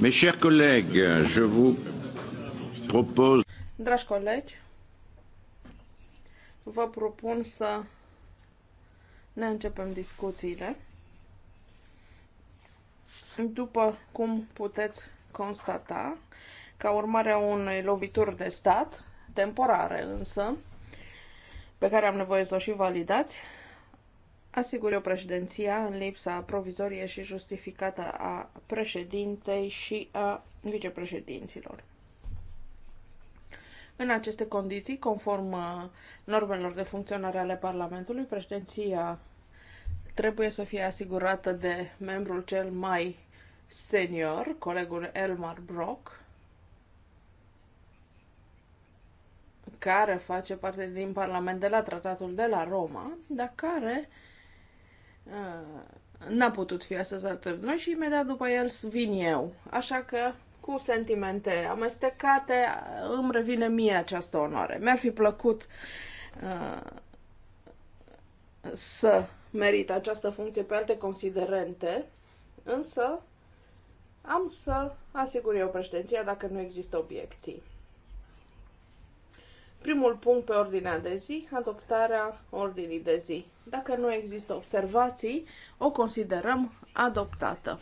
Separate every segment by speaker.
Speaker 1: Mes chers collègues,
Speaker 2: je vous propose...
Speaker 1: Dragi colegi, vă propun să ne începem discuțiile. După cum puteți constata, ca urmare a unei lovituri de stat, temporare însă, pe care am nevoie să o și validați, asigure o președinția în lipsa provizorie și justificată a președintei și a vicepreședinților. În aceste condiții, conform uh, normelor de funcționare ale Parlamentului, președinția trebuie să fie asigurată de membrul cel mai senior, colegul Elmar Brock, care face parte din Parlament de la Tratatul de la Roma, dar care Uh, n-a putut fi astăzi alături de noi și imediat după el vin eu. Așa că, cu sentimente amestecate, îmi revine mie această onoare. Mi-ar fi plăcut uh, să merit această funcție pe alte considerente, însă am să asigur eu președinția dacă nu există obiecții. Primul punct pe ordinea de zi, adoptarea ordinii de zi. Dacă nu există observații, o considerăm adoptată.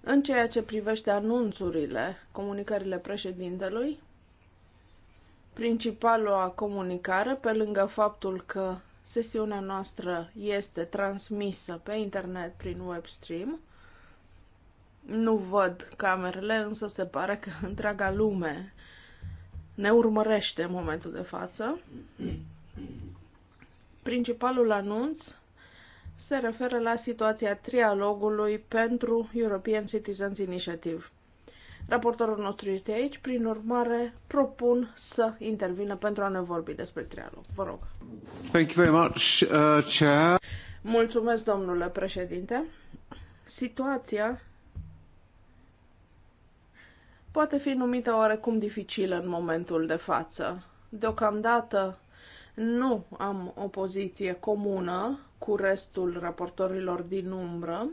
Speaker 1: În ceea ce privește anunțurile, comunicările președintelui, principala comunicare, pe lângă faptul că sesiunea noastră este transmisă pe internet prin webstream, nu văd camerele, însă se pare că întreaga lume ne urmărește în momentul de față. Principalul anunț se referă la situația trialogului pentru European Citizens Initiative. Raportorul nostru este aici, prin urmare propun să intervină pentru a ne vorbi despre trialog. Vă rog.
Speaker 3: Thank you very much, uh, Chair.
Speaker 1: Mulțumesc, domnule președinte. Situația poate fi numită oarecum dificilă în momentul de față. Deocamdată nu am o poziție comună cu restul raportorilor din umbră.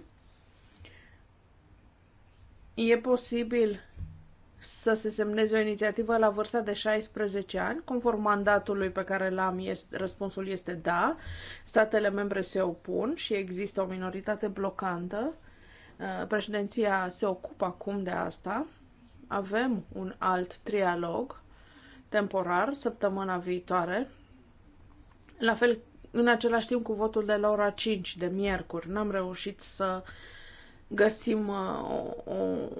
Speaker 1: E posibil să se semneze o inițiativă la vârsta de 16 ani, conform mandatului pe care l-am, este, răspunsul este da, statele membre se opun și există o minoritate blocantă. Uh, președinția se ocupă acum de asta. Avem un alt trialog temporar săptămâna viitoare, la fel, în același timp, cu votul de la ora 5 de miercuri, n-am reușit să găsim uh, o,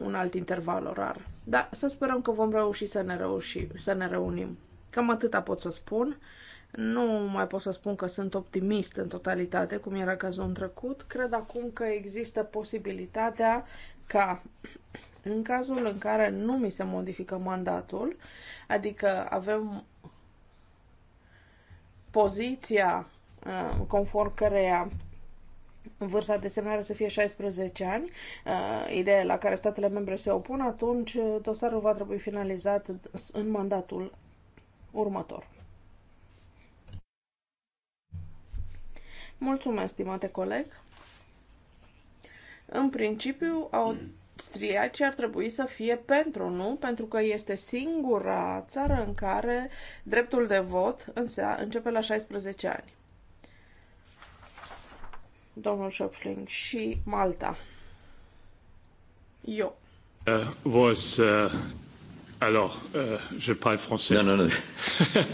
Speaker 1: un alt interval orar. Dar să sperăm că vom reuși să ne, reuși, să ne reunim. Cam atâta pot să spun. Nu mai pot să spun că sunt optimist în totalitate, cum era cazul în trecut. Cred acum că există posibilitatea ca în cazul în care nu mi se modifică mandatul, adică avem poziția uh, conform căreia vârsta de semnare să fie 16 ani, uh, ideea la care statele membre se opun, atunci uh, dosarul va trebui finalizat în mandatul următor. Mulțumesc, stimate coleg. În principiu, au ce ar trebui să fie pentru, nu? Pentru că este singura țară în care dreptul de vot începe la 16 ani. Domnul Schöpfling și Malta. Eu.
Speaker 3: Uh, was, uh, alors, euh, je parle français. Non, non, non.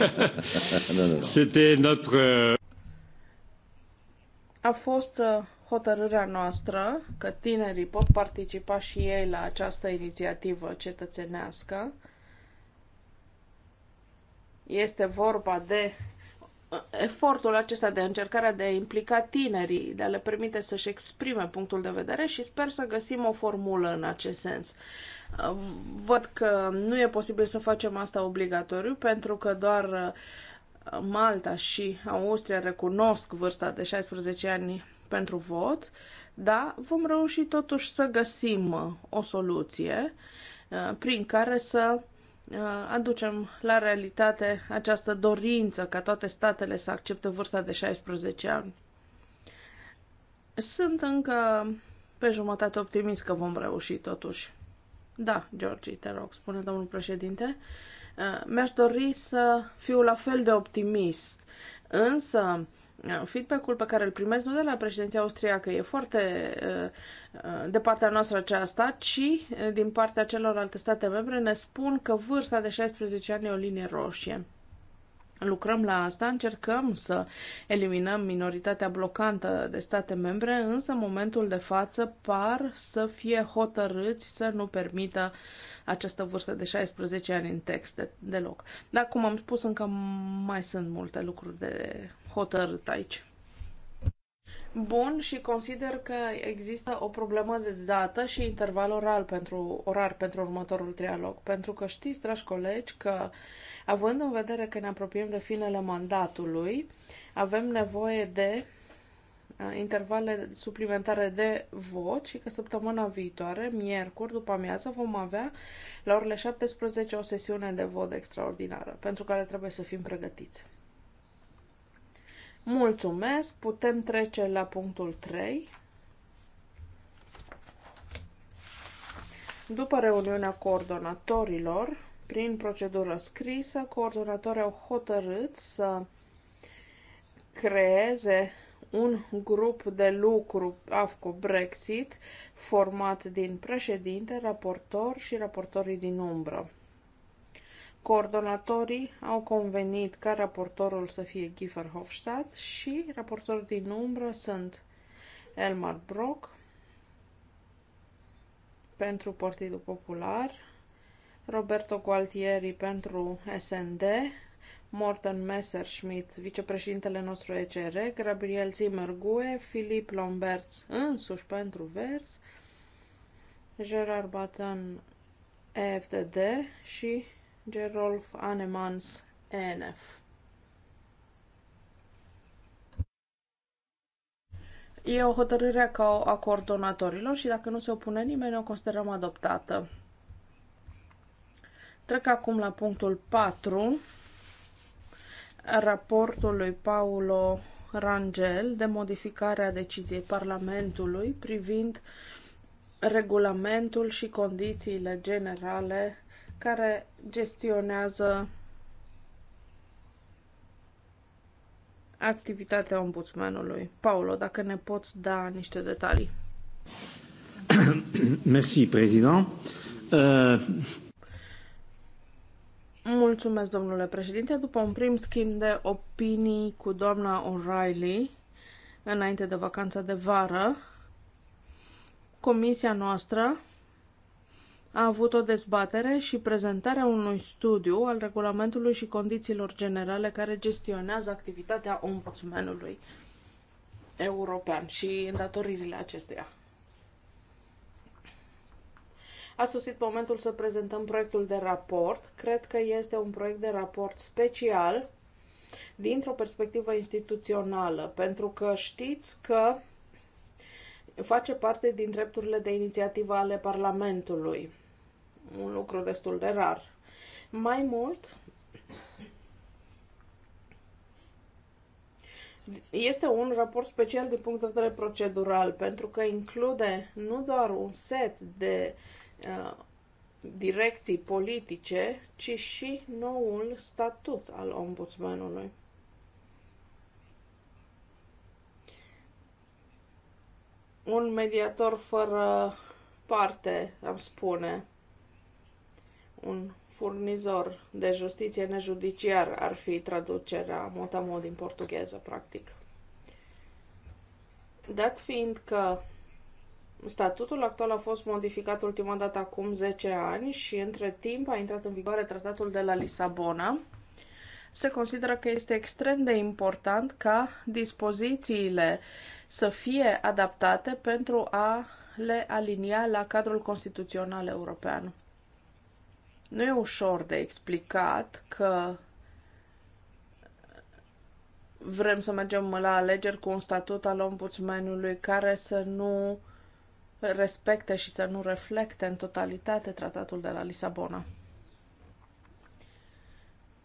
Speaker 3: non, non, non. C'était notre... Euh,
Speaker 1: A fost Euh hotărârea noastră că tinerii pot participa și ei la această inițiativă cetățenească. Este vorba de uh, efortul acesta de încercare de a implica tinerii, de a le permite să-și exprime punctul de vedere și sper să găsim o formulă în acest sens. Uh, văd că nu e posibil să facem asta obligatoriu pentru că doar uh, Malta și Austria recunosc vârsta de 16 ani pentru vot, dar vom reuși totuși să găsim uh, o soluție uh, prin care să uh, aducem la realitate această dorință ca toate statele să accepte vârsta de 16 ani. Sunt încă pe jumătate optimist că vom reuși totuși. Da, Georgie, te rog, spune domnul președinte. Mi-aș dori să fiu la fel de optimist, însă feedback-ul pe care îl primesc nu de la președinția austriacă, e foarte uh, uh, de partea noastră aceasta, ci uh, din partea celor alte state membre ne spun că vârsta de 16 ani e o linie roșie. Lucrăm la asta, încercăm să eliminăm minoritatea blocantă de state membre, însă în momentul de față par să fie hotărâți să nu permită această vârstă de 16 ani în text de, deloc. Dar, cum am spus, încă mai sunt multe lucruri de hotărât aici bun și consider că există o problemă de dată și interval oral pentru, orar pentru următorul trialog. Pentru că știți, dragi colegi, că având în vedere că ne apropiem de finele mandatului, avem nevoie de uh, intervale suplimentare de vot și că săptămâna viitoare, miercuri, după amiază, vom avea la orele 17 o sesiune de vot extraordinară, pentru care trebuie să fim pregătiți. Mulțumesc, putem trece la punctul 3. După reuniunea coordonatorilor, prin procedură scrisă, coordonatorii au hotărât să creeze un grup de lucru AFCO Brexit format din președinte, raportor și raportorii din umbră. Coordonatorii au convenit ca raportorul să fie Giefer Hofstadt și raportorul din umbră sunt Elmar Brock pentru Partidul Popular, Roberto Gualtieri pentru SND, Morten Messerschmidt, vicepreședintele nostru ECR, Gabriel Zimmergue, Filip Lomberts însuși pentru Vers, Gerard Batan EFDD și Gerolf Anemans, ENF. E o hotărâre ca acord donatorilor și dacă nu se opune nimeni, o considerăm adoptată. Trec acum la punctul 4, raportul lui Paulo Rangel de modificare a deciziei Parlamentului privind regulamentul și condițiile generale care gestionează activitatea ombudsmanului. Paolo. dacă ne poți da niște detalii.
Speaker 4: Merci, prezident. Uh...
Speaker 1: Mulțumesc, domnule președinte. După un prim schimb de opinii cu doamna O'Reilly, înainte de vacanța de vară, comisia noastră a avut o dezbatere și prezentarea unui studiu al regulamentului și condițiilor generale care gestionează activitatea ombudsmanului european și îndatoririle acesteia. A sosit momentul să prezentăm proiectul de raport. Cred că este un proiect de raport special dintr-o perspectivă instituțională, pentru că știți că face parte din drepturile de inițiativă ale Parlamentului un lucru destul de rar. Mai mult, este un raport special din punct de vedere procedural, pentru că include nu doar un set de uh, direcții politice, ci și noul statut al ombudsmanului. Un mediator fără parte, am spune, un furnizor de justiție nejudiciar ar fi traducerea motamo din portugheză, practic. Dat fiind că statutul actual a fost modificat ultima dată acum 10 ani și între timp a intrat în vigoare tratatul de la Lisabona, se consideră că este extrem de important ca dispozițiile să fie adaptate pentru a le alinia la cadrul constituțional european. Nu e ușor de explicat că vrem să mergem la alegeri cu un statut al ombudsmanului care să nu respecte și să nu reflecte în totalitate tratatul de la Lisabona.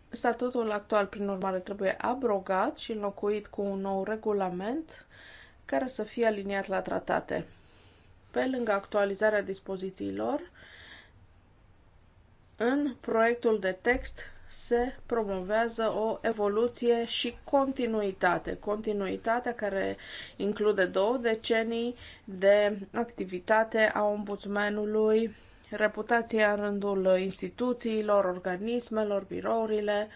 Speaker 1: Statutul actual, prin urmare, trebuie abrogat și înlocuit cu un nou regulament care să fie aliniat la tratate. Pe lângă actualizarea dispozițiilor, în proiectul de text se promovează o evoluție și continuitate. Continuitatea care include două decenii de activitate a ombudsmanului, reputația în rândul instituțiilor, organismelor, birourile.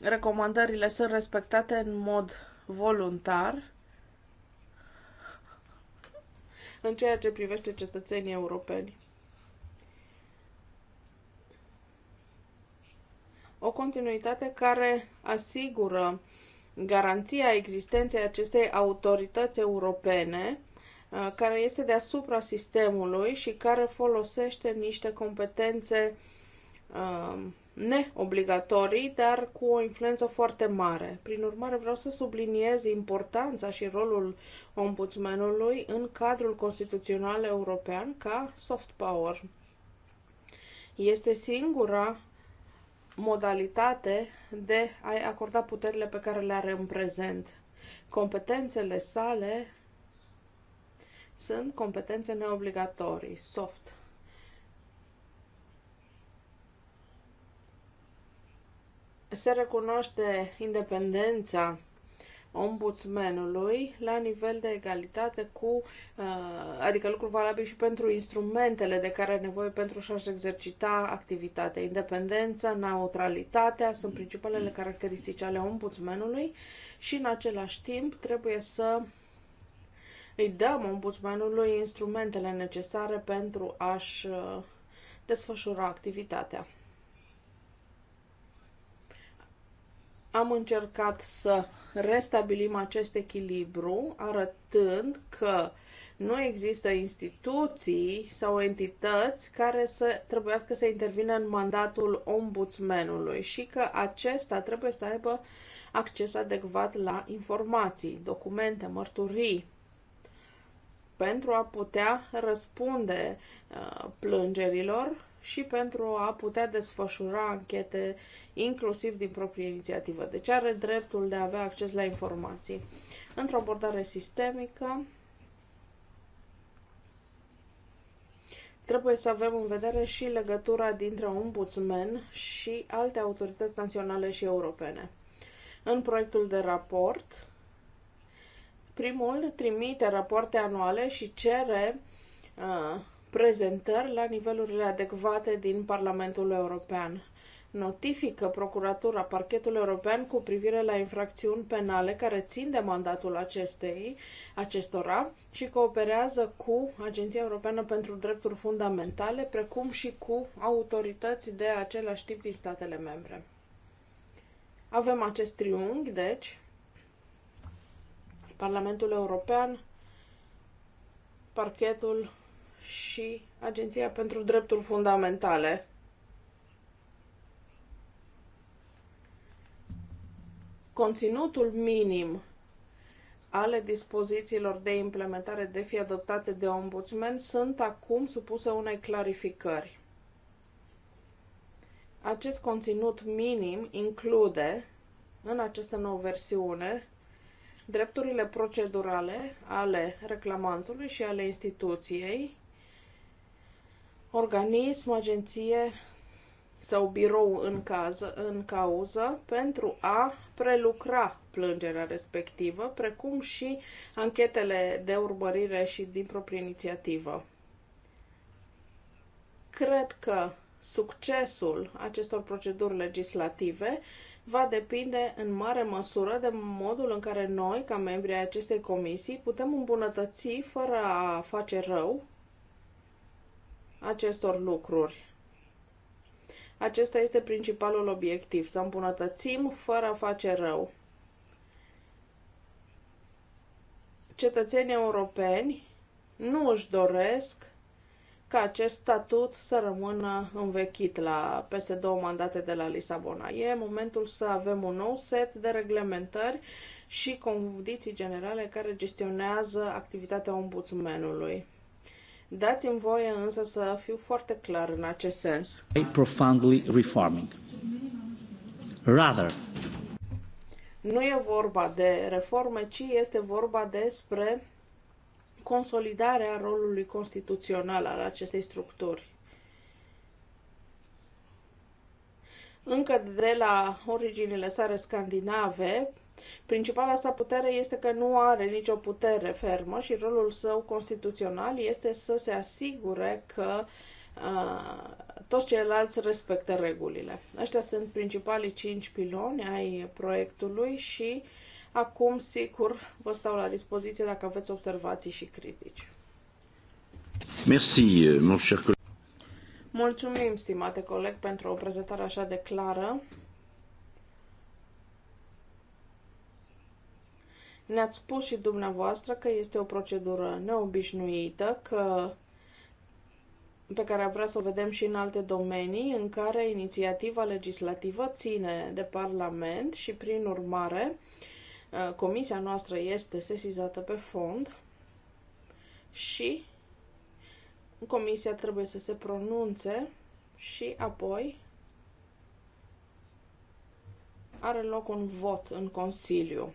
Speaker 1: Recomandările sunt respectate în mod voluntar în ceea ce privește cetățenii europeni. o continuitate care asigură garanția existenței acestei autorități europene uh, care este deasupra sistemului și care folosește niște competențe uh, neobligatorii, dar cu o influență foarte mare. Prin urmare, vreau să subliniez importanța și rolul ombudsmanului în cadrul constituțional european ca soft power. Este singura modalitate de a-i acorda puterile pe care le are în prezent. Competențele sale sunt competențe neobligatorii, soft. Se recunoaște independența ombudsmanului la nivel de egalitate cu, uh, adică lucru valabil și pentru instrumentele de care are nevoie pentru a-și exercita activitatea. Independența, neutralitatea sunt principalele caracteristici ale ombudsmanului și în același timp trebuie să îi dăm ombudsmanului instrumentele necesare pentru a-și uh, desfășura activitatea. am încercat să restabilim acest echilibru, arătând că nu există instituții sau entități care să trebuiască să intervină în mandatul ombudsmenului și că acesta trebuie să aibă acces adecvat la informații, documente, mărturii pentru a putea răspunde uh, plângerilor și pentru a putea desfășura anchete inclusiv din proprie inițiativă. Deci are dreptul de a avea acces la informații. Într-o abordare sistemică, trebuie să avem în vedere și legătura dintre ombudsman și alte autorități naționale și europene. În proiectul de raport, primul trimite rapoarte anuale și cere uh, prezentări la nivelurile adecvate din Parlamentul European. Notifică Procuratura Parchetului European cu privire la infracțiuni penale care țin de mandatul acestei, acestora și cooperează cu Agenția Europeană pentru Drepturi Fundamentale, precum și cu autorități de același tip din statele membre. Avem acest triunghi, deci, Parlamentul European, parchetul și Agenția pentru Drepturi Fundamentale. Conținutul minim ale dispozițiilor de implementare de fi adoptate de ombudsman sunt acum supuse unei clarificări. Acest conținut minim include, în această nouă versiune, drepturile procedurale ale reclamantului și ale instituției, organism, agenție sau birou în, cază, în cauză pentru a prelucra plângerea respectivă, precum și anchetele de urmărire și din proprie inițiativă. Cred că succesul acestor proceduri legislative va depinde în mare măsură de modul în care noi, ca membri ai acestei comisii, putem îmbunătăți fără a face rău acestor lucruri. Acesta este principalul obiectiv, să îmbunătățim fără a face rău. Cetățenii europeni nu își doresc ca acest statut să rămână învechit la peste două mandate de la Lisabona. E momentul să avem un nou set de reglementări și condiții generale care gestionează activitatea ombudsmenului. Dați-mi voie însă să fiu foarte clar în acest sens.
Speaker 4: Profoundly reforming. Rather.
Speaker 1: Nu e vorba de reforme, ci este vorba despre consolidarea rolului constituțional al acestei structuri. Încă de la originile sale scandinave, Principala sa putere este că nu are nicio putere fermă și rolul său constituțional este să se asigure că uh, toți ceilalți respectă regulile. Ăștia sunt principalii cinci piloni ai proiectului și acum, sigur, vă stau la dispoziție dacă aveți observații și critici.
Speaker 3: Merci, mon cher
Speaker 1: Mulțumim, stimate coleg, pentru o prezentare așa de clară. Ne-ați spus și dumneavoastră că este o procedură neobișnuită, că pe care vrea să o vedem și în alte domenii, în care inițiativa legislativă ține de Parlament și, prin urmare, uh, comisia noastră este sesizată pe fond și comisia trebuie să se pronunțe și apoi are loc un vot în Consiliu.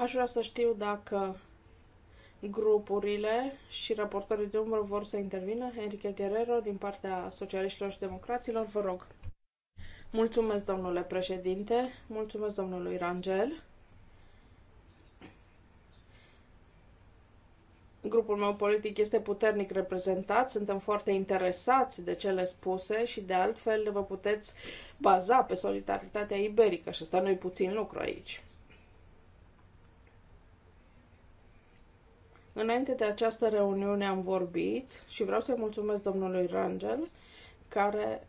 Speaker 1: Aș vrea să știu dacă grupurile și raportorii de umbră vor să intervină. Enrique Guerrero, din partea Socialiștilor și Democraților, vă rog. Mulțumesc, domnule președinte, mulțumesc domnului Rangel. Grupul meu politic este puternic reprezentat, suntem foarte interesați de cele spuse și de altfel vă puteți baza pe solidaritatea iberică și asta nu-i puțin lucru aici. Înainte de această reuniune am vorbit și vreau să-i mulțumesc domnului Rangel, care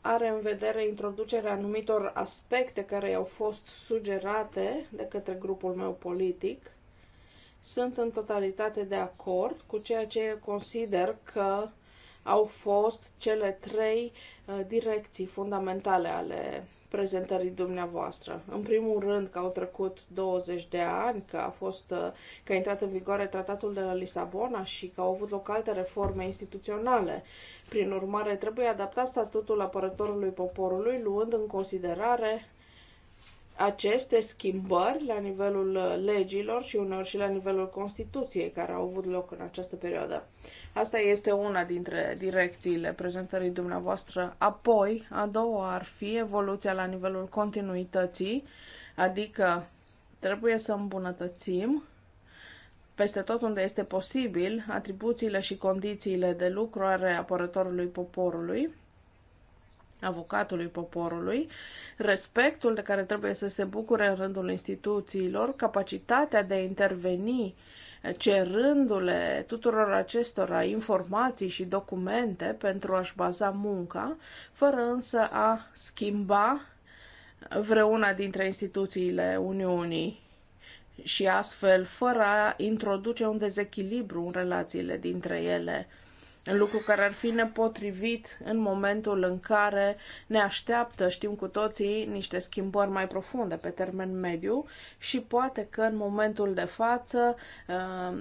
Speaker 1: are în vedere introducerea anumitor aspecte care i-au fost sugerate de către grupul meu politic. Sunt în totalitate de acord cu ceea ce consider că au fost cele trei uh, direcții fundamentale ale prezentării dumneavoastră. În primul rând că au trecut 20 de ani, că a fost uh, că a intrat în vigoare tratatul de la Lisabona și că au avut loc alte reforme instituționale. Prin urmare, trebuie adaptat statutul apărătorului poporului, luând în considerare aceste schimbări la nivelul uh, legilor și uneori și la nivelul Constituției care au avut loc în această perioadă. Asta este una dintre direcțiile prezentării dumneavoastră. Apoi, a doua ar fi evoluția la nivelul continuității, adică trebuie să îmbunătățim peste tot unde este posibil atribuțiile și condițiile de lucru ale apărătorului poporului, avocatului poporului, respectul de care trebuie să se bucure în rândul instituțiilor, capacitatea de a interveni uh, cerându-le tuturor acestora informații și documente pentru a-și baza munca, fără însă a schimba vreuna dintre instituțiile Uniunii și astfel fără a introduce un dezechilibru în relațiile dintre ele în lucru care ar fi nepotrivit în momentul în care ne așteaptă, știm cu toții, niște schimbări mai profunde pe termen mediu și poate că în momentul de față um,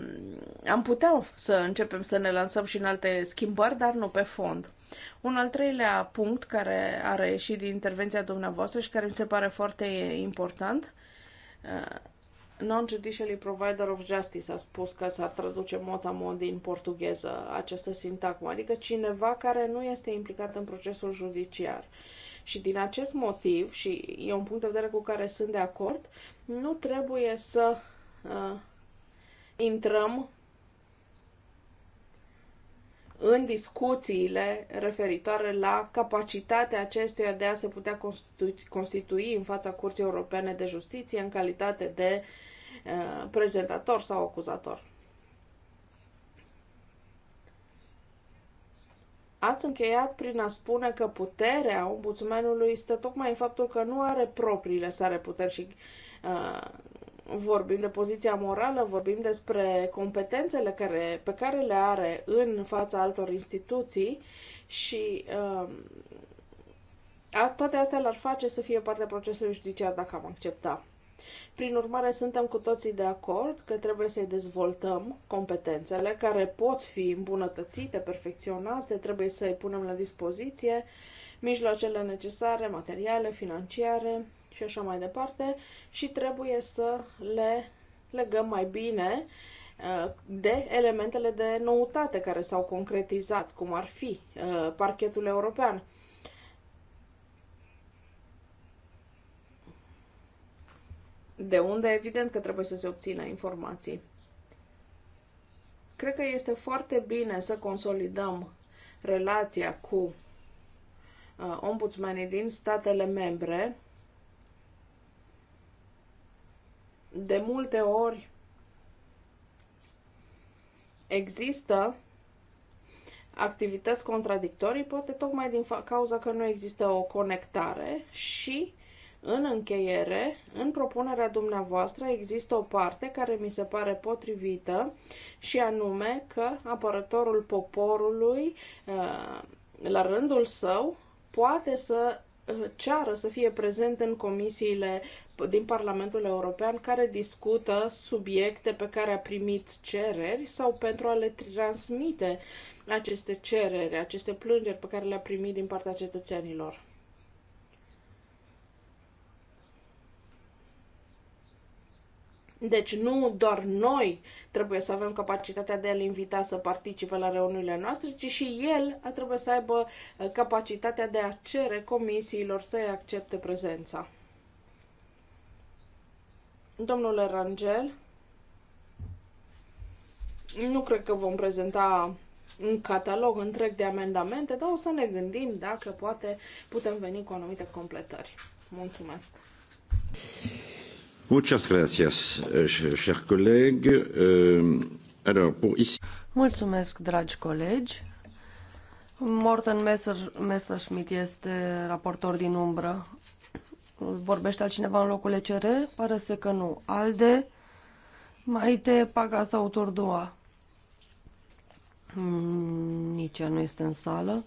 Speaker 1: am putea să începem să ne lansăm și în alte schimbări, dar nu pe fond. Un al treilea punct care a reieșit din intervenția dumneavoastră și care mi se pare foarte important uh, Non-Judicially Provider of Justice a spus că s-ar traduce motamon din portugheză această sintagmă, adică cineva care nu este implicat în procesul judiciar. Și din acest motiv, și e un punct de vedere cu care sunt de acord, nu trebuie să uh, intrăm în discuțiile referitoare la capacitatea acestuia de a se putea constitui, constitui în fața Curții Europene de Justiție în calitate de uh, Uh, prezentator sau acuzator. Ați încheiat prin a spune că puterea ombudsmanului stă tocmai în faptul că nu are propriile sale puteri și uh, vorbim de poziția morală, vorbim despre competențele care, pe care le are în fața altor instituții și uh, toate astea l-ar face să fie partea procesului judiciar dacă am accepta. Prin urmare, suntem cu toții de acord că trebuie să-i dezvoltăm competențele care pot fi îmbunătățite, perfecționate, trebuie să-i punem la dispoziție mijloacele necesare, materiale, financiare și așa mai departe și trebuie să le legăm mai bine uh, de elementele de noutate care s-au concretizat, cum ar fi uh, parchetul european de unde evident că trebuie să se obțină informații. Cred că este foarte bine să consolidăm relația cu uh, ombudsmanii din statele membre. De multe ori există activități contradictorii, poate tocmai din cauza că nu există o conectare și în încheiere, în propunerea dumneavoastră există o parte care mi se pare potrivită și anume că apărătorul poporului, uh, la rândul său, poate să uh, ceară să fie prezent în comisiile din Parlamentul European care discută subiecte pe care a primit cereri sau pentru a le transmite aceste cereri, aceste plângeri pe care le-a primit din partea cetățenilor. Deci nu doar noi trebuie să avem capacitatea de a-l invita să participe la reuniunile noastre, ci și el trebuie să aibă uh, capacitatea de a cere comisiilor să-i accepte prezența. Domnule Rangel, nu cred că vom prezenta un catalog întreg de amendamente, dar o să ne gândim dacă poate putem veni cu anumite completări. Mulțumesc!
Speaker 2: Muchas gracias, eh, euh, Alors, pour ici... Mulțumesc, dragi colegi. Morten Messer, Messerschmidt este raportor din umbră. Vorbește altcineva în locul ECR? Pare să că nu. Alde, te Paga sau Turdua? Hmm, nici ea nu este în sală.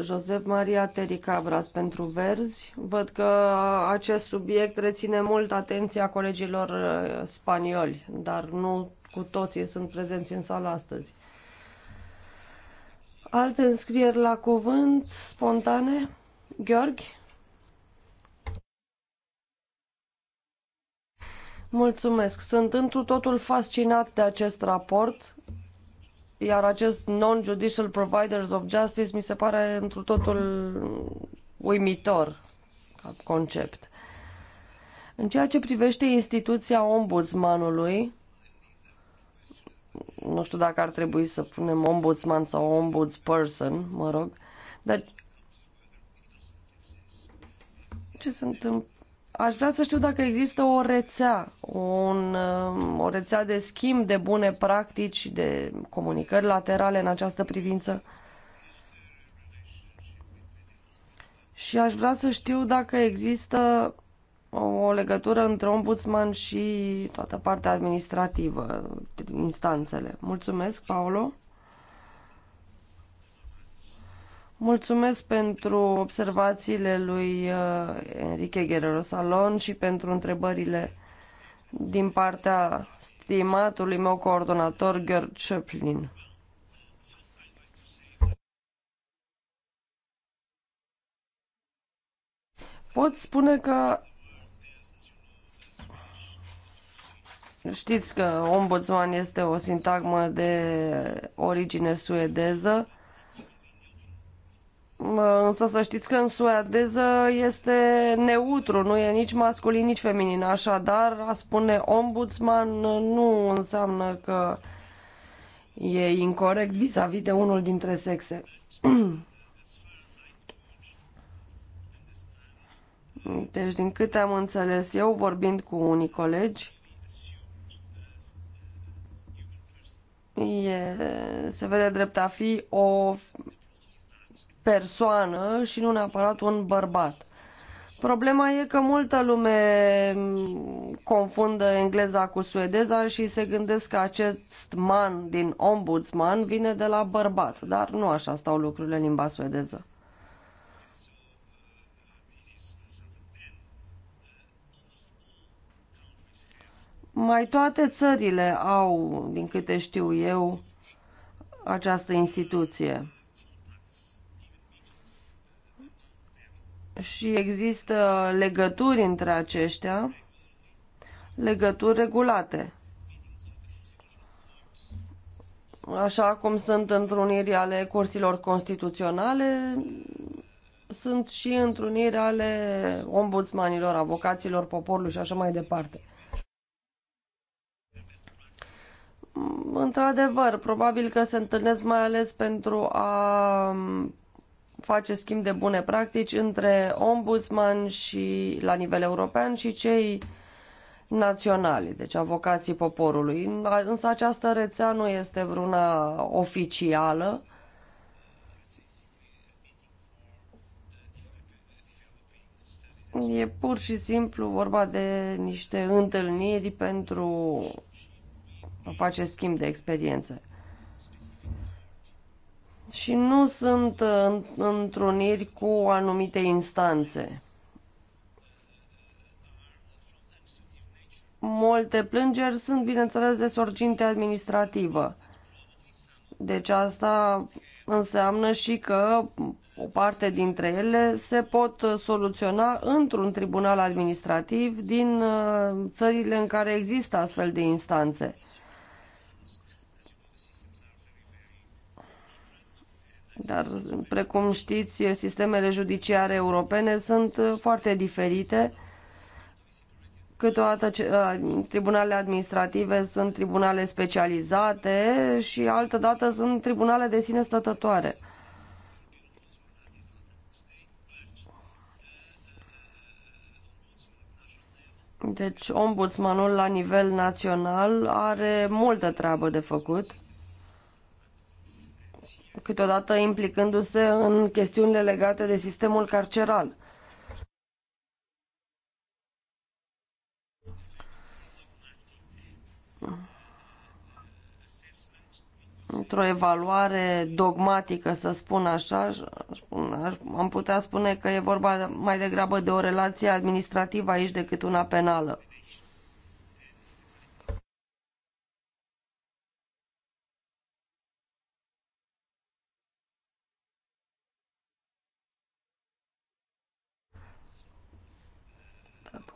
Speaker 2: Josep Maria Tericabras pentru Verzi. Văd că acest subiect reține mult atenția colegilor uh, spanioli, dar nu cu toții sunt prezenți în sală astăzi. Alte înscrieri la cuvânt spontane? Gheorghi? Mulțumesc! Sunt întru totul fascinat de acest raport iar acest non-judicial providers of justice mi se pare întru totul uimitor ca concept. În ceea ce privește instituția ombudsmanului, nu știu dacă ar trebui să punem ombudsman sau ombudsperson, mă rog, dar ce se întâmplă? Aș vrea să știu dacă există o rețea, un, um, o rețea de schimb de bune practici, de comunicări laterale în această privință. Și aș vrea să știu dacă există o legătură între ombudsman și toată partea administrativă, instanțele. Mulțumesc, Paolo. Mulțumesc pentru observațiile lui uh, Enrique Guerrero Salon și pentru întrebările din partea stimatului meu coordonator, Gerd Schöplin. Pot spune că știți că ombudsman este o sintagmă de origine suedeză Însă să știți că în suedeză este neutru, nu e nici masculin, nici feminin. Așadar, a spune ombudsman nu înseamnă că e incorrect vis-a-vis -vis de unul dintre sexe. Deci, din câte am înțeles eu, vorbind cu unii colegi, e, se vede drept a fi o persoană și nu neapărat un bărbat. Problema e că multă lume confundă engleza cu suedeza și se gândesc că acest man din ombudsman vine de la bărbat, dar nu așa stau lucrurile în limba suedeză. Mai toate țările au, din câte știu eu, această instituție. și există legături între aceștia, legături regulate. Așa cum sunt întruniri ale curților constituționale, sunt și întruniri ale ombudsmanilor, avocaților poporului și așa mai departe. Într-adevăr, probabil că se întâlnesc mai ales pentru a face schimb de bune practici între ombudsman și la nivel european și cei naționali, deci avocații poporului. Însă această rețea nu este vreuna oficială. E pur și simplu vorba de niște întâlniri pentru a face schimb de experiențe și nu sunt întruniri cu anumite instanțe. Multe plângeri sunt, bineînțeles, de sorginte administrativă. Deci asta înseamnă și că o parte dintre ele se pot soluționa într-un tribunal administrativ din uh, țările în care există astfel de instanțe. Dar, precum știți, sistemele judiciare europene sunt foarte diferite. Câteodată tribunalele administrative sunt tribunale specializate și altădată sunt tribunale de sine stătătoare. Deci, ombudsmanul la nivel național are multă treabă de făcut câteodată implicându-se în chestiunile legate de sistemul carceral. într-o evaluare dogmatică, să spun așa, am putea spune că e vorba mai degrabă de o relație administrativă aici decât una penală.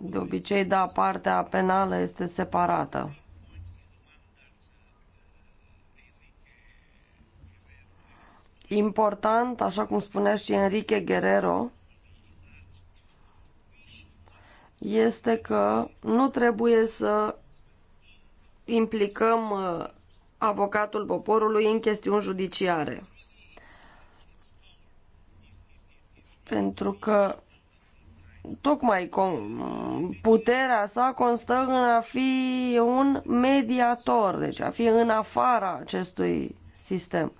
Speaker 2: De obicei, da, partea penală este separată. Important, așa cum spunea și Enrique Guerrero, este că nu trebuie să implicăm uh, avocatul poporului în chestiuni judiciare. Pentru că tocmai puterea sa constă în a fi un mediator, deci a fi în afara acestui sistem.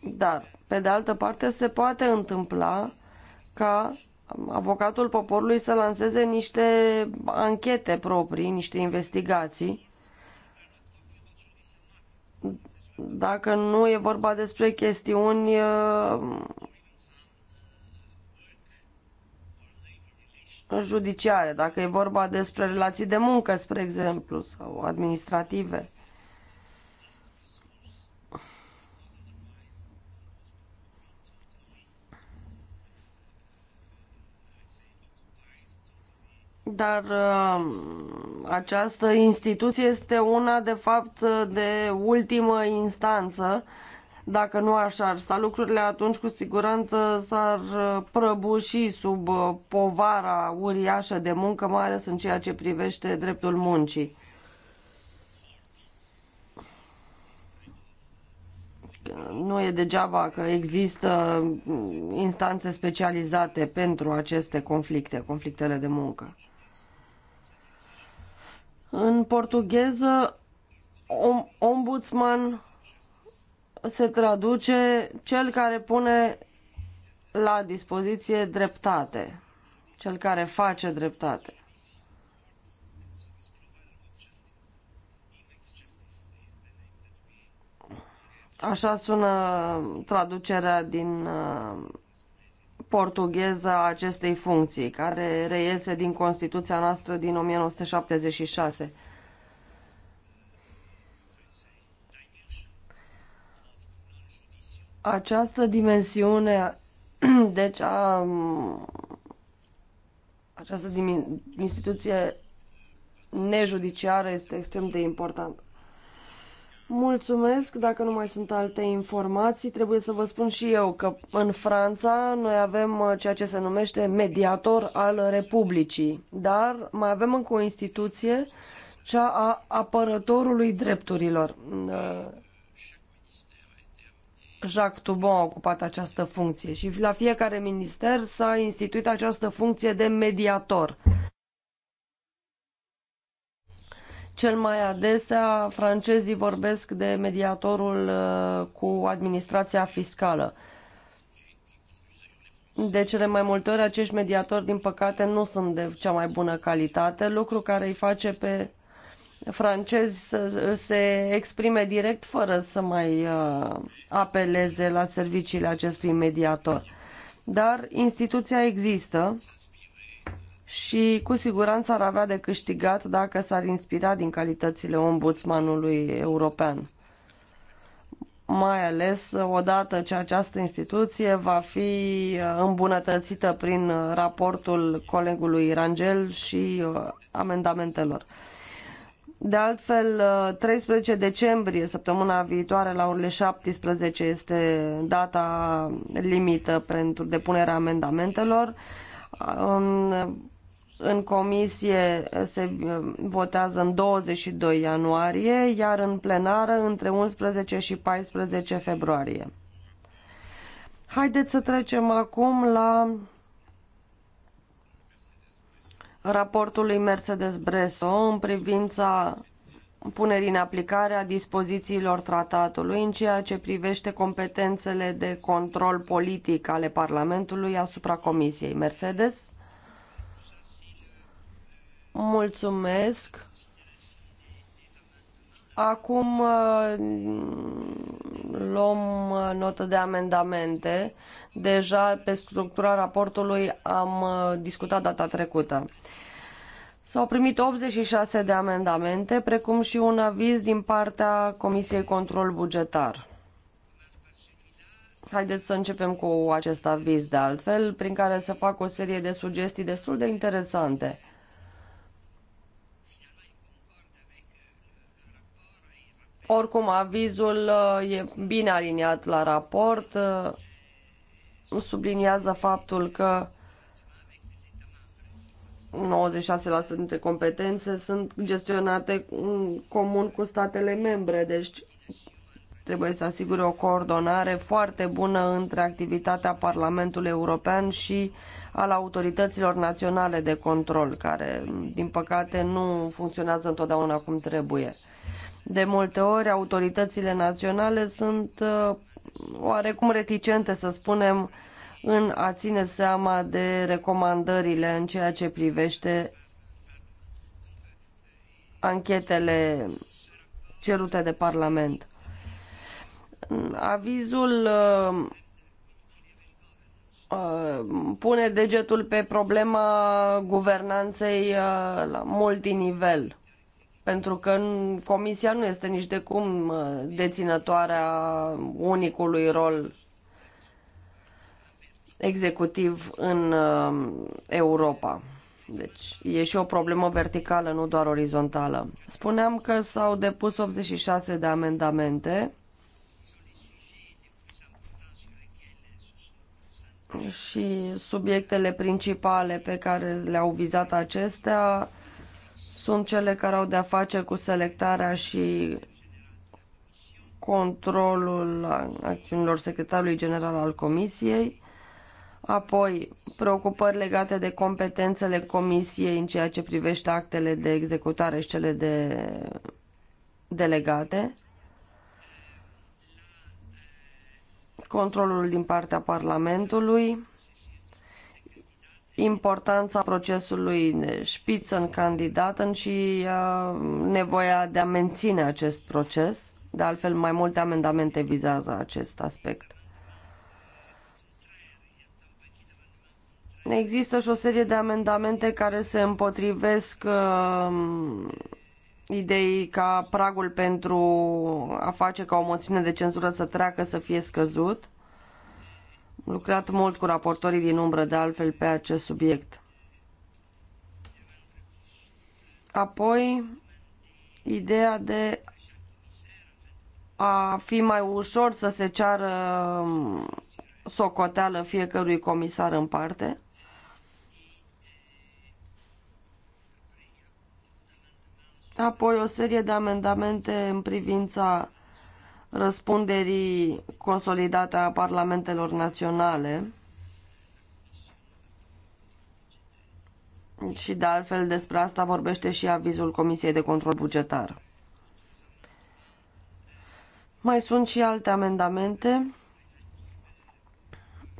Speaker 2: Dar, pe de altă parte, se poate întâmpla ca avocatul poporului să lanseze niște anchete proprii, niște investigații dacă nu e vorba despre chestiuni uh, judiciare, dacă e vorba despre relații de muncă, spre exemplu, sau administrative. Dar uh, această instituție este una, de fapt, de ultimă instanță. Dacă nu așa ar sta lucrurile, atunci cu siguranță s-ar uh, prăbuși sub uh, povara uriașă de muncă, mai ales în ceea ce privește dreptul muncii. nu e degeaba că există instanțe specializate pentru aceste conflicte, conflictele de muncă. În portugheză, ombudsman se traduce cel care pune la dispoziție dreptate, cel care face dreptate. Așa sună traducerea din uh, portugheză a acestei funcții, care reiese din Constituția noastră din 1976. Această dimensiune, deci a, această instituție nejudiciară este extrem de importantă. Mulțumesc, dacă nu mai sunt alte informații, trebuie să vă spun și eu că în Franța noi avem uh, ceea ce se numește mediator al Republicii, dar mai avem încă o instituție, cea a apărătorului drepturilor. Uh, Jacques Toubon a ocupat această funcție și la fiecare minister s-a instituit această funcție de mediator. Cel mai adesea francezii vorbesc de mediatorul uh, cu administrația fiscală. De cele mai multe ori acești mediatori, din păcate, nu sunt de cea mai bună calitate, lucru care îi face pe francezi să se exprime direct fără să mai uh, apeleze la serviciile acestui mediator. Dar instituția există și cu siguranță ar avea de câștigat dacă s-ar inspira din calitățile ombudsmanului european. Mai ales odată ce această instituție va fi uh, îmbunătățită prin uh, raportul colegului Rangel și uh, amendamentelor. De altfel, 13 decembrie, săptămâna viitoare, la orele 17, este data limită pentru depunerea amendamentelor. Um, în comisie se uh, votează în 22 ianuarie, iar în plenară între 11 și 14 februarie. Haideți să trecem acum la raportul lui Mercedes Bresso în privința punerii în aplicare a dispozițiilor tratatului în ceea ce privește competențele de control politic ale Parlamentului asupra Comisiei. Mercedes? Mulțumesc. Acum uh, luăm uh, notă de amendamente. Deja pe structura raportului am uh, discutat data trecută. S-au primit 86 de amendamente, precum și un aviz din partea Comisiei Control Bugetar. Haideți să începem cu acest aviz de altfel, prin care se fac o serie de sugestii destul de interesante. Oricum, avizul uh, e bine aliniat la raport, uh, subliniază faptul că 96% dintre competențe sunt gestionate în comun cu statele membre, deci trebuie să asigure o coordonare foarte bună între activitatea Parlamentului European și al autorităților naționale de control, care, din păcate, nu funcționează întotdeauna cum trebuie. De multe ori, autoritățile naționale sunt uh, oarecum reticente, să spunem, în a ține seama de recomandările în ceea ce privește anchetele cerute de Parlament. Avizul uh, uh, pune degetul pe problema guvernanței la multinivel pentru că Comisia nu este nici de cum deținătoarea unicului rol executiv în uh, Europa. Deci e și o problemă verticală, nu doar orizontală. Spuneam că s-au depus 86 de amendamente și subiectele principale pe care le-au vizat acestea sunt cele care au de-a face cu selectarea și controlul acțiunilor secretarului general al Comisiei, apoi preocupări legate de competențele Comisiei în ceea ce privește actele de executare și cele de delegate, controlul din partea Parlamentului, importanța procesului Spitzenkandidaten și uh, nevoia de a menține acest proces. De altfel, mai multe amendamente vizează acest aspect. Există și o serie de amendamente care se împotrivesc uh, ideii ca pragul pentru a face ca o moțiune de cenzură să treacă să fie scăzut lucrat mult cu raportorii din umbră, de altfel, pe acest subiect. Apoi, ideea de a fi mai ușor să se ceară um, socoteală fiecărui comisar în parte. Apoi o serie de amendamente în privința răspunderii consolidate a parlamentelor naționale și de altfel despre asta vorbește și avizul Comisiei de Control Bugetar. Mai sunt și alte amendamente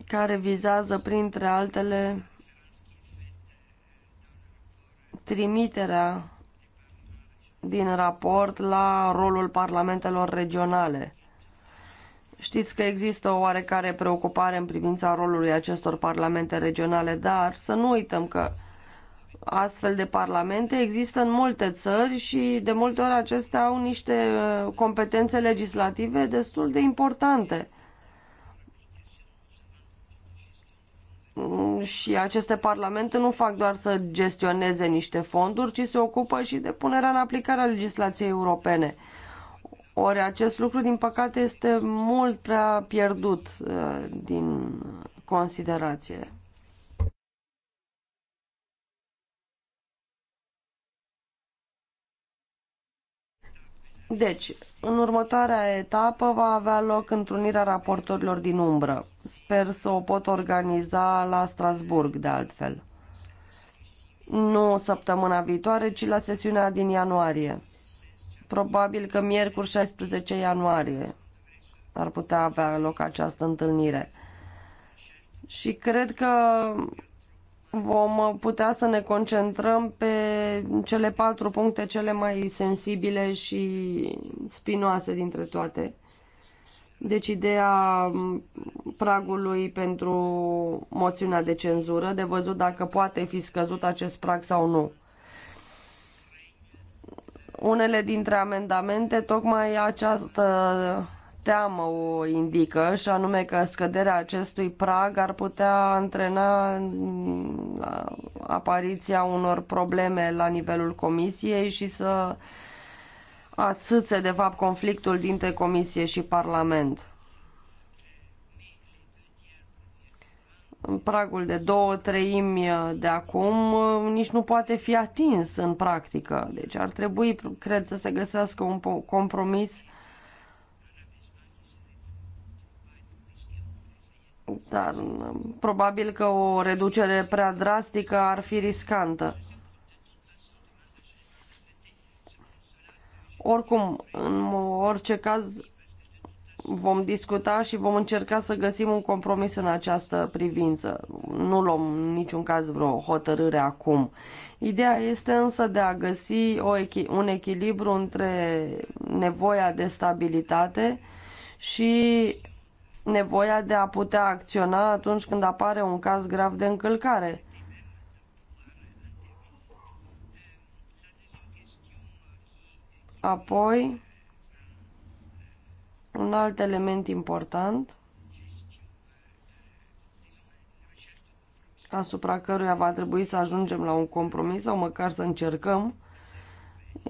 Speaker 2: care vizează, printre altele, trimiterea din raport la rolul parlamentelor regionale. Știți că există o oarecare preocupare în privința rolului acestor parlamente regionale, dar să nu uităm că astfel de parlamente există în multe țări și de multe ori acestea au niște uh, competențe legislative destul de importante. Mm, și aceste parlamente nu fac doar să gestioneze niște fonduri, ci se ocupă și de punerea în aplicare a legislației europene. Ori acest lucru, din păcate, este mult prea pierdut uh, din considerație. Deci, în următoarea etapă va avea loc întrunirea raportorilor din umbră. Sper să o pot organiza la Strasburg, de altfel. Nu săptămâna viitoare, ci la sesiunea din ianuarie. Probabil că miercuri 16 ianuarie ar putea avea loc această întâlnire. Și cred că vom putea să ne concentrăm pe cele patru puncte cele mai sensibile și spinoase dintre toate. Deci ideea pragului pentru moțiunea de cenzură, de văzut dacă poate fi scăzut acest prag sau nu. Unele dintre amendamente, tocmai această teamă o indică și anume că scăderea acestui prag ar putea antrena apariția unor probleme la nivelul comisiei și să atâțe de fapt conflictul dintre comisie și parlament. pragul de două treimi de acum nici nu poate fi atins în practică. Deci ar trebui, cred, să se găsească un compromis dar mm, probabil că o reducere prea drastică ar fi riscantă. Oricum, în orice caz, vom discuta și vom încerca să găsim un compromis în această privință. Nu luăm în niciun caz vreo hotărâre acum. Ideea este însă de a găsi o echi- un echilibru între nevoia de stabilitate și nevoia de a putea acționa atunci când apare un caz grav de încălcare. Apoi, un alt element important asupra căruia va trebui să ajungem la un compromis sau măcar să încercăm,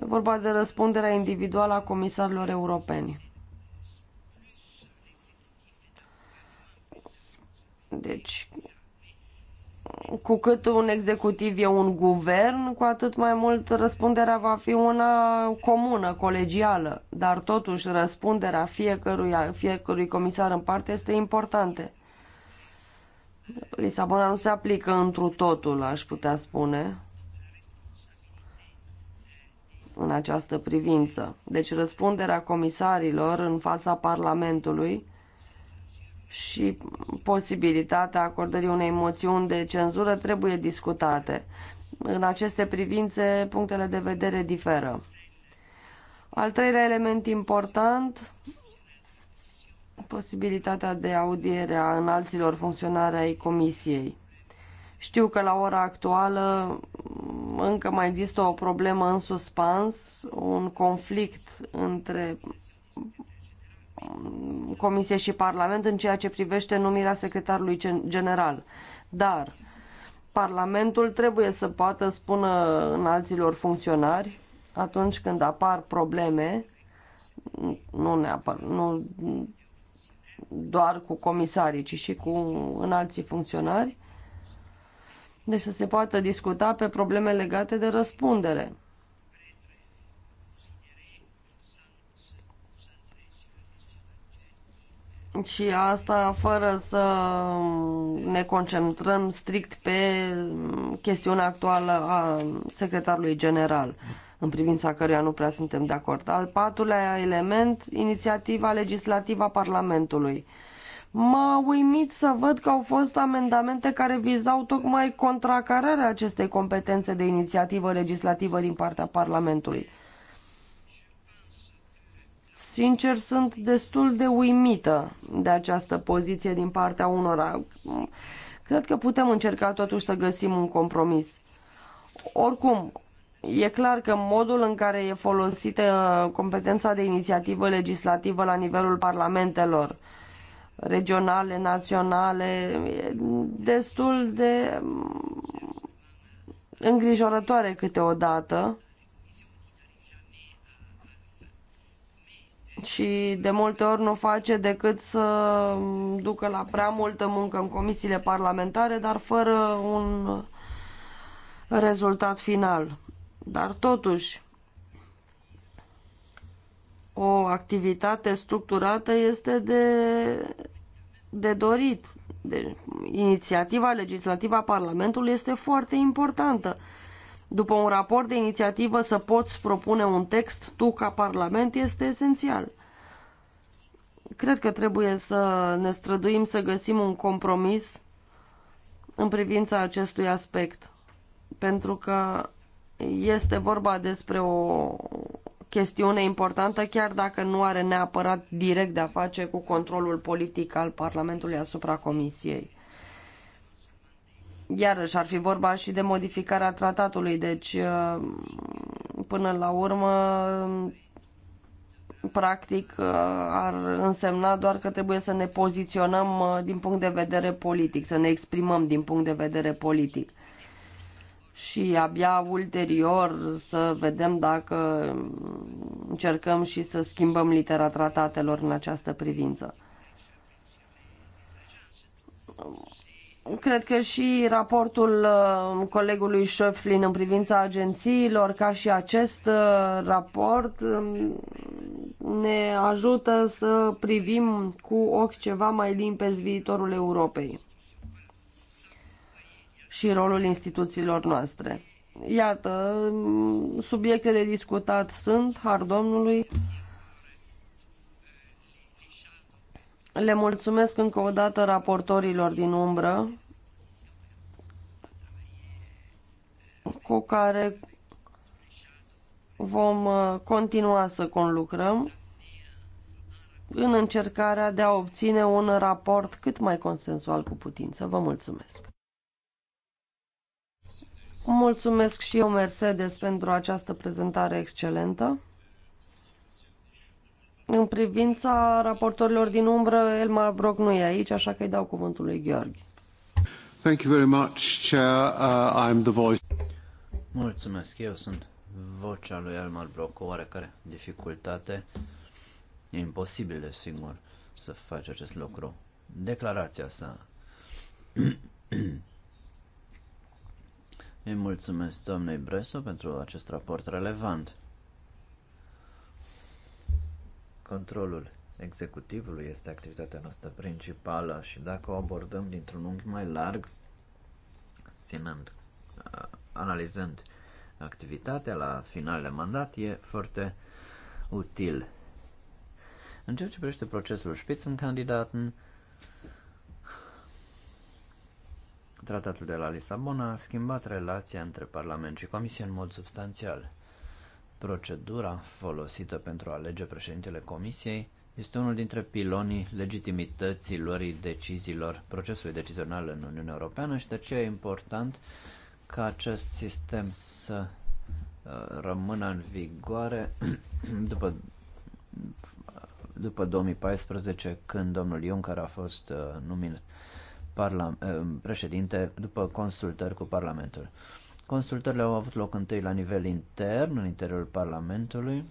Speaker 2: e vorba de răspunderea individuală a comisarilor europeni. Deci, cu cât un executiv e un guvern, cu atât mai mult răspunderea va fi una comună, colegială. Dar totuși răspunderea fiecărui, fiecărui comisar în parte este importantă. Lisabona nu se aplică întru totul, aș putea spune, în această privință. Deci răspunderea comisarilor în fața Parlamentului și posibilitatea acordării unei moțiuni de cenzură trebuie discutate. În aceste privințe, punctele de vedere diferă. Al treilea element important, posibilitatea de audiere a înalților funcționari ai Comisiei. Știu că la ora actuală încă mai există o problemă în suspans, un conflict între Comisie și Parlament în ceea ce privește numirea secretarului general. Dar Parlamentul trebuie să poată spună în alților funcționari atunci când apar probleme, nu neapărat, nu doar cu comisarii, ci și cu în alții funcționari, deci să se poată discuta pe probleme legate de răspundere. Și asta fără să ne concentrăm strict pe chestiunea actuală a secretarului general, în privința căruia nu prea suntem de acord. Al patrulea element, inițiativa legislativă a Parlamentului. M-a uimit să văd că au fost amendamente care vizau tocmai contracararea acestei competențe de inițiativă legislativă din partea Parlamentului. Sincer, sunt destul de uimită de această poziție din partea unora. Cred că putem încerca totuși să găsim un compromis. Oricum, e clar că modul în care e folosită competența de inițiativă legislativă la nivelul parlamentelor regionale, naționale, e destul de îngrijorătoare câteodată și de multe ori nu face decât să ducă la prea multă muncă în comisiile parlamentare, dar fără un rezultat final. Dar totuși, o activitate structurată este de, de dorit. De, deci, inițiativa legislativă a Parlamentului este foarte importantă după un raport de inițiativă să poți propune un text tu ca Parlament este esențial. Cred că trebuie să ne străduim să găsim un compromis în privința acestui aspect, pentru că este vorba despre o chestiune importantă, chiar dacă nu are neapărat direct de a face cu controlul politic al Parlamentului asupra Comisiei iarăși ar fi vorba și de modificarea tratatului, deci uh, până la urmă practic uh, ar însemna doar că trebuie să ne poziționăm uh, din punct de vedere politic, să ne exprimăm din punct de vedere politic. Și abia ulterior să vedem dacă încercăm și să schimbăm litera tratatelor în această privință Cred că și raportul uh, colegului Șöpflin în privința agențiilor, ca și acest uh, raport, um, ne ajută să privim cu ochi ceva mai limpezi viitorul Europei și rolul instituțiilor noastre. Iată, um, subiecte de discutat sunt, har domnului. Le mulțumesc încă o dată raportorilor din umbră cu care vom uh, continua să conlucrăm în încercarea de a obține un raport cât mai consensual cu putință. Vă mulțumesc! Mulțumesc și eu, Mercedes, pentru această prezentare excelentă. În privința raportorilor din umbră, Elmar Brock nu e aici, așa că îi dau cuvântul lui Gheorghe. Thank you very much, Chair. Uh, I'm the voice.
Speaker 4: Mulțumesc, eu sunt vocea lui Elmar Brock, o oarecare dificultate. E imposibil de singur să faci acest lucru. Declarația sa. Îi mulțumesc doamnei Bresso pentru acest raport relevant. Controlul executivului este activitatea noastră principală și dacă o abordăm dintr-un unghi mai larg, ținând, analizând activitatea la final de mandat, e foarte util. În ceea ce privește procesul Spitzenkandidaten, Tratatul de la Lisabona a schimbat relația între Parlament și Comisie în mod substanțial. Procedura folosită pentru a alege președintele comisiei este unul dintre pilonii legitimității luării deciziilor, procesului decizional în Uniunea Europeană și de aceea e important ca acest sistem să uh, rămână în vigoare după, după 2014, când domnul Juncker a fost uh, numit uh, președinte după consultări cu Parlamentul. Consultările au avut loc întâi la nivel intern, în interiorul Parlamentului,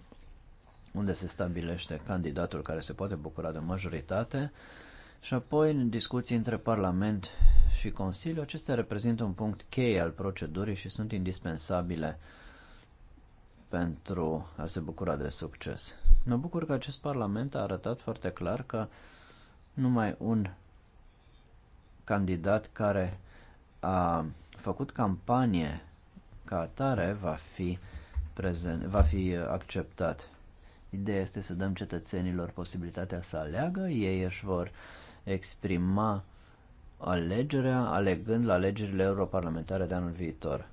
Speaker 4: unde se stabilește candidatul care se poate bucura de majoritate, și apoi în discuții între Parlament și Consiliu. Acestea reprezintă un punct cheie al procedurii și sunt indispensabile pentru a se bucura de succes. Mă bucur că acest Parlament a arătat foarte clar că numai un candidat care a făcut campanie ca atare va fi, prezent, va fi uh, acceptat. Ideea este să dăm cetățenilor posibilitatea să aleagă, ei își vor exprima alegerea alegând la alegerile europarlamentare de anul viitor.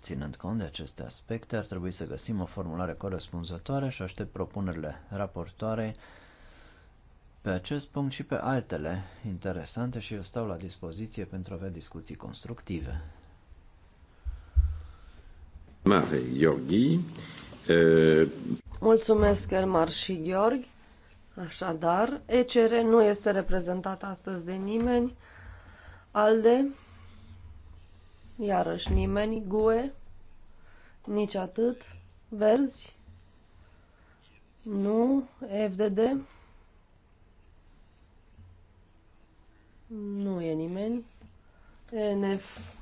Speaker 4: Ținând cont de aceste aspecte, ar trebui să găsim o formulare corespunzătoare și aștept propunerile raportoarei pe acest punct și pe altele interesante și eu stau la dispoziție pentru a avea discuții constructive.
Speaker 2: Mare Gheorghi. Mulțumesc, Elmar și Gheorghi. Așadar, ECR nu este reprezentat astăzi de nimeni. ALDE, iarăși nimeni, GUE, nici atât, Verzi, nu, FDD, Nu e nimeni. NF.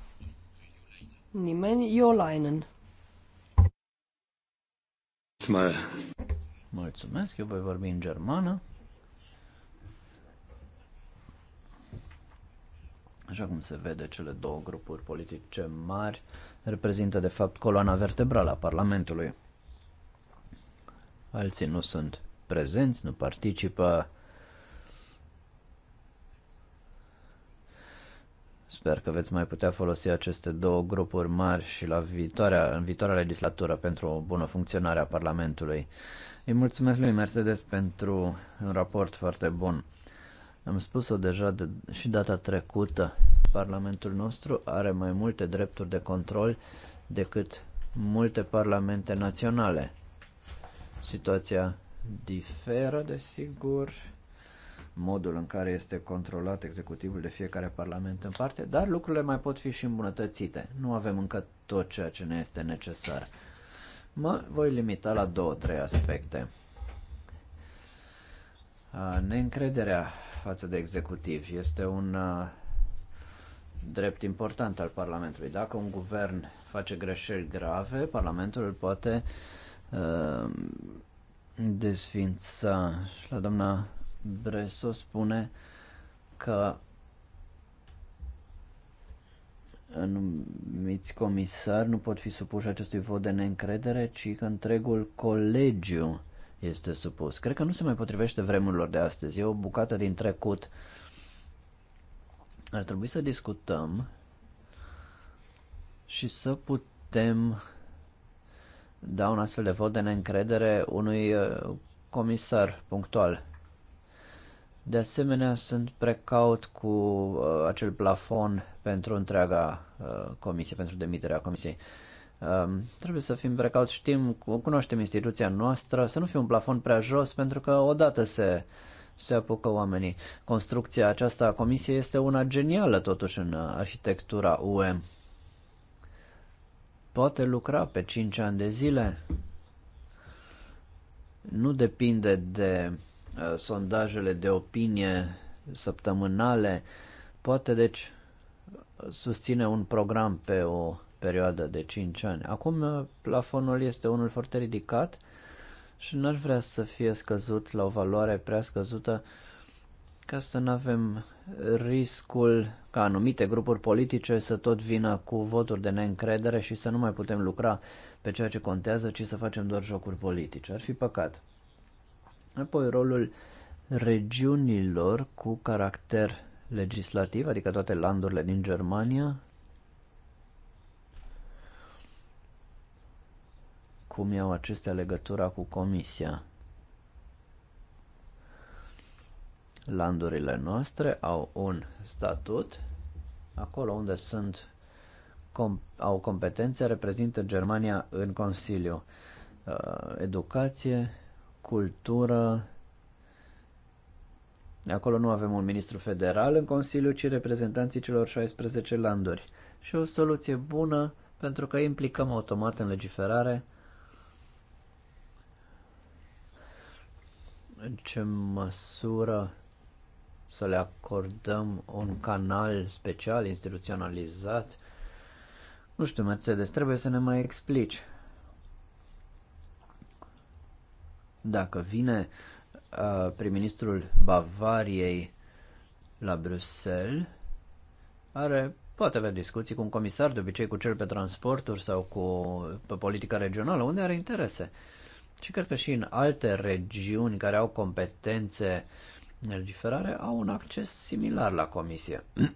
Speaker 2: Nimeni. Iolainen.
Speaker 4: Mulțumesc, eu voi vorbi în germană. Așa cum se vede, cele două grupuri politice mari reprezintă de fapt coloana vertebrală a Parlamentului. Alții nu sunt prezenți, nu participă Sper că veți mai putea folosi aceste două grupuri mari și la viitoarea, în viitoarea legislatură pentru o bună funcționare a Parlamentului. Îi mulțumesc lui Mercedes pentru un raport foarte bun. Am spus-o deja de, și data trecută. Parlamentul nostru are mai multe drepturi de control decât multe parlamente naționale. Situația diferă, desigur, modul în care este controlat executivul de fiecare parlament în parte, dar lucrurile mai pot fi și îmbunătățite. Nu avem încă tot ceea ce ne este necesar. Mă voi limita la două, trei aspecte. Neîncrederea față de executiv este un drept important al Parlamentului. Dacă un guvern face greșeli grave, Parlamentul îl poate uh, desfința. Și la doamna Breso spune că anumiți comisari nu pot fi supuși acestui vot de neîncredere, ci că întregul colegiu este supus. Cred că nu se mai potrivește vremurilor de astăzi. E o bucată din trecut. Ar trebui să discutăm și să putem da un astfel de vot de neîncredere unui uh, comisar punctual. De asemenea, sunt precaut cu uh, acel plafon pentru întreaga uh, comisie, pentru demiterea comisiei. Um, trebuie să fim precauți, știm, cunoaștem instituția noastră, să nu fie un plafon prea jos, pentru că odată se, se apucă oamenii. Construcția aceasta a comisiei este una genială, totuși, în uh, arhitectura UE. Poate lucra pe 5 ani de zile. Nu depinde de Uh, sondajele de opinie săptămânale, poate deci susține un program pe o perioadă de 5 ani. Acum uh, plafonul este unul foarte ridicat și n-aș vrea să fie scăzut la o valoare prea scăzută ca să nu avem riscul ca anumite grupuri politice să tot vină cu voturi de neîncredere și să nu mai putem lucra pe ceea ce contează, ci să facem doar jocuri politice. Ar fi păcat. Apoi rolul regiunilor cu caracter legislativ, adică toate landurile din Germania, cum iau acestea legătura cu Comisia. Landurile noastre au un statut, acolo unde sunt com, au competențe reprezintă Germania în Consiliu. Uh, educație, cultură. Acolo nu avem un ministru federal în Consiliu, ci reprezentanții celor 16 landuri. Și o soluție bună pentru că implicăm automat în legiferare în ce măsură să le acordăm un canal special, instituționalizat. Nu știu, Mercedes, trebuie să ne mai explici. Dacă vine uh, prim-ministrul Bavariei la Bruxelles, are, poate avea discuții cu un comisar, de obicei cu cel pe transporturi sau cu, pe politica regională, unde are interese. Și cred că și în alte regiuni care au competențe legiferare au un acces similar la comisie.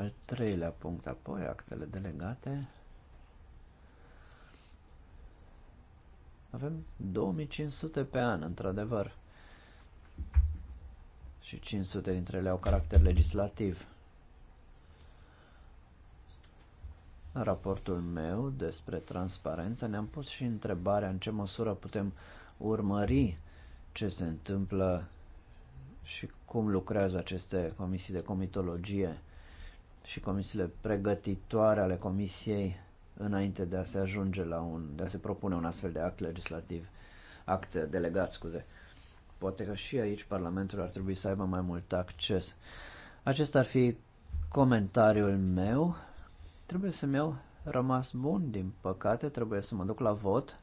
Speaker 4: Al treilea punct apoi, actele delegate. Avem 2500 pe an, într-adevăr. Și 500 dintre ele au caracter legislativ. În raportul meu despre transparență ne-am pus și întrebarea în ce măsură putem urmări ce se întâmplă și cum lucrează aceste comisii de comitologie și comisiile pregătitoare ale comisiei înainte de a se ajunge la un, de a se propune un astfel de act legislativ, act delegat, scuze. Poate că și aici Parlamentul ar trebui să aibă mai mult acces. Acesta ar fi comentariul meu. Trebuie să-mi iau rămas bun, din păcate, trebuie să mă duc la vot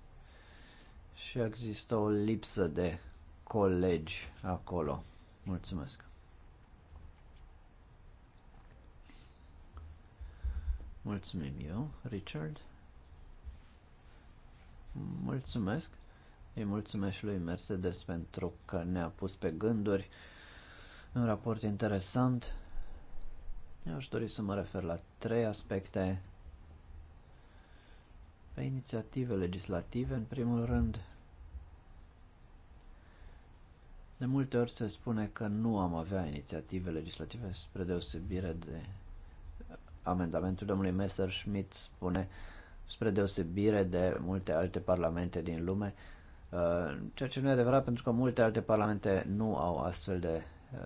Speaker 4: și există o lipsă de colegi acolo. Mulțumesc. Mulțumim eu, Richard. Mulțumesc. Îi mulțumesc lui Mercedes pentru că ne-a pus pe gânduri. Un raport interesant. Eu aș dori să mă refer la trei aspecte pe inițiative legislative, în primul rând. De multe ori se spune că nu am avea inițiative legislative spre deosebire de amendamentul domnului Messerschmidt spune, spre deosebire de multe alte parlamente din lume, uh, ceea ce nu e adevărat pentru că multe alte parlamente nu au astfel de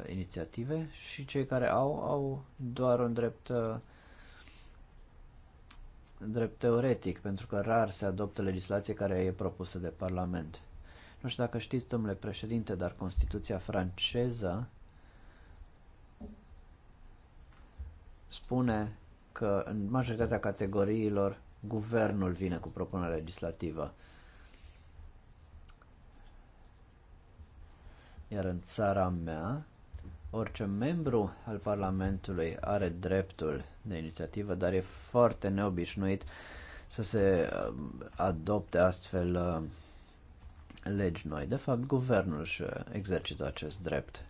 Speaker 4: uh, inițiative și cei care au, au doar un drept uh, drept teoretic, pentru că rar se adoptă legislație care e propusă de Parlament. Nu știu dacă știți, domnule președinte, dar Constituția franceză spune că în majoritatea categoriilor guvernul vine cu propunerea legislativă. Iar în țara mea, orice membru al Parlamentului are dreptul de inițiativă, dar e foarte neobișnuit să se uh, adopte astfel uh, legi noi. De fapt, guvernul își uh, exercită acest drept.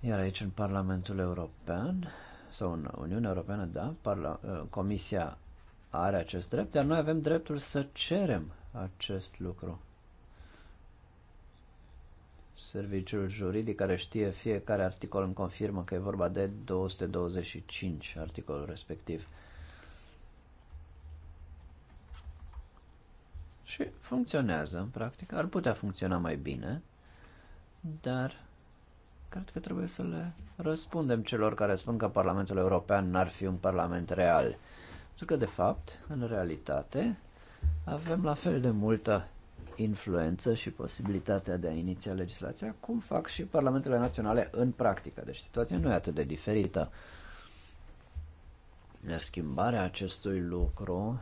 Speaker 4: Iar aici, în Parlamentul European, sau în Uniunea Europeană, da, parla, uh, Comisia are acest drept, dar noi avem dreptul să cerem acest lucru. Serviciul juridic care știe fiecare articol îmi confirmă că e vorba de 225 articolul respectiv. Și funcționează, în practic. Ar putea funcționa mai bine, dar Cred că trebuie să le răspundem celor care spun că Parlamentul European n-ar fi un parlament real. Pentru că, de fapt, în realitate, avem la fel de multă influență și posibilitatea de a iniția legislația, cum fac și parlamentele naționale în practică. Deci situația nu e atât de diferită. Iar schimbarea acestui lucru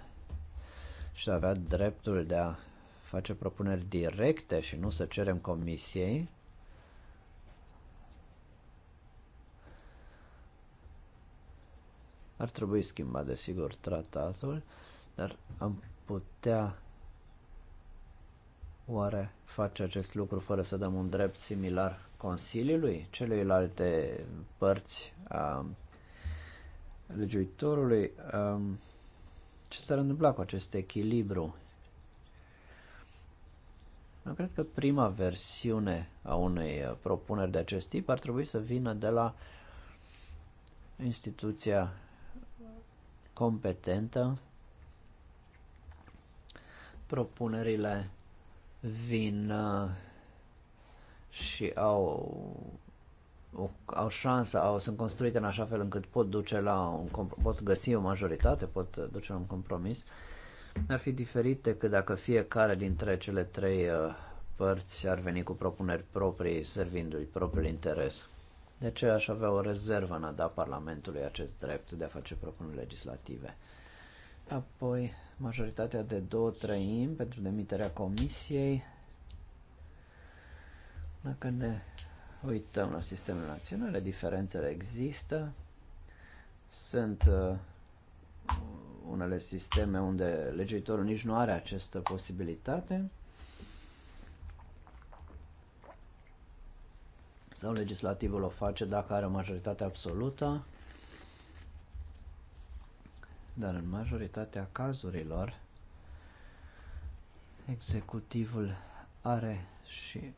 Speaker 4: și avea dreptul de a face propuneri directe și nu să cerem comisiei, Ar trebui schimbat, desigur, tratatul, dar am putea oare face acest lucru fără să dăm un drept similar Consiliului, celeilalte părți a legiuitorului? Ce s-ar întâmpla cu acest echilibru? Eu cred că prima versiune a unei propuneri de acest tip ar trebui să vină de la instituția competentă. Propunerile vin uh, și au o, au șansa, au, sunt construite în așa fel încât pot duce la un, pot găsi o majoritate, pot duce la un compromis, ar fi diferit decât dacă fiecare dintre cele trei uh, părți ar veni cu propuneri proprii, servindu-i propriul interes. De ce aș avea o rezervă în a da Parlamentului acest drept de a face propuneri legislative? Apoi, majoritatea de două treimi pentru demiterea Comisiei. Dacă ne uităm la sistemele naționale, diferențele există. Sunt uh, unele sisteme unde legiuitorul nici nu are această posibilitate. sau legislativul o face dacă are o majoritate absolută, dar în majoritatea cazurilor executivul are și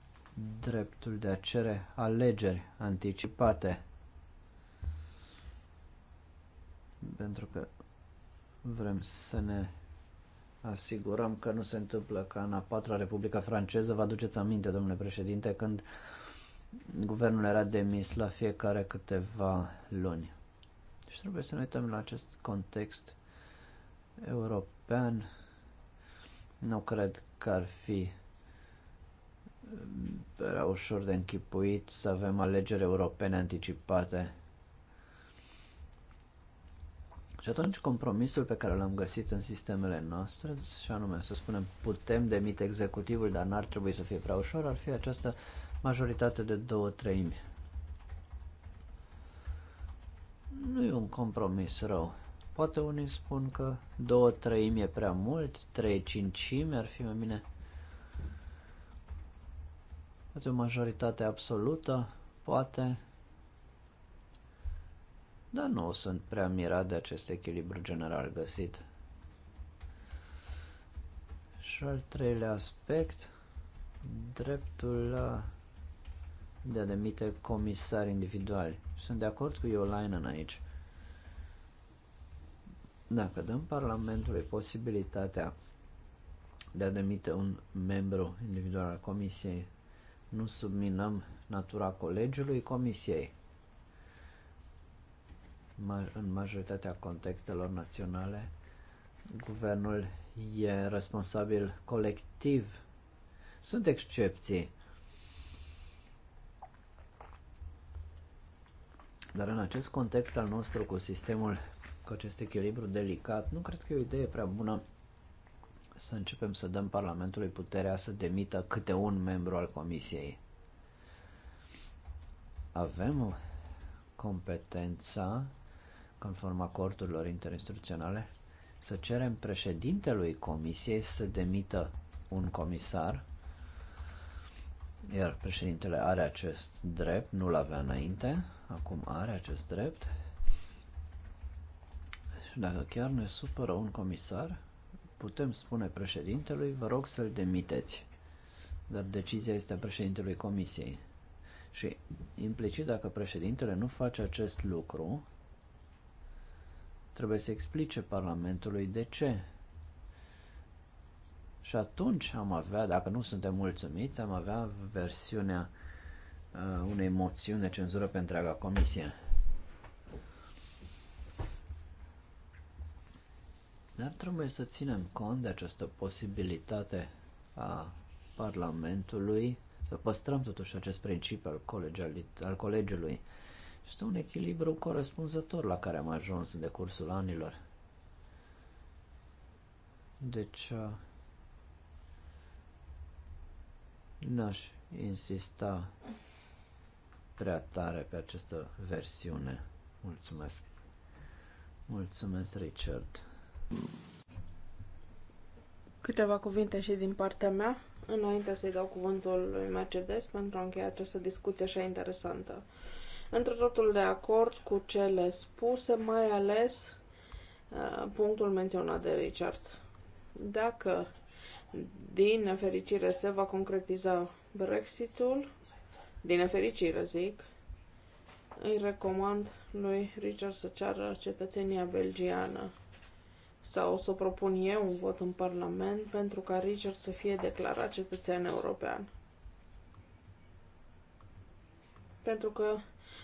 Speaker 4: dreptul de a cere alegeri anticipate pentru că vrem să ne asigurăm că nu se întâmplă ca în a patra Republica Franceză, vă aduceți aminte, domnule președinte, când uh, Guvernul era demis la fiecare câteva luni. Și deci trebuie să ne uităm la acest context european. Nu cred că ar fi mm, era ușor de închipuit să avem alegeri europene anticipate. Și atunci compromisul pe care l-am găsit în sistemele noastre, și anume să spunem putem demite executivul, dar n-ar trebui să fie prea ușor, ar fi această majoritate de două treimi. Nu e un compromis rău. Poate unii spun că două treimi e prea mult, trei cincimi ar fi mai bine. Poate o majoritate absolută, poate. Dar nu sunt prea mirat de acest echilibru general găsit. Și al treilea aspect, dreptul la de a demite comisari individuali. Sunt de acord cu Iolainen aici. Dacă dăm Parlamentului posibilitatea de a demite un membru individual al Comisiei, nu subminăm natura colegiului Comisiei. În majoritatea contextelor naționale, guvernul e responsabil colectiv. Sunt excepții Dar în acest context al nostru cu sistemul, cu acest echilibru delicat, nu cred că e o idee prea bună să începem să dăm Parlamentului puterea să demită câte un membru al Comisiei. Avem competența, conform acordurilor interinstituționale, să cerem președintelui Comisiei să demită un comisar iar președintele are acest drept, nu-l avea înainte, acum are acest drept. Și dacă chiar ne supără un comisar, putem spune președintelui, vă rog să-l demiteți. Dar decizia este a președintelui comisiei. Și implicit dacă președintele nu face acest lucru, trebuie să explice Parlamentului de ce și atunci am avea, dacă nu suntem mulțumiți, am avea versiunea uh, unei moțiuni de cenzură pe întreaga comisie. Dar trebuie să ținem cont de această posibilitate a Parlamentului să păstrăm totuși acest principiu al, al colegiului. Este un echilibru corespunzător la care am ajuns în decursul anilor. Deci, uh, n-aș insista prea tare pe această versiune. Mulțumesc. Mulțumesc, Richard.
Speaker 1: Câteva cuvinte și din partea mea, înainte să-i dau cuvântul lui Mercedes pentru a încheia această discuție așa interesantă. Într totul de acord cu cele spuse, mai ales uh, punctul menționat de Richard. Dacă din nefericire se va concretiza Brexitul. Din nefericire, zic. Îi recomand lui Richard să ceară cetățenia belgiană sau o să propun eu un vot în Parlament pentru ca Richard să fie declarat cetățean european. Pentru că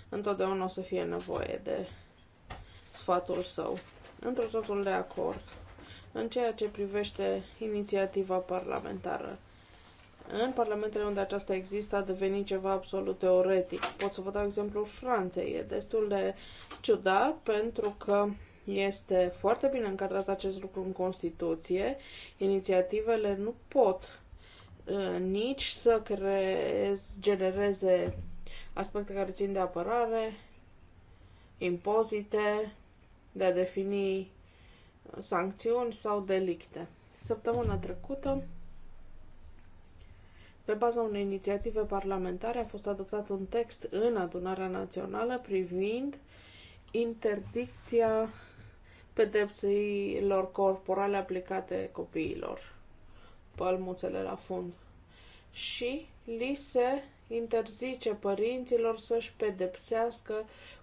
Speaker 1: întotdeauna o să fie nevoie de sfatul său. Într-o totul de acord în ceea ce privește inițiativa parlamentară. În parlamentele unde aceasta există a devenit ceva absolut teoretic. Pot să vă dau exemplul Franței. E destul de ciudat pentru că este foarte bine încadrat acest lucru în Constituție. Inițiativele nu pot uh, nici să creez, genereze aspecte care țin de apărare, impozite, de a defini sancțiuni sau delicte. Săptămâna trecută, pe baza unei inițiative parlamentare, a fost adoptat un text în adunarea națională privind interdicția pedepseilor corporale aplicate copiilor, palmuțele la fund. Și li se interzice părinților să-și pedepsească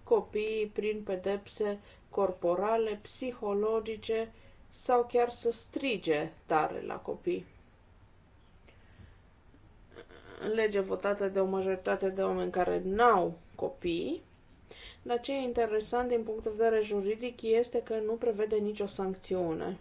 Speaker 1: copiii prin pedepse corporale, psihologice sau chiar să strige tare la copii. Lege votată de o majoritate de oameni care n-au copii, dar ce e interesant din punct de vedere juridic este că nu prevede nicio sancțiune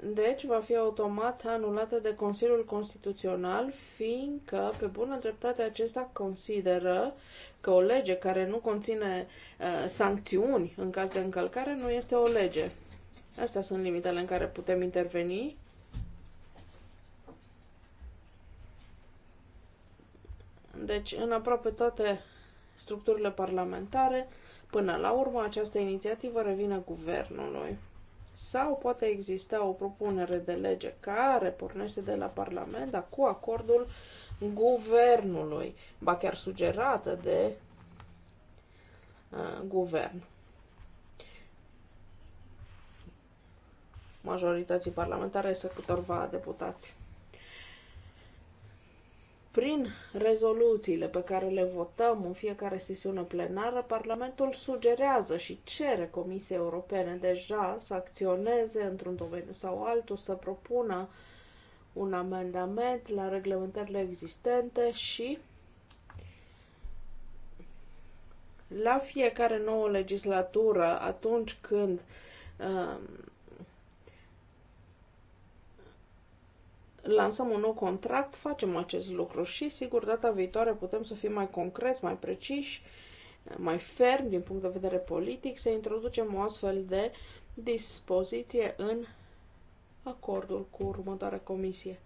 Speaker 1: deci va fi automat anulată de Consiliul Constituțional, fiindcă, pe bună dreptate, acesta consideră că o lege care nu conține uh, sancțiuni în caz de încălcare nu este o lege. Astea sunt limitele în care putem interveni. Deci, în aproape toate structurile parlamentare, până la urmă, această inițiativă revine guvernului sau poate exista o propunere de lege care pornește de la Parlament, dar cu acordul guvernului, ba chiar sugerată de uh, guvern. Majorității parlamentare este câtorva deputați. Prin rezoluțiile pe care le votăm în fiecare sesiune plenară, Parlamentul sugerează și cere Comisiei Europene deja să acționeze într-un domeniu sau altul, să propună un amendament la reglementările existente și la fiecare nouă legislatură, atunci când uh, lansăm un nou contract, facem acest lucru și, sigur, data viitoare putem să fim mai concreți, mai preciși, mai ferm din punct de vedere politic, să introducem o astfel de dispoziție în acordul cu următoarea comisie.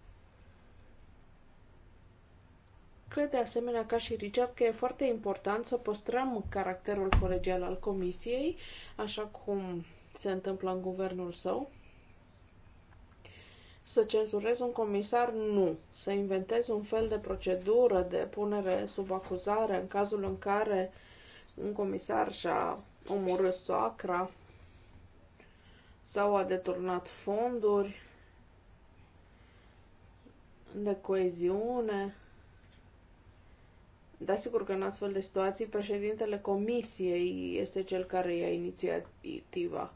Speaker 1: Cred de asemenea, ca și Richard, că e foarte important să păstrăm caracterul colegial al comisiei, așa cum se întâmplă în guvernul său, să cenzurezi un comisar? Nu. Să inventezi un fel de procedură de punere sub acuzare în cazul în care un comisar și-a omorât soacra sau a deturnat fonduri de coeziune. Da, sigur că în astfel de situații președintele comisiei este cel care ia inițiativa.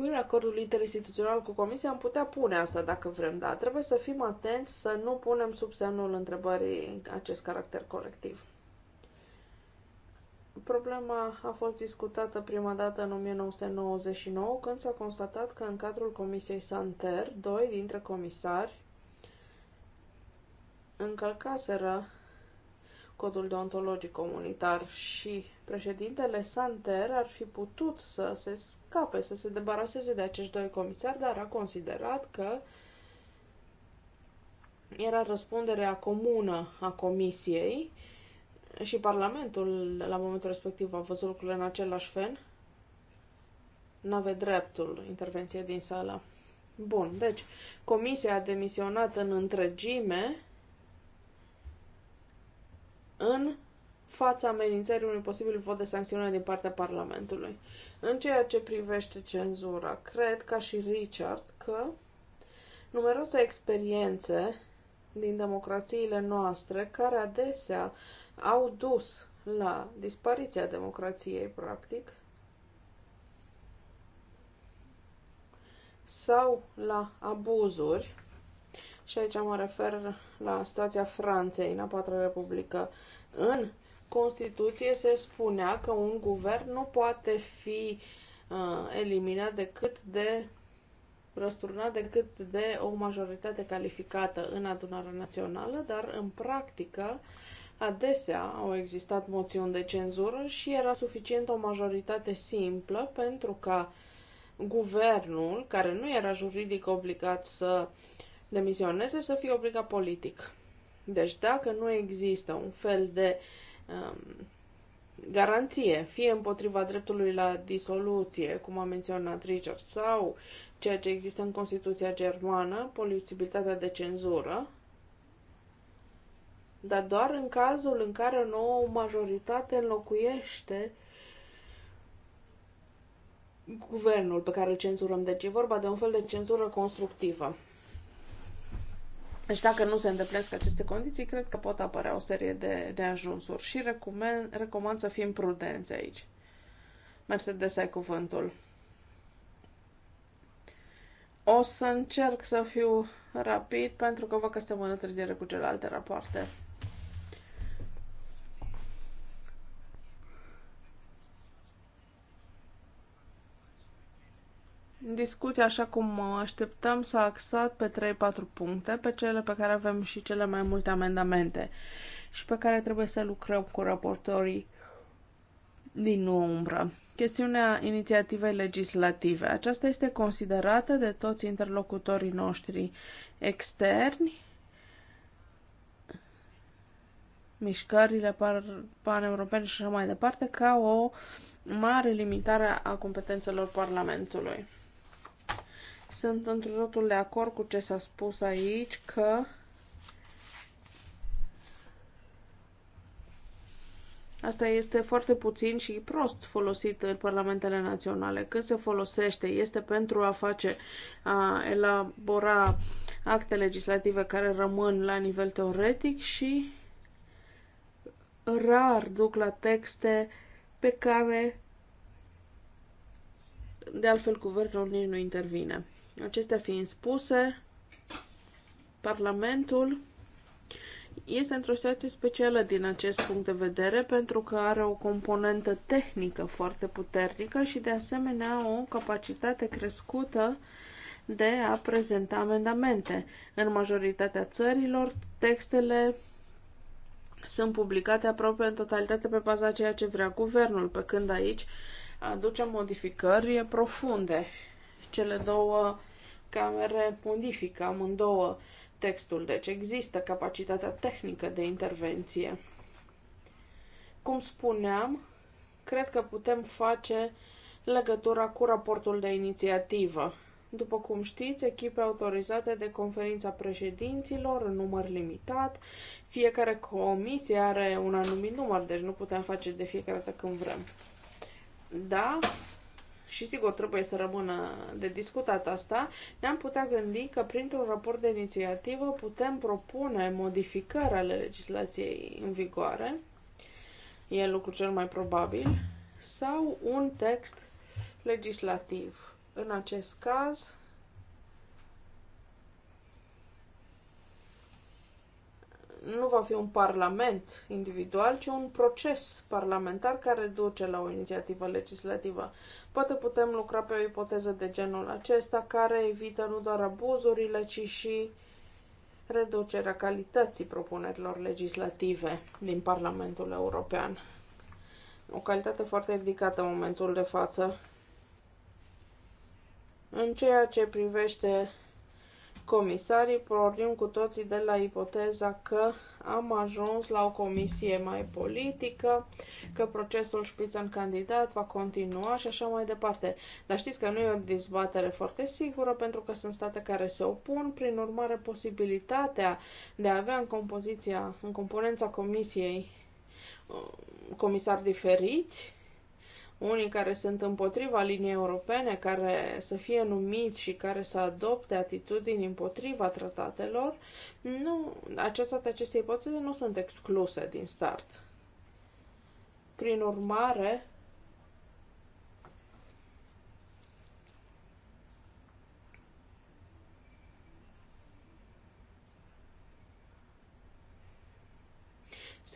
Speaker 1: În acordul interinstituțional cu Comisia am putea pune asta dacă vrem, dar trebuie să fim atenți să nu punem sub semnul întrebării acest caracter colectiv. Problema a fost discutată prima dată în 1999, când s-a constatat că în cadrul Comisiei Santer, doi dintre comisari încălcaseră codul deontologic comunitar și președintele Santer ar fi putut să se scape, să se debaraseze de acești doi comisari, dar a considerat că era răspunderea comună a comisiei și Parlamentul la momentul respectiv a văzut lucrurile în același fel. n ave dreptul intervenție din sală. Bun, deci comisia a demisionat în întregime în fața amenințării unui posibil vot de sancțiune din partea Parlamentului. În ceea ce privește cenzura, cred, ca și Richard, că numeroase experiențe din democrațiile noastre, care adesea au dus la dispariția democrației, practic, sau la abuzuri, și aici mă refer la situația Franței, în a patra republică. În Constituție se spunea că un guvern nu poate fi uh, eliminat decât de răsturnat decât de o majoritate calificată în adunarea națională, dar în practică adesea au existat moțiuni de cenzură și era suficient o majoritate simplă pentru ca guvernul, care nu era juridic obligat să uh, demisioneze să fie obligat politic. Deci dacă nu există un fel de um, garanție, fie împotriva dreptului la disoluție, cum a menționat Richard, sau ceea ce există în Constituția germană, posibilitatea de cenzură, dar doar în cazul în care o nouă majoritate înlocuiește guvernul pe care îl cenzurăm. Deci e vorba de un fel de cenzură constructivă. Deci dacă nu se îndeplinesc aceste condiții, cred că pot apărea o serie de de ajunsuri. și recomand, recomand să fim prudenți aici. Mercedes, ai cuvântul. O să încerc să fiu rapid pentru că văd că suntem în întârziere cu celelalte rapoarte. Discuția, așa cum mă așteptam, s-a axat pe 3-4 puncte, pe cele pe care avem și cele mai multe amendamente și pe care trebuie să lucrăm cu raportorii din umbră. Chestiunea inițiativei legislative. Aceasta este considerată de toți interlocutorii noștri externi, mișcările paneuropene și așa mai departe, ca o mare limitare a competențelor Parlamentului. Sunt într totul de acord cu ce s-a spus aici că Asta este foarte puțin și prost folosit în parlamentele naționale. Când se folosește, este pentru a face, a elabora acte legislative care rămân la nivel teoretic și rar duc la texte pe care de altfel guvernul nici nu intervine. Acestea fiind spuse, Parlamentul este într-o situație specială din acest punct de vedere pentru că are o componentă tehnică foarte puternică și de asemenea o capacitate crescută de a prezenta amendamente. În majoritatea țărilor, textele sunt publicate aproape în totalitate pe baza ceea ce vrea guvernul, pe când aici aduce modificări profunde. Cele două Camere modifică amândouă textul, deci există capacitatea tehnică de intervenție. Cum spuneam, cred că putem face legătura cu raportul de inițiativă. După cum știți, echipe autorizate de conferința președinților în număr limitat, fiecare comisie are un anumit număr, deci nu putem face de fiecare dată când vrem. Da, și sigur trebuie să rămână de discutat asta, ne-am putea gândi că printr-un raport de inițiativă putem propune modificări ale legislației în vigoare, e lucru cel mai probabil, sau un text legislativ. În acest caz, nu va fi un parlament individual, ci un proces parlamentar care duce la o inițiativă legislativă. Poate putem lucra pe o ipoteză de genul acesta care evită nu doar abuzurile, ci și reducerea calității propunerilor legislative din Parlamentul European. O calitate foarte ridicată în momentul de față. În ceea ce privește comisarii pornim cu toții de la ipoteza că am ajuns la o comisie mai politică, că procesul în candidat va continua și așa mai departe. Dar știți că nu e o dezbatere foarte sigură pentru că sunt state care se opun, prin urmare posibilitatea de a avea în compoziția, în componența comisiei uh, comisari diferiți unii care sunt împotriva liniei europene, care să fie numiți și care să adopte atitudini împotriva tratatelor, nu, toate aceste ipoteze nu sunt excluse din start. Prin urmare,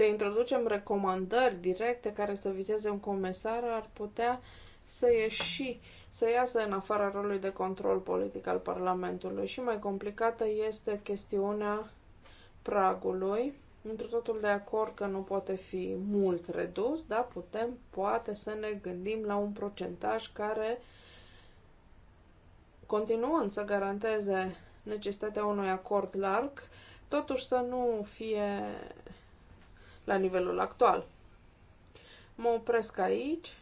Speaker 1: să introducem recomandări directe care să vizeze un comisar, ar putea să ieși, să iasă în afara rolului de control politic al Parlamentului. Și mai complicată este chestiunea pragului. Într totul de acord că nu poate fi mult redus, dar putem, poate, să ne gândim la un procentaj care, continuând să garanteze necesitatea unui acord larg, totuși să nu fie la nivelul actual. Mă opresc aici.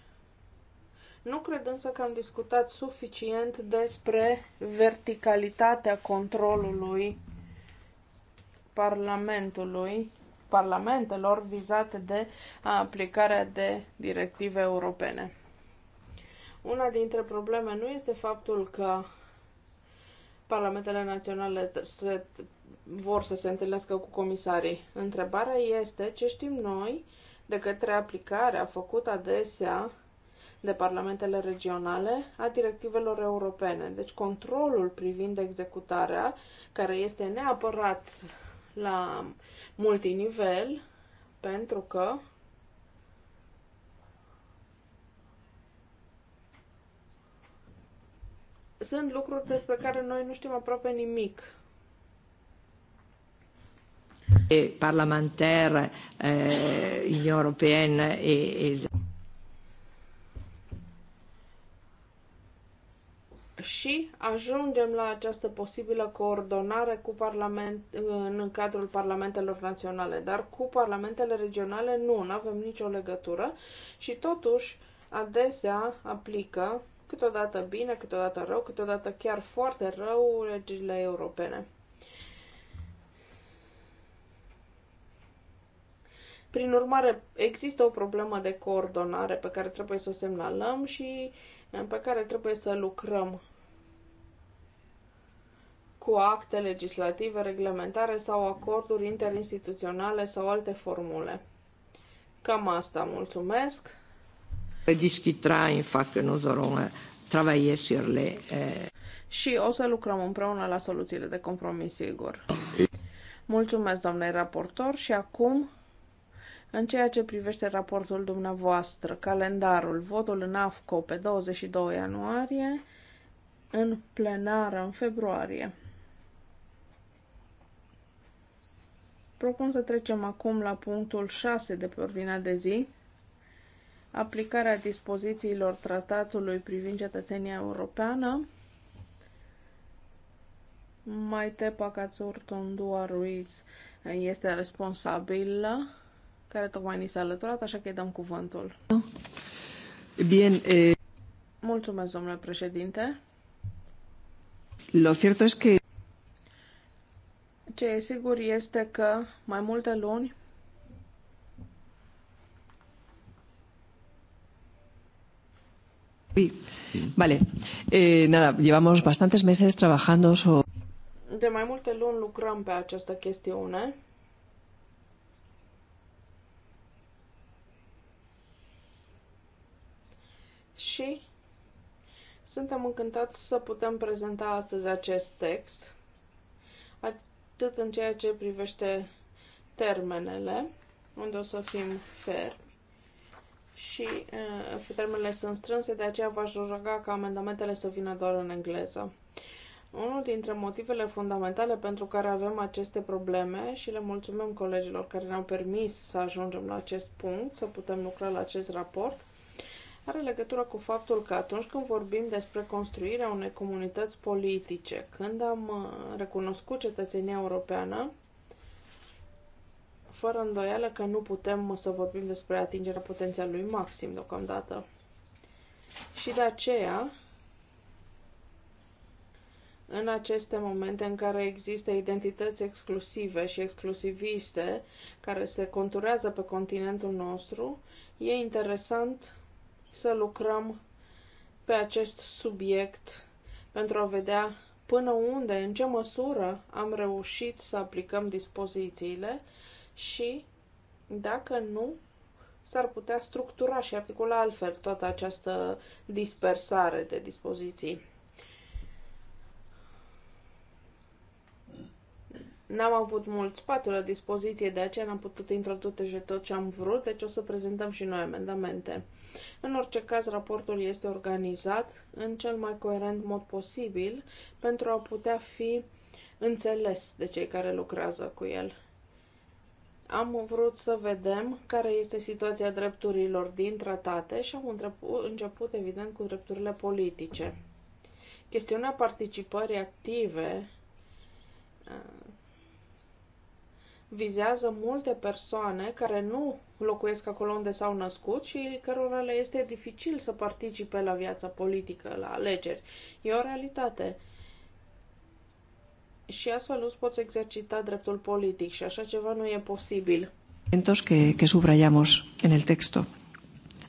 Speaker 1: Nu cred însă că am discutat suficient despre verticalitatea controlului Parlamentului, parlamentelor vizate de aplicarea de directive europene. Una dintre probleme nu este faptul că Parlamentele naționale se, vor să se întâlnească cu comisarii. Întrebarea este ce știm noi de către aplicarea făcută adesea de parlamentele regionale a directivelor europene. Deci controlul privind executarea, care este neapărat la multinivel, pentru că sunt lucruri despre care noi nu știm aproape nimic.
Speaker 2: Parlamentar eh, european e, e...
Speaker 1: și ajungem la această posibilă coordonare cu parlament, în cadrul parlamentelor naționale, dar cu parlamentele regionale nu, nu avem nicio legătură și totuși adesea aplică câteodată bine, câteodată rău, câteodată chiar foarte rău legile europene. Prin urmare, există o problemă de coordonare pe care trebuie să o semnalăm și eh, pe care trebuie să lucrăm cu acte legislative, reglementare sau acorduri interinstituționale sau alte formule. Cam asta, mulțumesc!
Speaker 2: discutra, în fapt, că nous aurons travaillé
Speaker 1: Și o să lucrăm împreună la soluțiile de compromis, sigur. Mulțumesc, doamne raportor, și acum în ceea ce privește raportul dumneavoastră, calendarul, votul în AFCO pe 22 ianuarie, în plenară în februarie. Propun să trecem acum la punctul 6 de pe ordinea de zi, aplicarea dispozițiilor tratatului privind cetățenia europeană, Mai te Maite Pacazurtundua Ruiz este responsabilă, care tocmai ni s-a alăturat, așa că îi dăm cuvântul.
Speaker 3: Bien, e... Eh,
Speaker 1: Mulțumesc, domnule președinte. Lo cierto es que... Ce e sigur este că mai multe luni
Speaker 2: Sí. Vale. Eh, nada, llevamos bastantes meses trabajando sobre...
Speaker 1: De mai multe luni lucrăm pe această chestiune. Și suntem încântați să putem prezenta astăzi acest text, atât în ceea ce privește termenele, unde o să fim fermi, și uh, termenele sunt strânse, de aceea v-aș ruga ca amendamentele să vină doar în engleză. Unul dintre motivele fundamentale pentru care avem aceste probleme și le mulțumim colegilor care ne-au permis să ajungem la acest punct, să putem lucra la acest raport, are legătură cu faptul că atunci când vorbim despre construirea unei comunități politice, când am uh, recunoscut cetățenia europeană, fără îndoială că nu putem să vorbim despre atingerea potențialului maxim deocamdată. Și de aceea, în aceste momente în care există identități exclusive și exclusiviste care se conturează pe continentul nostru, e interesant să lucrăm pe acest subiect pentru a vedea până unde, în ce măsură am reușit să aplicăm dispozițiile și, dacă nu, s-ar putea structura și articula altfel toată această dispersare de dispoziții. N-am avut mult spațiu la dispoziție, de aceea n-am putut introduce tot ce am vrut, deci o să prezentăm și noi amendamente. În orice caz, raportul este organizat în cel mai coerent mod posibil pentru a putea fi înțeles de cei care lucrează cu el. Am vrut să vedem care este situația drepturilor din tratate și am început, evident, cu drepturile politice. Chestiunea participării active uh, vizează multe persoane care nu locuiesc acolo unde s-au născut și cărora le este dificil să participe la viața politică, la alegeri. E o realitate și astfel nu poți exercita dreptul politic și așa ceva nu e posibil.
Speaker 2: Que, que subrayamos en el texto.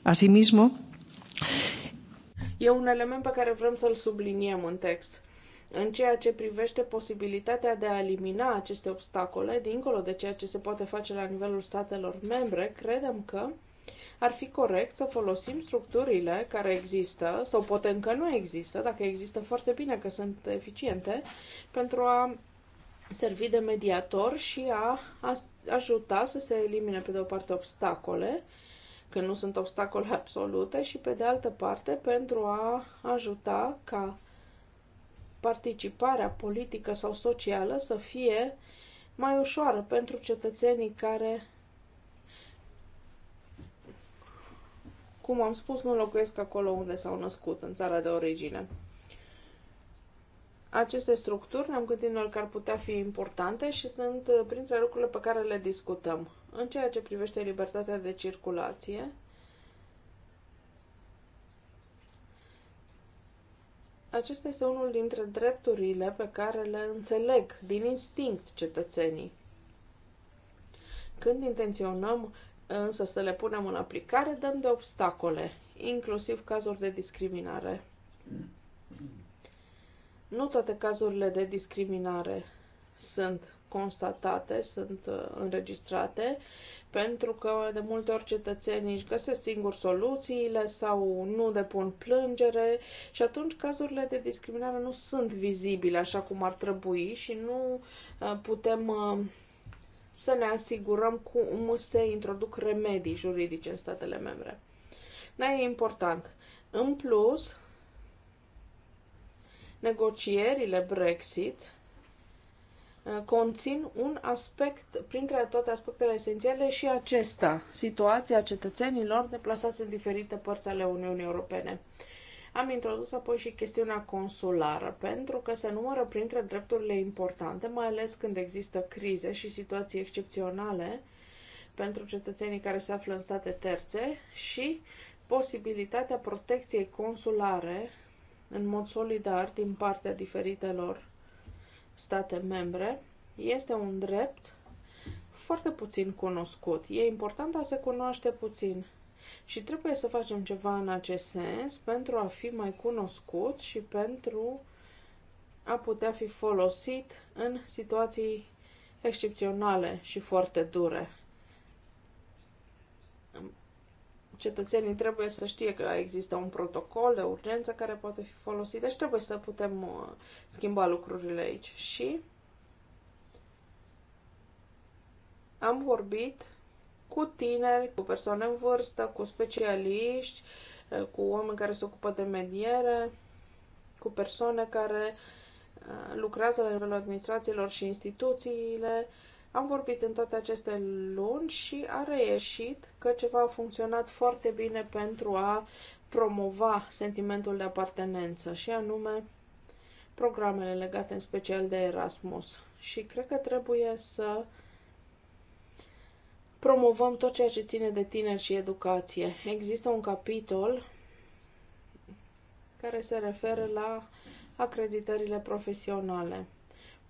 Speaker 2: Asimismo,
Speaker 1: E un element pe care vrem să-l subliniem în text. În ceea ce privește posibilitatea de a elimina aceste obstacole, dincolo de ceea ce se poate face la nivelul statelor membre, credem că ar fi corect să folosim structurile care există sau poate încă nu există, dacă există foarte bine că sunt eficiente, pentru a servi de mediator și a ajuta să se elimine pe de o parte obstacole, că nu sunt obstacole absolute, și pe de altă parte pentru a ajuta ca participarea politică sau socială să fie mai ușoară pentru cetățenii care cum am spus, nu locuiesc acolo unde s-au născut, în țara de origine. Aceste structuri ne-am gândit noi că ar putea fi importante și sunt printre lucrurile pe care le discutăm. În ceea ce privește libertatea de circulație, Acesta este unul dintre drepturile pe care le înțeleg din instinct cetățenii. Când intenționăm însă să le punem în aplicare, dăm de obstacole, inclusiv cazuri de discriminare. Nu toate cazurile de discriminare sunt constatate, sunt uh, înregistrate, pentru că de multe ori cetățenii își găsesc singuri soluțiile sau nu depun plângere și atunci cazurile de discriminare nu sunt vizibile așa cum ar trebui și nu uh, putem uh, să ne asigurăm cum se introduc remedii juridice în statele membre. Da, e important. În plus, negocierile Brexit uh, conțin un aspect, printre toate aspectele esențiale, și acesta, situația cetățenilor deplasați în diferite părți ale Uniunii Europene. Am introdus apoi și chestiunea consulară, pentru că se numără printre drepturile importante, mai ales când există crize și situații excepționale pentru cetățenii care se află în state terțe și posibilitatea protecției consulare în mod solidar din partea diferitelor state membre este un drept foarte puțin cunoscut. E important să se cunoaște puțin și trebuie să facem ceva în acest sens pentru a fi mai cunoscut și pentru a putea fi folosit în situații excepționale și foarte dure. Cetățenii trebuie să știe că există un protocol de urgență care poate fi folosit, deci trebuie să putem uh, schimba lucrurile aici. Și am vorbit cu tineri, cu persoane în vârstă, cu specialiști, cu oameni care se ocupă de mediere, cu persoane care uh, lucrează la nivelul administrațiilor și instituțiile. Am vorbit în toate aceste luni și a reieșit că ceva a funcționat foarte bine pentru a promova sentimentul de apartenență și anume programele legate în special de Erasmus. Și cred că trebuie să promovăm tot ceea ce ține de tineri și educație. Există un capitol care se referă la acreditările profesionale,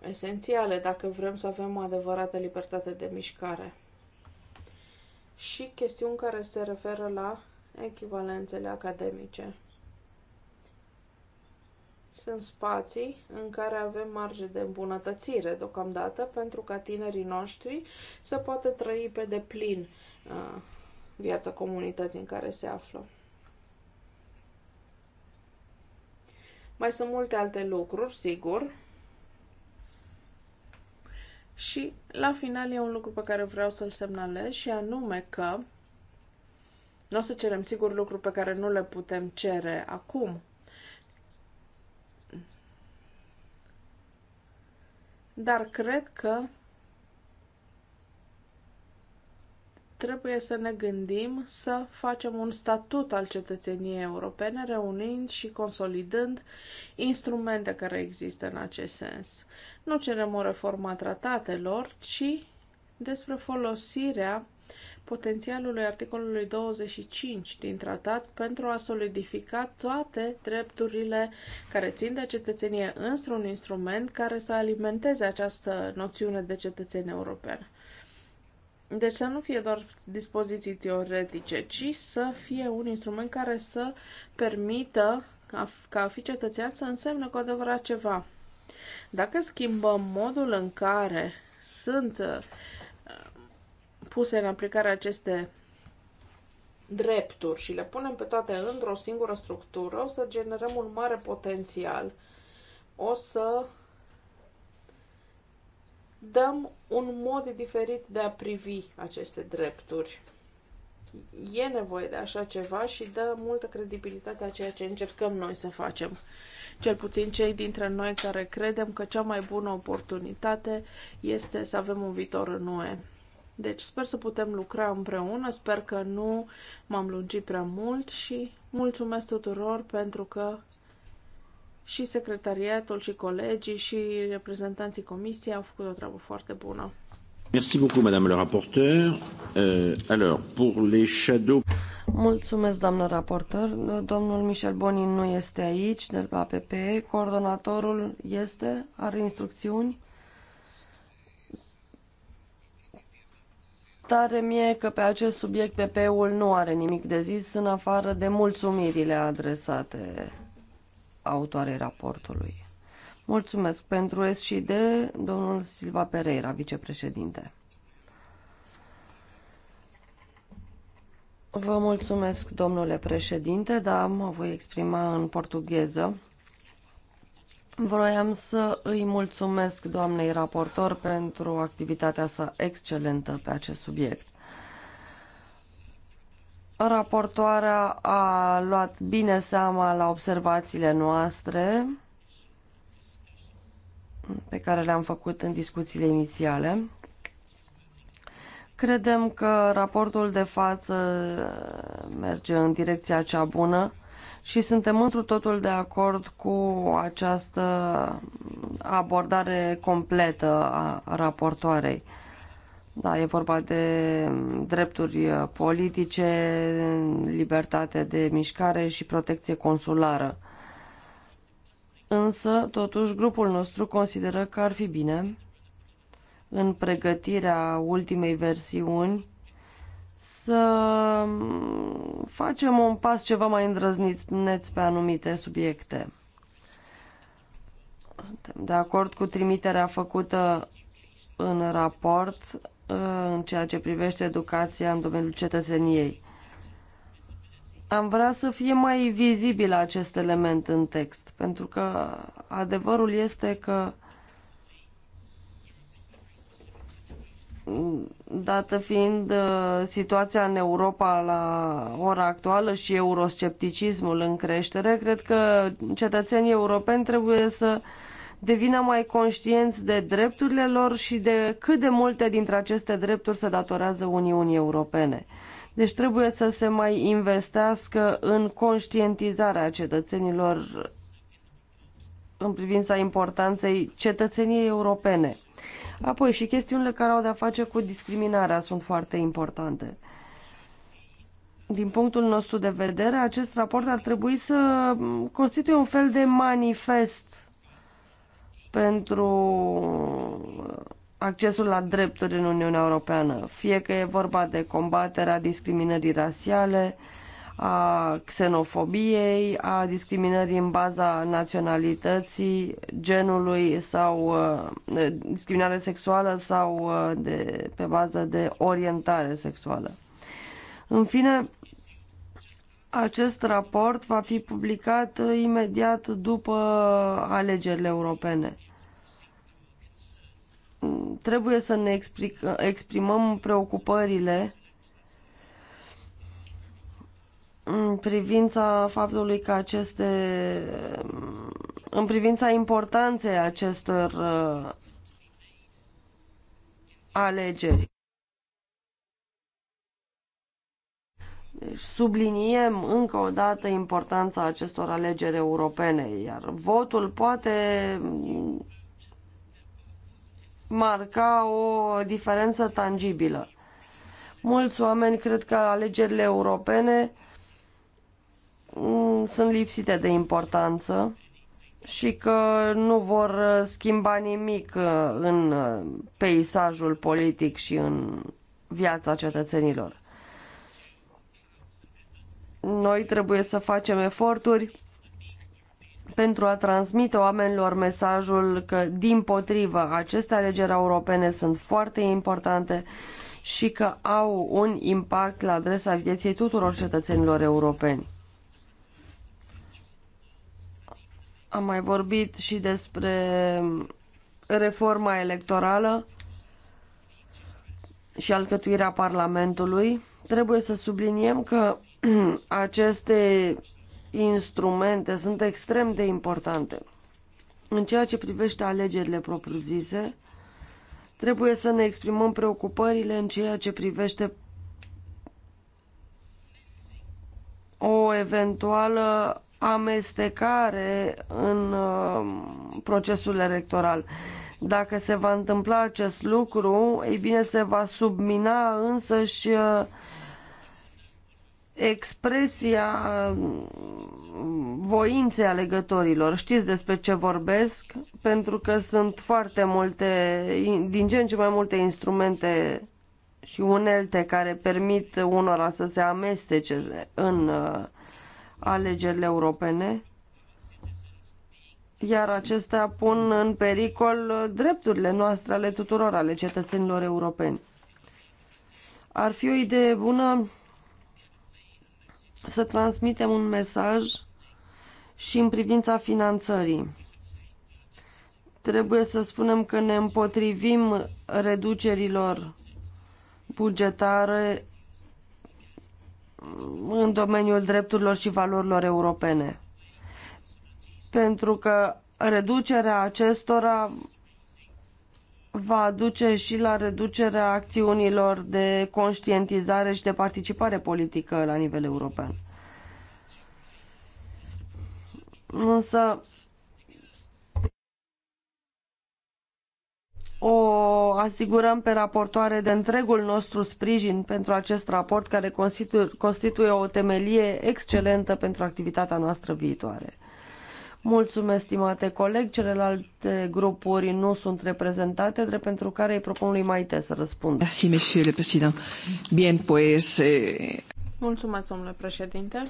Speaker 1: esențiale dacă vrem să avem o adevărată libertate de mișcare. Și chestiuni care se referă la echivalențele academice. Sunt spații în care avem marge de îmbunătățire deocamdată pentru ca tinerii noștri să poată trăi pe deplin uh, viața comunității în care se află. Mai sunt multe alte lucruri, sigur. Și la final e un lucru pe care vreau să-l semnalez și anume că nu o să cerem sigur lucruri pe care nu le putem cere acum, dar cred că trebuie să ne gândim să facem un statut al cetățeniei europene, reunind și consolidând instrumente care există în acest sens. Nu cerem o reformă a tratatelor, ci despre folosirea potențialului articolului 25 din tratat pentru a solidifica toate drepturile care țin de cetățenie într-un instrument care să alimenteze această noțiune de cetățenie europeană. Deci să nu fie doar dispoziții teoretice, ci să fie un instrument care să permită ca, a fi cetățean să însemne cu adevărat ceva. Dacă schimbăm modul în care sunt puse în aplicare aceste drepturi și le punem pe toate într-o singură structură, o să generăm un mare potențial. O să dăm un mod diferit de a privi aceste drepturi. E nevoie de așa ceva și dă multă credibilitate a ceea ce încercăm noi să facem. Cel puțin cei dintre noi care credem că cea mai bună oportunitate este să avem un viitor în UE. Deci sper să putem lucra împreună, sper că nu m-am lungit prea mult și mulțumesc tuturor pentru că și secretariatul și colegii și reprezentanții comisiei au făcut o treabă foarte bună.
Speaker 2: Merci beaucoup, Madame le rapporteur. Euh, alors, pour les shadows... Mulțumesc, doamnă raportor. Domnul Michel Bonin nu este aici, de la PPE. Coordonatorul este? Are instrucțiuni? tare mie că pe acest subiect PP-ul nu are nimic de zis în afară de mulțumirile adresate autoarei raportului. Mulțumesc pentru S și domnul Silva Pereira, vicepreședinte. Vă mulțumesc, domnule președinte, dar mă voi exprima în portugheză. Vroiam să îi mulțumesc doamnei raportor pentru activitatea sa excelentă pe acest subiect. Raportoarea a luat bine seama la observațiile noastre pe care le-am făcut în discuțiile inițiale. Credem că raportul de față merge în direcția cea bună și suntem întru totul de acord cu această abordare completă a raportoarei. Da, e vorba de drepturi politice, libertate de mișcare și protecție consulară. Însă, totuși, grupul nostru consideră că ar fi bine, în pregătirea ultimei versiuni, să facem un pas ceva mai îndrăzniț pe anumite subiecte. Suntem de acord cu trimiterea făcută în raport uh, în ceea ce privește educația în domeniul cetățeniei. Am vrea să fie mai vizibil acest element în text, pentru că adevărul este că dată fiind uh, situația în Europa la ora actuală și euroscepticismul în creștere, cred că cetățenii europeni trebuie să devină mai conștienți de drepturile lor și de cât de multe dintre aceste drepturi se datorează Uniunii Europene. Deci trebuie să se mai investească în conștientizarea cetățenilor în privința importanței cetățeniei europene. Apoi și chestiunile care au de-a face cu discriminarea sunt foarte importante. Din punctul nostru de vedere, acest raport ar trebui să constituie un fel de manifest pentru accesul la drepturi în Uniunea Europeană, fie că e vorba de combaterea discriminării rasiale, a xenofobiei, a discriminării în baza naționalității, genului sau uh, discriminare sexuală sau uh, de, pe bază de orientare sexuală. În fine, acest raport va fi publicat uh, imediat după alegerile europene. Mm, trebuie să ne explic, exprimăm preocupările în privința faptului că aceste în privința importanței acestor uh, alegeri. Deci subliniem încă o dată importanța acestor alegeri europene, iar votul poate marca o diferență tangibilă. Mulți oameni cred că alegerile europene Mm, sunt lipsite de importanță și că nu vor uh, schimba nimic uh, în uh, peisajul politic și în viața cetățenilor. Noi trebuie să facem eforturi pentru a transmite oamenilor mesajul că, din potrivă, aceste alegeri europene sunt foarte importante și că au un impact la adresa vieții tuturor cetățenilor europeni. Am mai vorbit și despre reforma electorală și alcătuirea Parlamentului. Trebuie să subliniem că aceste instrumente sunt extrem de importante. În ceea ce privește alegerile propriu-zise, trebuie să ne exprimăm preocupările în ceea ce privește o eventuală amestecare în uh, procesul electoral. Dacă se va întâmpla acest lucru, ei bine, se va submina și uh, expresia uh, voinței alegătorilor. Știți despre ce vorbesc? Pentru că sunt foarte multe, din ce în ce mai multe instrumente și unelte care permit unora să se amestece în uh, alegerile europene, iar acestea pun în pericol drepturile noastre ale tuturor, ale cetățenilor europeni. Ar fi o idee bună să transmitem un mesaj și în privința finanțării. Trebuie să spunem că ne împotrivim reducerilor bugetare în domeniul drepturilor și valorilor europene. Pentru că reducerea acestora va aduce și la reducerea acțiunilor de conștientizare și de participare politică la nivel european. Însă o asigurăm pe raportoare de întregul nostru sprijin pentru acest raport care constituie o temelie excelentă pentru activitatea noastră viitoare. Mulțumesc, stimate coleg, celelalte grupuri nu sunt reprezentate, drept pentru care îi propun lui Maite să răspundă. Merci, monsieur
Speaker 1: le président. Bien, pues... Eh, Mulțumesc, domnule președinte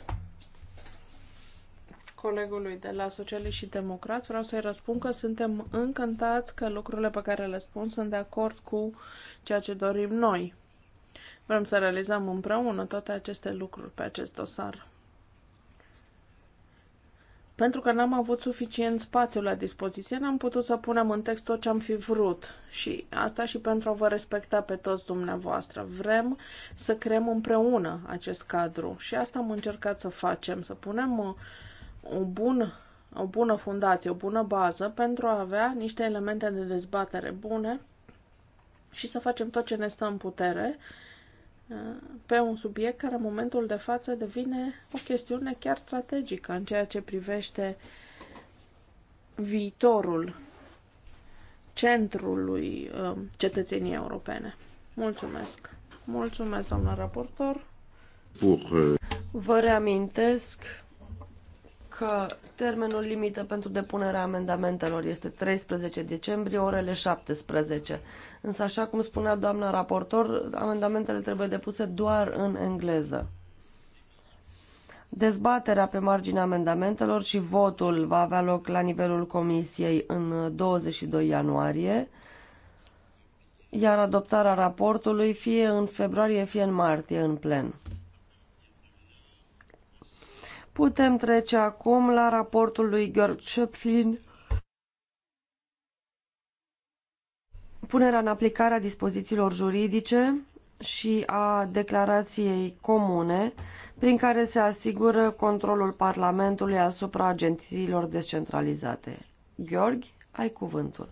Speaker 1: colegului de la Socialiști și Democrați, vreau să-i răspund că suntem încântați că lucrurile pe care le spun sunt de acord cu ceea ce dorim noi. Vrem să realizăm împreună toate aceste lucruri pe acest dosar. Pentru că n-am avut suficient spațiu la dispoziție, n-am putut să punem în text tot ce am fi vrut. Și asta și pentru a vă respecta pe toți dumneavoastră. Vrem să creăm împreună acest cadru și asta am încercat să facem, să punem uh, o bună, o bună fundație, o bună bază pentru a avea niște elemente de dezbatere bune și să facem tot ce ne stă în putere uh, pe un subiect care în momentul de față devine o chestiune chiar strategică în ceea ce privește viitorul centrului uh, cetățeniei europene. Mulțumesc!
Speaker 2: Mulțumesc, doamna raportor! Uh, Vă reamintesc că termenul limită pentru depunerea amendamentelor este 13 decembrie, orele 17. Însă, așa cum spunea doamna raportor, amendamentele trebuie depuse doar în engleză. Dezbaterea pe marginea amendamentelor și votul va avea loc la nivelul comisiei în 22 ianuarie, iar adoptarea raportului fie în februarie, fie în martie în plen. Putem trece acum la raportul lui Georg Schöpflin. Punerea în aplicare a dispozițiilor juridice și a declarației comune prin care se asigură controlul Parlamentului asupra agențiilor descentralizate. Gheorghe, ai cuvântul.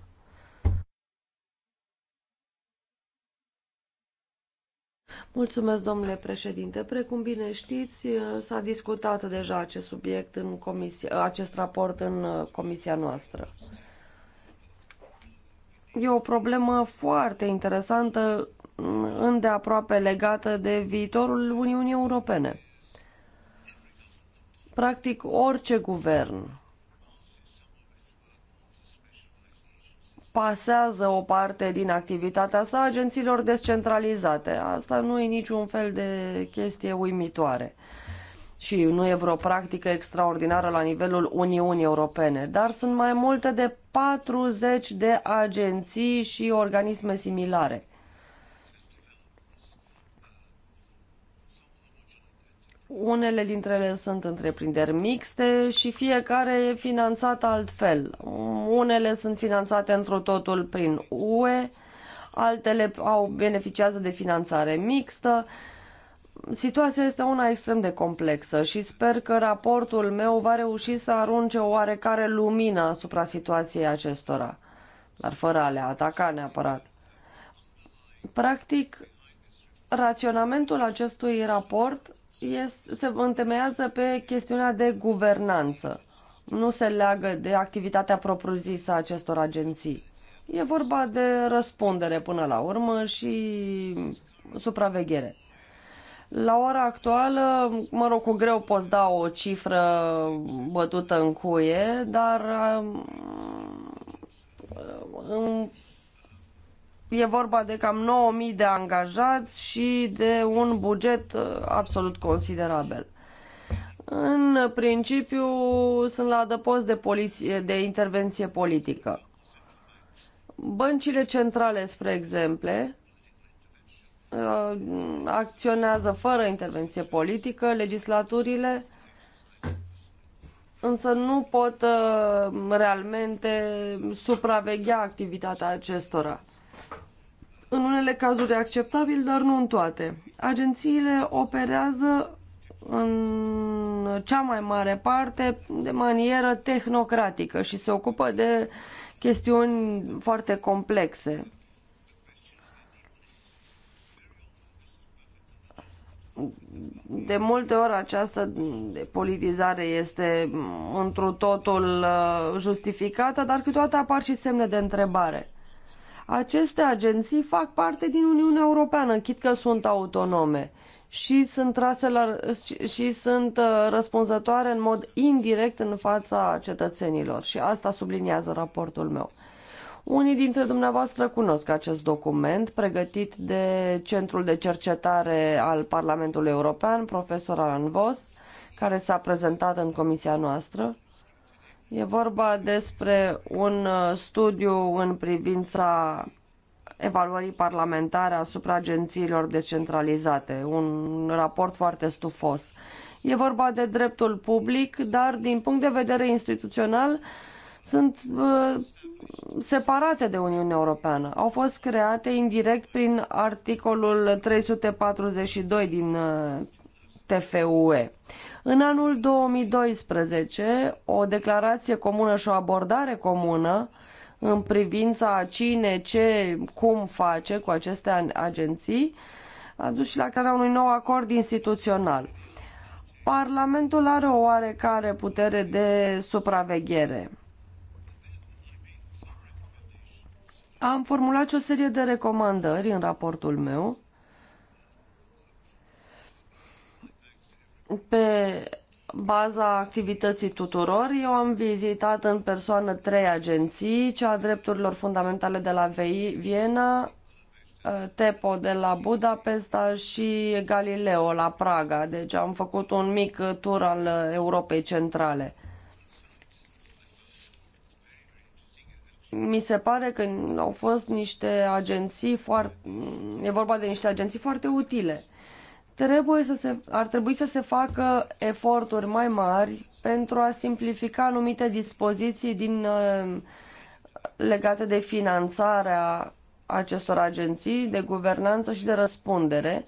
Speaker 2: Mulțumesc, domnule președinte. Precum bine știți, s-a discutat deja acest subiect în comisie, acest raport în uh, comisia noastră. E o problemă foarte interesantă, mm, îndeaproape legată de viitorul Uniunii Europene. Practic, orice guvern pasează o parte din activitatea sa agențiilor descentralizate. Asta nu e niciun fel de chestie uimitoare și nu e vreo practică extraordinară la nivelul Uniunii Europene, dar sunt mai multe de 40 de agenții și organisme similare. Unele dintre ele sunt întreprinderi mixte și fiecare e finanțat altfel. Unele sunt finanțate într-o totul prin UE, altele au, beneficiază de finanțare mixtă. Situația este una extrem de complexă și sper că raportul meu va reuși să arunce o oarecare lumină asupra situației acestora, dar fără a le ataca neapărat. Practic, raționamentul acestui raport este, se întemeiază pe chestiunea de guvernanță. Nu se leagă de activitatea propriu-zisă a acestor agenții. E vorba de răspundere până la urmă și supraveghere. La ora actuală, mă rog, cu greu poți da o cifră bătută în cuie, dar um, în E vorba de cam 9000 de angajați și de un buget uh, absolut considerabil. În principiu sunt la adăpost de, poliție, de intervenție politică. Băncile centrale, spre exemplu, uh, acționează fără intervenție politică, legislaturile însă nu pot uh, realmente supraveghea activitatea acestora în unele cazuri acceptabil, dar nu în toate. Agențiile operează în cea mai mare parte de manieră tehnocratică și se ocupă de chestiuni foarte complexe. De multe ori această politizare este întru totul uh, justificată, dar câteodată apar și semne de întrebare. Aceste agenții fac parte din Uniunea Europeană, chit că sunt autonome și sunt, trase la, și sunt uh, răspunzătoare în mod indirect în fața cetățenilor și asta subliniază raportul meu. Unii dintre dumneavoastră cunosc acest document pregătit de Centrul de Cercetare al Parlamentului European, profesor Alan Voss, care s-a prezentat în comisia noastră E vorba despre un uh, studiu în privința evaluării parlamentare asupra agențiilor descentralizate, un raport foarte stufos. E vorba de dreptul public, dar din punct de vedere instituțional sunt uh, separate de Uniunea Europeană. Au fost create indirect prin articolul 342 din uh, TFUE. În anul 2012, o declarație comună și o abordare comună în privința cine, ce, cum face cu aceste agenții, a dus și la crearea unui nou acord instituțional. Parlamentul are o oarecare putere de supraveghere. Am formulat și o serie de recomandări în raportul meu pe baza activității tuturor. Eu am vizitat în persoană trei agenții, cea a drepturilor fundamentale de la Viena, ă, Tepo de la Budapesta și Galileo la Praga. Deci am făcut un mic tur al Europei Centrale. Mi se pare că au fost niște agenții foarte... E vorba de niște agenții foarte utile. Trebuie să se, ar trebui să se facă eforturi mai mari pentru a simplifica anumite dispoziții din, uh, legate de finanțarea acestor agenții, de guvernanță și de răspundere,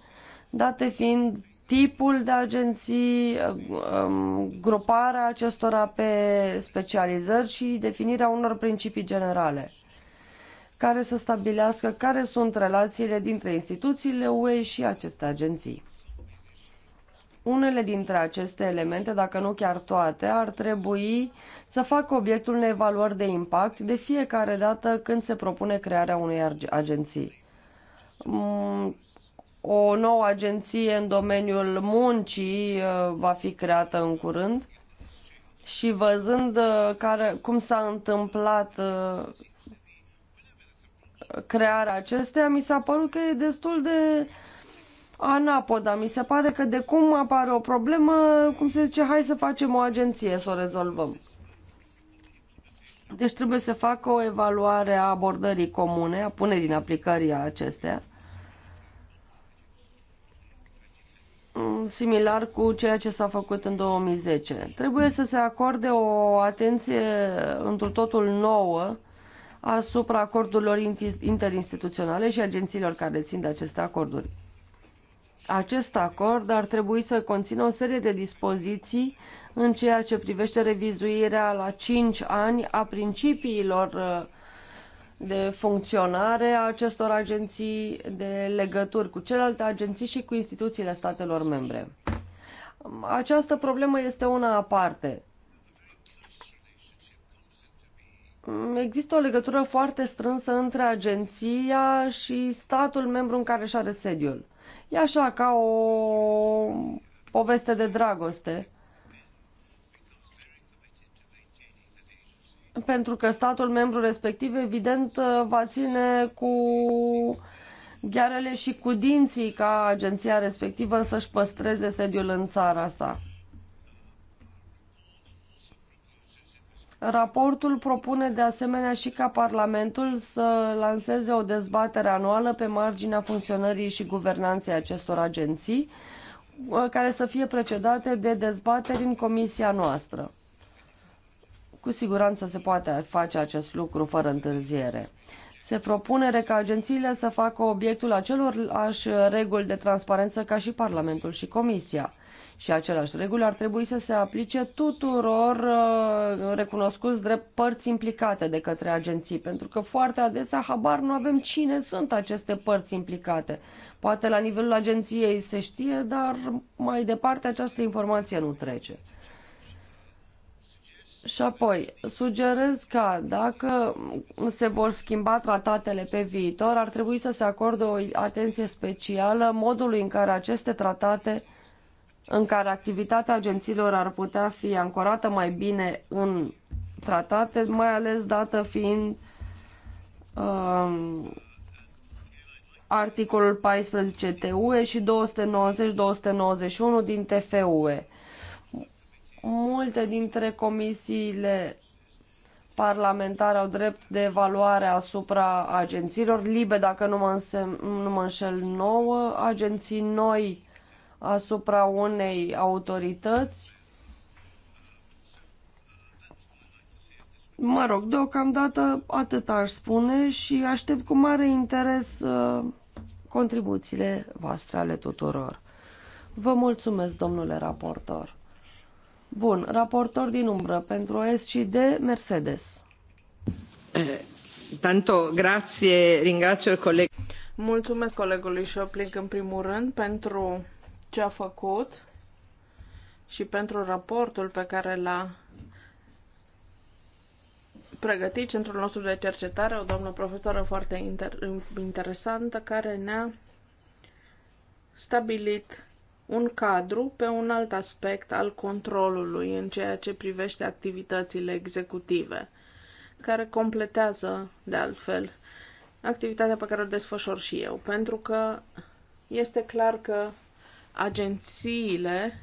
Speaker 2: date fiind tipul de agenții, uh, um, gruparea acestora pe specializări și definirea unor principii generale care să stabilească care sunt relațiile dintre instituțiile UE și aceste agenții. Unele dintre aceste elemente, dacă nu chiar toate, ar trebui să facă obiectul unei evaluări de impact de fiecare dată când se propune crearea unei agenții. Mm, o nouă agenție în domeniul muncii uh, va fi creată în curând și văzând uh, care, cum s-a întâmplat uh, crearea acesteia, mi s-a părut că e destul de Anapoda. Mi se pare că de cum apare o problemă, cum se zice, hai să facem o agenție să o rezolvăm. Deci trebuie să facă o evaluare a abordării comune, a punerii în aplicării a acestea, mm, similar cu ceea ce s-a făcut în 2010. Trebuie să se acorde o atenție într totul nouă asupra acordurilor interinstituționale și agențiilor care țin de aceste acorduri. Acest acord ar trebui să conțină o serie de dispoziții în ceea ce privește revizuirea la 5 ani a principiilor uh, de funcționare a acestor agenții, de legături cu celelalte agenții și cu instituțiile statelor membre. Această problemă este una aparte. Există o legătură foarte strânsă între agenția și statul membru în care își are sediul. E așa ca o poveste de dragoste. Pentru că statul membru respectiv, evident, va ține cu ghearele și cu dinții ca agenția respectivă să-și păstreze sediul în țara sa. Raportul propune de asemenea și ca Parlamentul să lanseze o dezbatere anuală pe marginea funcționării și guvernanței acestor agenții, care să fie precedate de dezbateri în comisia noastră. Cu siguranță se poate face acest lucru fără întârziere. Se propune ca agențiile să facă obiectul acelorași reguli de transparență ca și Parlamentul și Comisia. Și aceleași reguli ar trebui să se aplice tuturor uh, recunoscuți drept părți implicate de către agenții, pentru că foarte adesea habar nu avem cine sunt aceste părți implicate. Poate la nivelul agenției se știe, dar mai departe această informație nu trece. Și apoi, sugerez că dacă se vor schimba tratatele pe viitor, ar trebui să se acorde o atenție specială modului în care aceste tratate, în care activitatea agențiilor ar putea fi ancorată mai bine în tratate, mai ales dată fiind um, articolul 14 TUE și 290-291 din TFUE. Multe dintre comisiile parlamentare au drept de evaluare asupra agențiilor. Libe, dacă nu mă, însem- nu mă înșel, nouă agenții noi asupra unei autorități. Mă rog, deocamdată atât aș spune și aștept cu mare interes uh, contribuțiile voastre ale tuturor. Vă mulțumesc, domnule raportor. Bun, raportor din umbră pentru S și D, Mercedes. Eh, tanto, grazie, ringrazio coleg.
Speaker 1: Mulțumesc colegului Șoplic în primul rând pentru ce a făcut și pentru raportul pe care l-a pregătit centrul nostru de cercetare, o doamnă profesoră foarte inter- interesantă care ne-a stabilit un cadru pe un alt aspect al controlului în ceea ce privește activitățile executive, care completează, de altfel, activitatea pe care o desfășor și eu, pentru că este clar că agențiile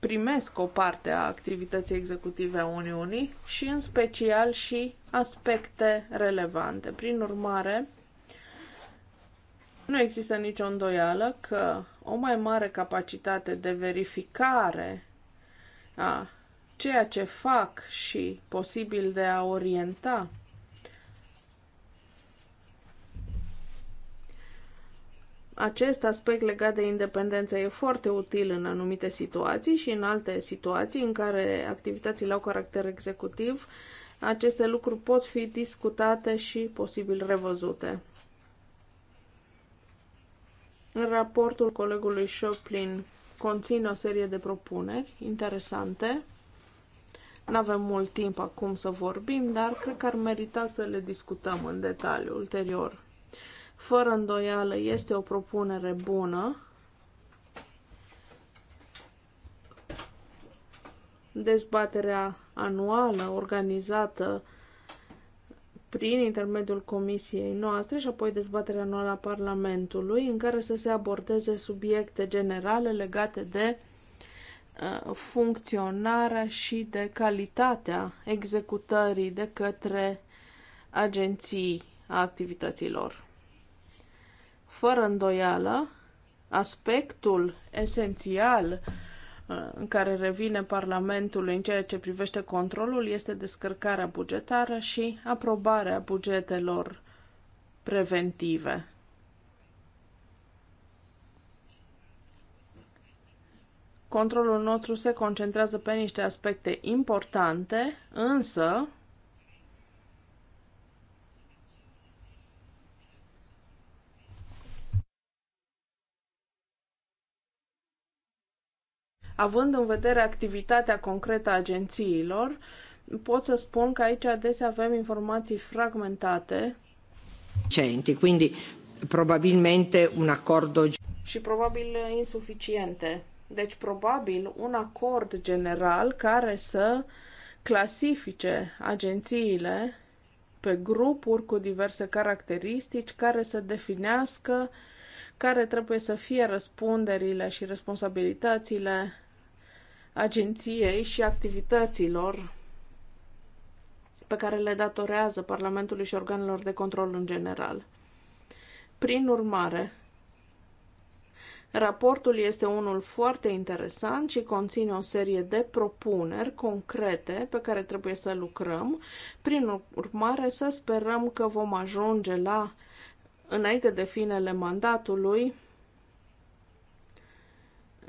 Speaker 1: primesc o parte a activității executive a Uniunii și în special și aspecte relevante. Prin urmare, nu există nicio îndoială că o mai mare capacitate de verificare a ceea ce fac și posibil de a orienta acest aspect legat de independență e foarte util în anumite situații și în alte situații în care activitățile au caracter executiv, aceste lucruri pot fi discutate și posibil revăzute. În raportul colegului Șoplin conține o serie de propuneri interesante. Nu avem mult timp acum să vorbim, dar cred că ar merita să le discutăm în detaliu ulterior. Fără îndoială, este o propunere bună. Dezbaterea anuală organizată prin intermediul comisiei noastre și apoi dezbaterea anuală a Parlamentului, în care să se abordeze subiecte generale legate de uh, funcționarea și de calitatea executării de către agenții a activităților. Fără îndoială, aspectul esențial uh, Uh, în care revine Parlamentul în ceea ce privește controlul este descărcarea bugetară și aprobarea bugetelor preventive. Controlul nostru se concentrează pe niște aspecte importante, însă având în vedere activitatea concretă a agențiilor, pot să spun că aici adesea avem informații fragmentate.
Speaker 2: Centi, quindi probabilmente un accordo
Speaker 1: și probabil insuficiente. Deci probabil un acord general care să clasifice agențiile pe grupuri cu diverse caracteristici care să definească care trebuie să fie răspunderile și responsabilitățile agenției și activităților pe care le datorează Parlamentului și organelor de control în general. Prin urmare, raportul este unul foarte interesant și conține o serie de propuneri concrete pe care trebuie să lucrăm. Prin urmare, să sperăm că vom ajunge la, înainte de finele mandatului,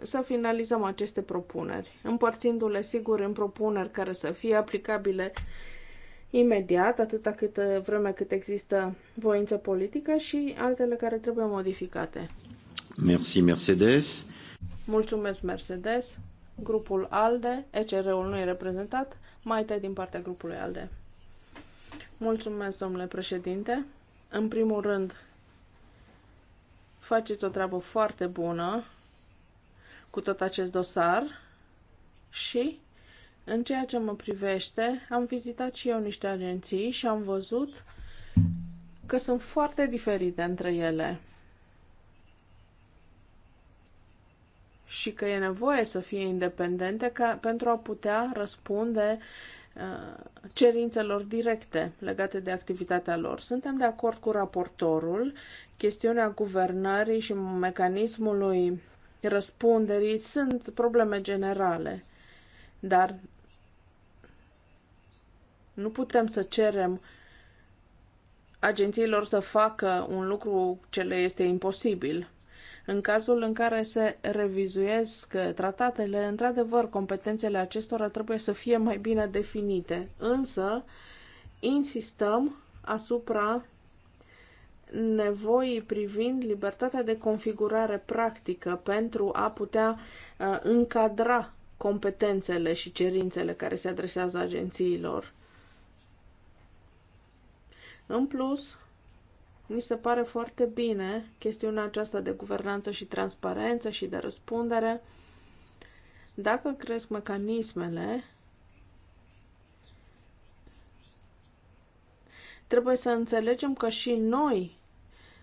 Speaker 1: să finalizăm aceste propuneri, împărțindu-le sigur în propuneri care să fie aplicabile imediat, atâta cât uh, vreme cât există voință politică și altele care trebuie modificate.
Speaker 4: Merci Mercedes.
Speaker 1: Mulțumesc Mercedes. Grupul ALDE, ECR-ul nu e reprezentat, mai tăi din partea grupului ALDE. Mulțumesc, domnule președinte. În primul rând, faceți o treabă foarte bună cu tot acest dosar și, în ceea ce mă privește, am vizitat și eu niște agenții și am văzut că sunt foarte diferite între ele. și că e nevoie să fie independente ca, pentru a putea răspunde uh, cerințelor directe legate de activitatea lor. Suntem de acord cu raportorul. Chestiunea guvernării și mecanismului răspunderii sunt probleme generale, dar nu putem să cerem agențiilor să facă un lucru ce le este imposibil. În cazul în care se revizuiesc tratatele, într-adevăr, competențele acestora trebuie să fie mai bine definite. Însă, insistăm asupra nevoii privind libertatea de configurare practică pentru a putea uh, încadra competențele și cerințele care se adresează agențiilor. În plus, mi se pare foarte bine chestiunea aceasta de guvernanță și transparență și de răspundere. Dacă cresc mecanismele, trebuie să înțelegem că și noi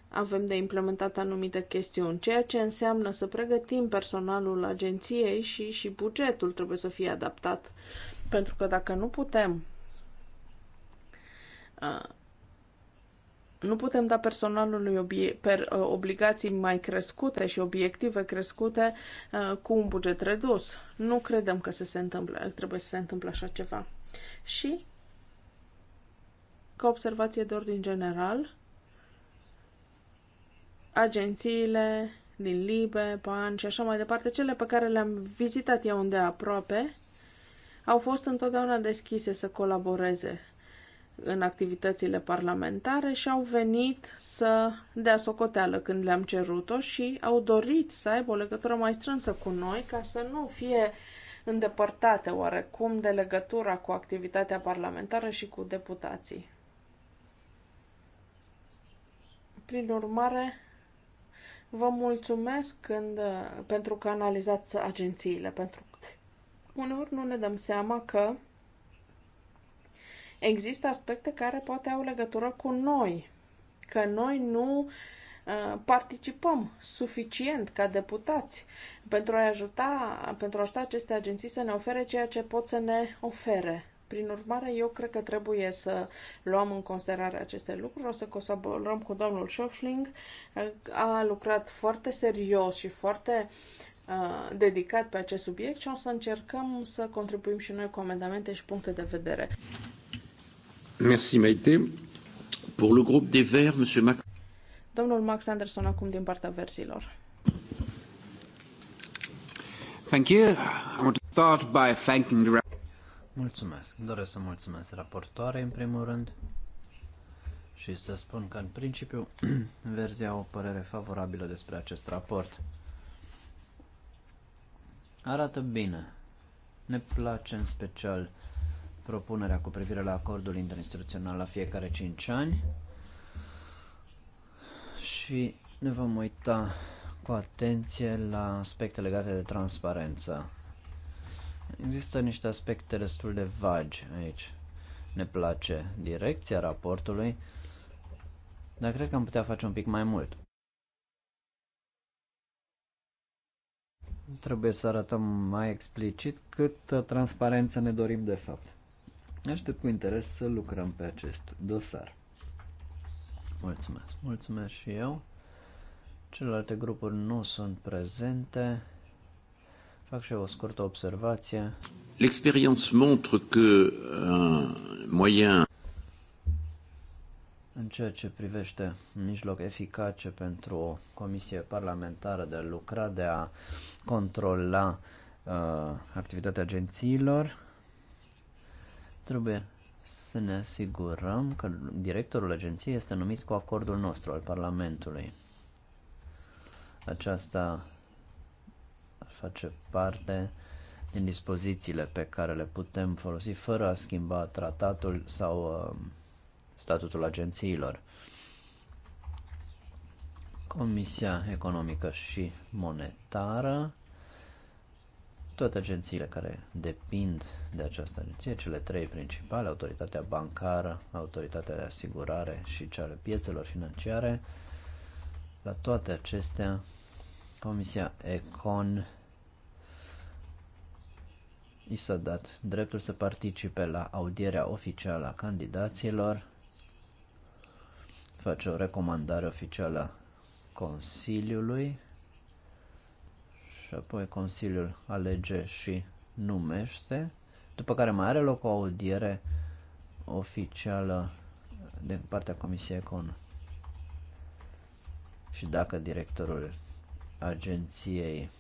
Speaker 1: avem de implementat anumite chestiuni, ceea ce înseamnă să pregătim personalul agenției și, și bugetul trebuie să fie adaptat. Pentru că dacă nu putem nu putem da personalului obie- per, obligații mai crescute și obiective crescute cu un buget redus. Nu credem că se, se întâmplă, trebuie să se întâmple așa ceva. Și, ca observație de ordin general, agențiile din Libe, PAN și așa mai departe, cele pe care le-am vizitat eu unde aproape, au fost întotdeauna deschise să colaboreze în activitățile parlamentare și au venit să dea socoteală când le-am cerut-o și au dorit să aibă o legătură mai strânsă cu noi ca să nu fie îndepărtate oarecum de legătura cu activitatea parlamentară și cu deputații. Prin urmare, Vă mulțumesc când, pentru că analizați agențiile, pentru că uneori nu ne dăm seama că există aspecte care poate au legătură cu noi, că noi nu ă, participăm suficient ca deputați pentru a ajuta, pentru a ajuta aceste agenții să ne ofere ceea ce pot să ne ofere prin urmare, eu cred că trebuie să luăm în considerare aceste lucruri. O să colaborăm cu domnul Schofling. A lucrat foarte serios și foarte uh, dedicat pe acest subiect și o să încercăm să contribuim și noi cu amendamente și puncte de vedere. Merci, Maite. Pour le groupe des Verts, Monsieur Mac... Domnul Max Anderson acum din partea versilor. Thank
Speaker 4: you. I want to start by thanking the Mulțumesc. Doresc să mulțumesc raportoarei în primul rând și să spun că în principiu verzii au o părere favorabilă despre acest raport. Arată bine. Ne place în special propunerea cu privire la acordul interinstituțional la fiecare 5 ani și ne vom uita cu atenție la aspecte legate de transparență. Există niște aspecte destul de vagi aici. Ne place direcția raportului, dar cred că am putea face un pic mai mult. Trebuie să arătăm mai explicit cât transparență ne dorim de fapt. Aștept cu interes să lucrăm pe acest dosar. Mulțumesc. Mulțumesc și eu. Celelalte grupuri nu sunt prezente. Fac și eu o scurtă observație.
Speaker 3: L'expérience montre că un euh, moyen
Speaker 4: în ceea ce privește mijloc eficace pentru o comisie parlamentară de a lucra, de a controla uh, activitatea agențiilor, trebuie să ne asigurăm că directorul agenției este numit cu acordul nostru al Parlamentului. Aceasta ar face parte din dispozițiile pe care le putem folosi fără a schimba tratatul sau uh, statutul agențiilor. Comisia Economică și Monetară, toate agențiile care depind de această agenție, cele trei principale, autoritatea bancară, autoritatea de asigurare și cea ale piețelor financiare, la toate acestea Comisia Econ i s-a dat dreptul să participe la audierea oficială a candidaților, face o recomandare oficială Consiliului și apoi Consiliul alege și numește, după care mai are loc o audiere oficială din partea Comisiei Econ. Și dacă directorul agenției.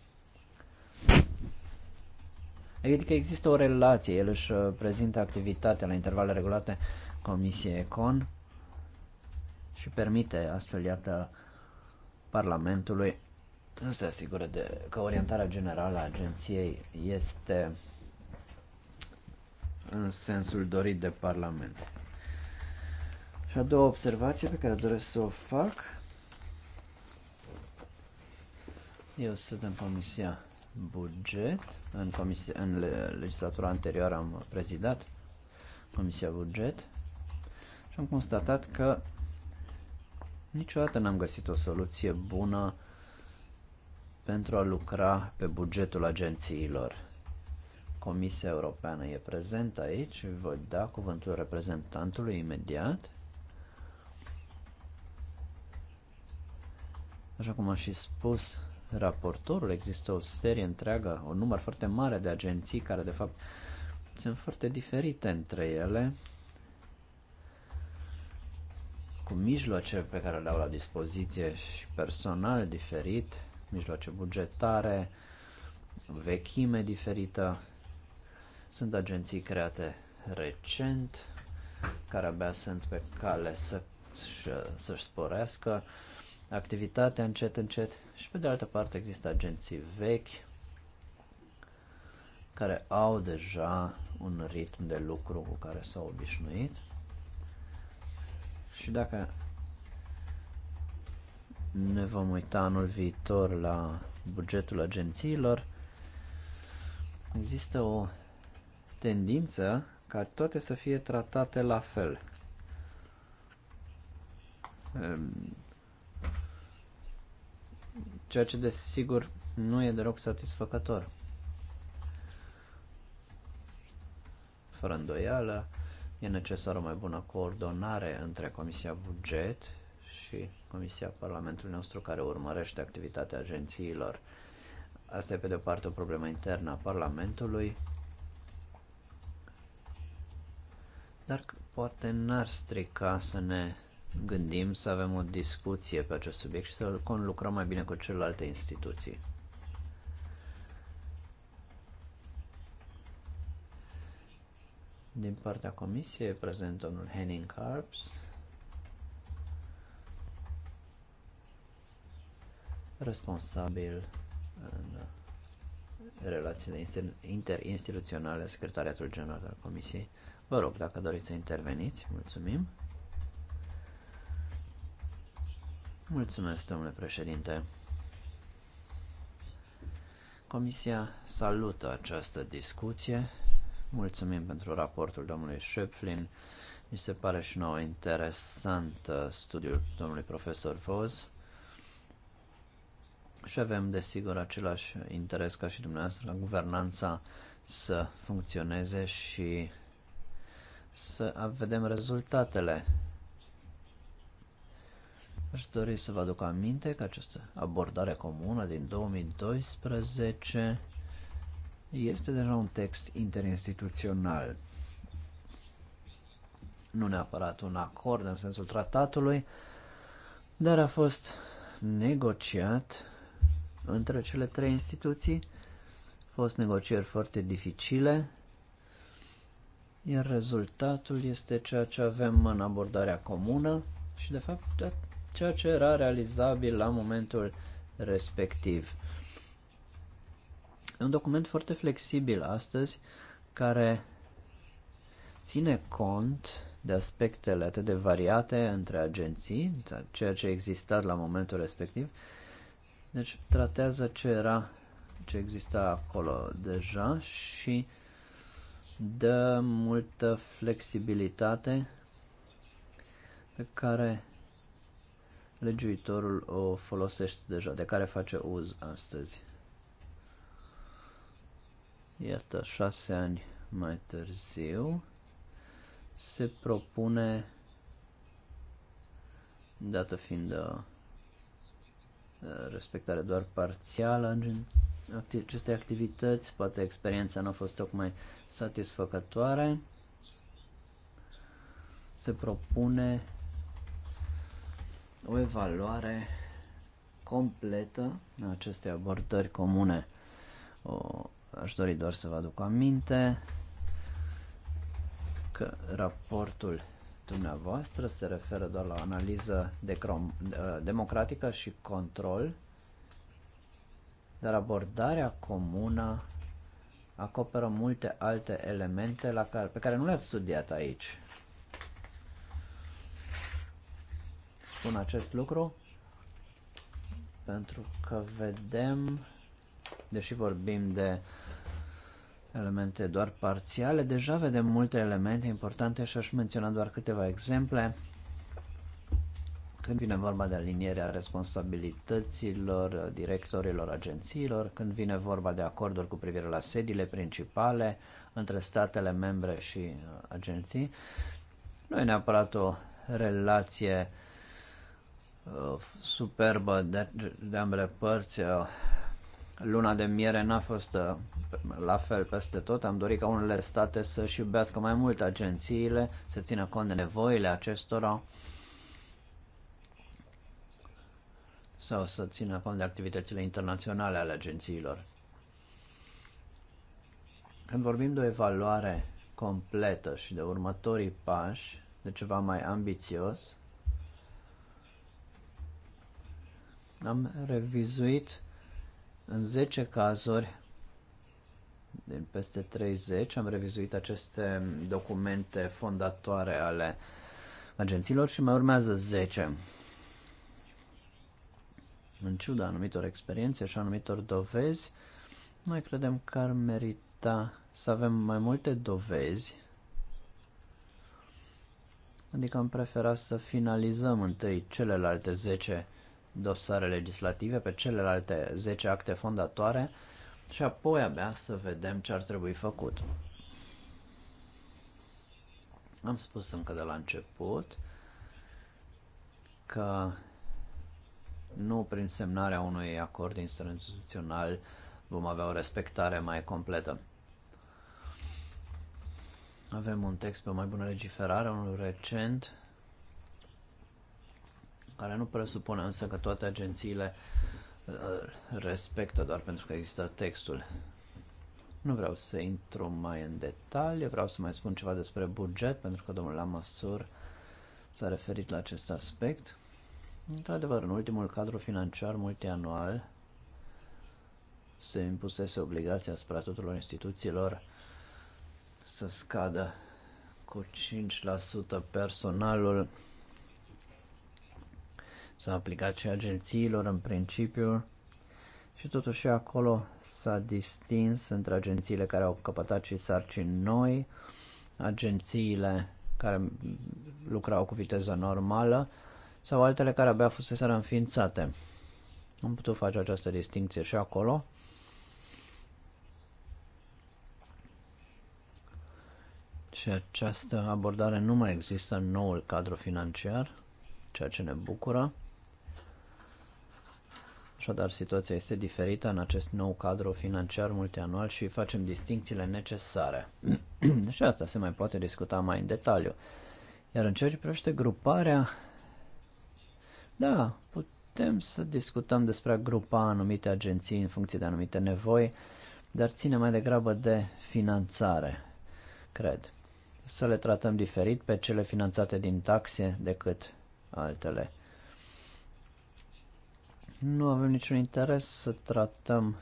Speaker 4: Adică există o relație, el își uh, prezintă activitatea la intervale regulate Comisiei Econ și permite astfel, iată, Parlamentului să se asigure de, că orientarea generală a agenției este în sensul dorit de Parlament. Și a doua observație pe care doresc să o fac Eu sunt în Comisia Buget, în, comisie, în legislatura anterioară am prezidat Comisia Buget și am constatat că niciodată n-am găsit o soluție bună pentru a lucra pe bugetul agențiilor. Comisia Europeană e prezentă aici, voi da cuvântul reprezentantului imediat. Așa cum am și spus, raportorul, există o serie întreagă, un număr foarte mare de agenții care de fapt sunt foarte diferite între ele, cu mijloace pe care le au la dispoziție și personal diferit, mijloace bugetare, vechime diferită. Sunt agenții create recent, care abia sunt pe cale să, să, să sporească activitatea încet, încet și pe de altă parte există agenții vechi care au deja un ritm de lucru cu care s-au obișnuit și dacă ne vom uita anul viitor la bugetul agențiilor, există o tendință ca toate să fie tratate la fel. Ehm, ceea ce desigur nu e deloc satisfăcător. Fără îndoială, e necesară o mai bună coordonare între Comisia Buget și Comisia Parlamentului nostru care urmărește activitatea agențiilor. Asta e pe de o parte o problemă internă a Parlamentului, dar poate n-ar strica să ne gândim să avem o discuție pe acest subiect și să conlucrăm mai bine cu celelalte instituții. Din partea comisiei prezent domnul Henning Carps. responsabil în relațiile interinstituționale, secretariatul general al Comisiei. Vă rog, dacă doriți să interveniți, mulțumim. Mulțumesc, domnule președinte. Comisia salută această discuție. Mulțumim pentru raportul domnului Schöpflin. Mi se pare și nou interesant uh, studiul domnului profesor Voz. Și avem, desigur, același interes ca și dumneavoastră la guvernanța să funcționeze și să vedem rezultatele Aș dori să vă aduc aminte că această abordare comună din 2012 este deja un text interinstituțional. Nu neapărat un acord în sensul tratatului, dar a fost negociat între cele trei instituții. A fost negocieri foarte dificile, iar rezultatul este ceea ce avem în abordarea comună și, de fapt, ceea ce era realizabil la momentul respectiv. E un document foarte flexibil astăzi care ține cont de aspectele atât de variate între agenții, ceea ce exista la momentul respectiv, deci tratează ce era, ce exista acolo deja și dă multă flexibilitate pe care legiuitorul o folosește deja, de care face uz astăzi. Iată, șase ani mai târziu se propune, dată fiind uh, respectare doar parțială acestei activități, poate experiența nu a fost tocmai satisfăcătoare, se propune o evaluare completă a acestei abordări comune. O, aș dori doar să vă aduc aminte că raportul dumneavoastră se referă doar la o analiză de democratică și control, dar abordarea comună acoperă multe alte elemente la care, pe care nu le-ați studiat aici. spun acest lucru pentru că vedem, deși vorbim de elemente doar parțiale, deja vedem multe elemente importante și aș menționa doar câteva exemple. Când vine vorba de alinierea responsabilităților directorilor agențiilor, când vine vorba de acorduri cu privire la sediile principale între statele membre și uh, agenții, nu e neapărat o relație uh, superbă de, de ambele părți. luna de miere n-a fost uh, la fel peste tot. Am dorit ca unele state să-și iubească mai mult agențiile, să țină cont de nevoile acestora sau să țină cont de activitățile internaționale ale agențiilor. Când vorbim de o evaluare completă și de următorii pași, de ceva mai ambițios, Am revizuit în 10 cazuri din peste 30, am revizuit aceste documente fondatoare ale agențiilor și mai urmează 10. În ciuda anumitor experiențe și anumitor dovezi, noi credem că ar merita să avem mai multe dovezi, adică am preferat să finalizăm întâi celelalte 10 dosare legislative, pe celelalte 10 acte fondatoare și apoi abia să vedem ce ar trebui făcut. Am spus încă de la început că nu prin semnarea unui acord instituțional vom avea o respectare mai completă. Avem un text pe mai bună legiferare, unul recent, care nu presupune însă că toate agențiile uh, respectă doar pentru că există textul. Nu vreau să intru mai în detalii, vreau să mai spun ceva despre buget, pentru că domnul Lamasur s-a referit la acest aspect. Într-adevăr, în ultimul cadru financiar multianual se impusese obligația asupra tuturor instituțiilor să scadă cu 5% personalul s-a aplicat și agențiilor în principiu și totuși acolo s-a distins între agențiile care au căpătat și sarcini noi, agențiile care lucrau cu viteză normală sau altele care abia fuseseră înființate. Am putut face această distinție și acolo. Și această abordare nu mai există în noul cadru financiar, ceea ce ne bucură. Așadar, situația este diferită în acest nou cadru financiar multianual și facem distincțiile necesare. Deci asta se mai poate discuta mai în detaliu. Iar în ceea ce privește gruparea, da, putem să discutăm despre a grupa anumite agenții în funcție de anumite nevoi, dar ține mai degrabă de finanțare, cred. Să le tratăm diferit pe cele finanțate din taxe decât altele. Nu avem niciun interes să tratăm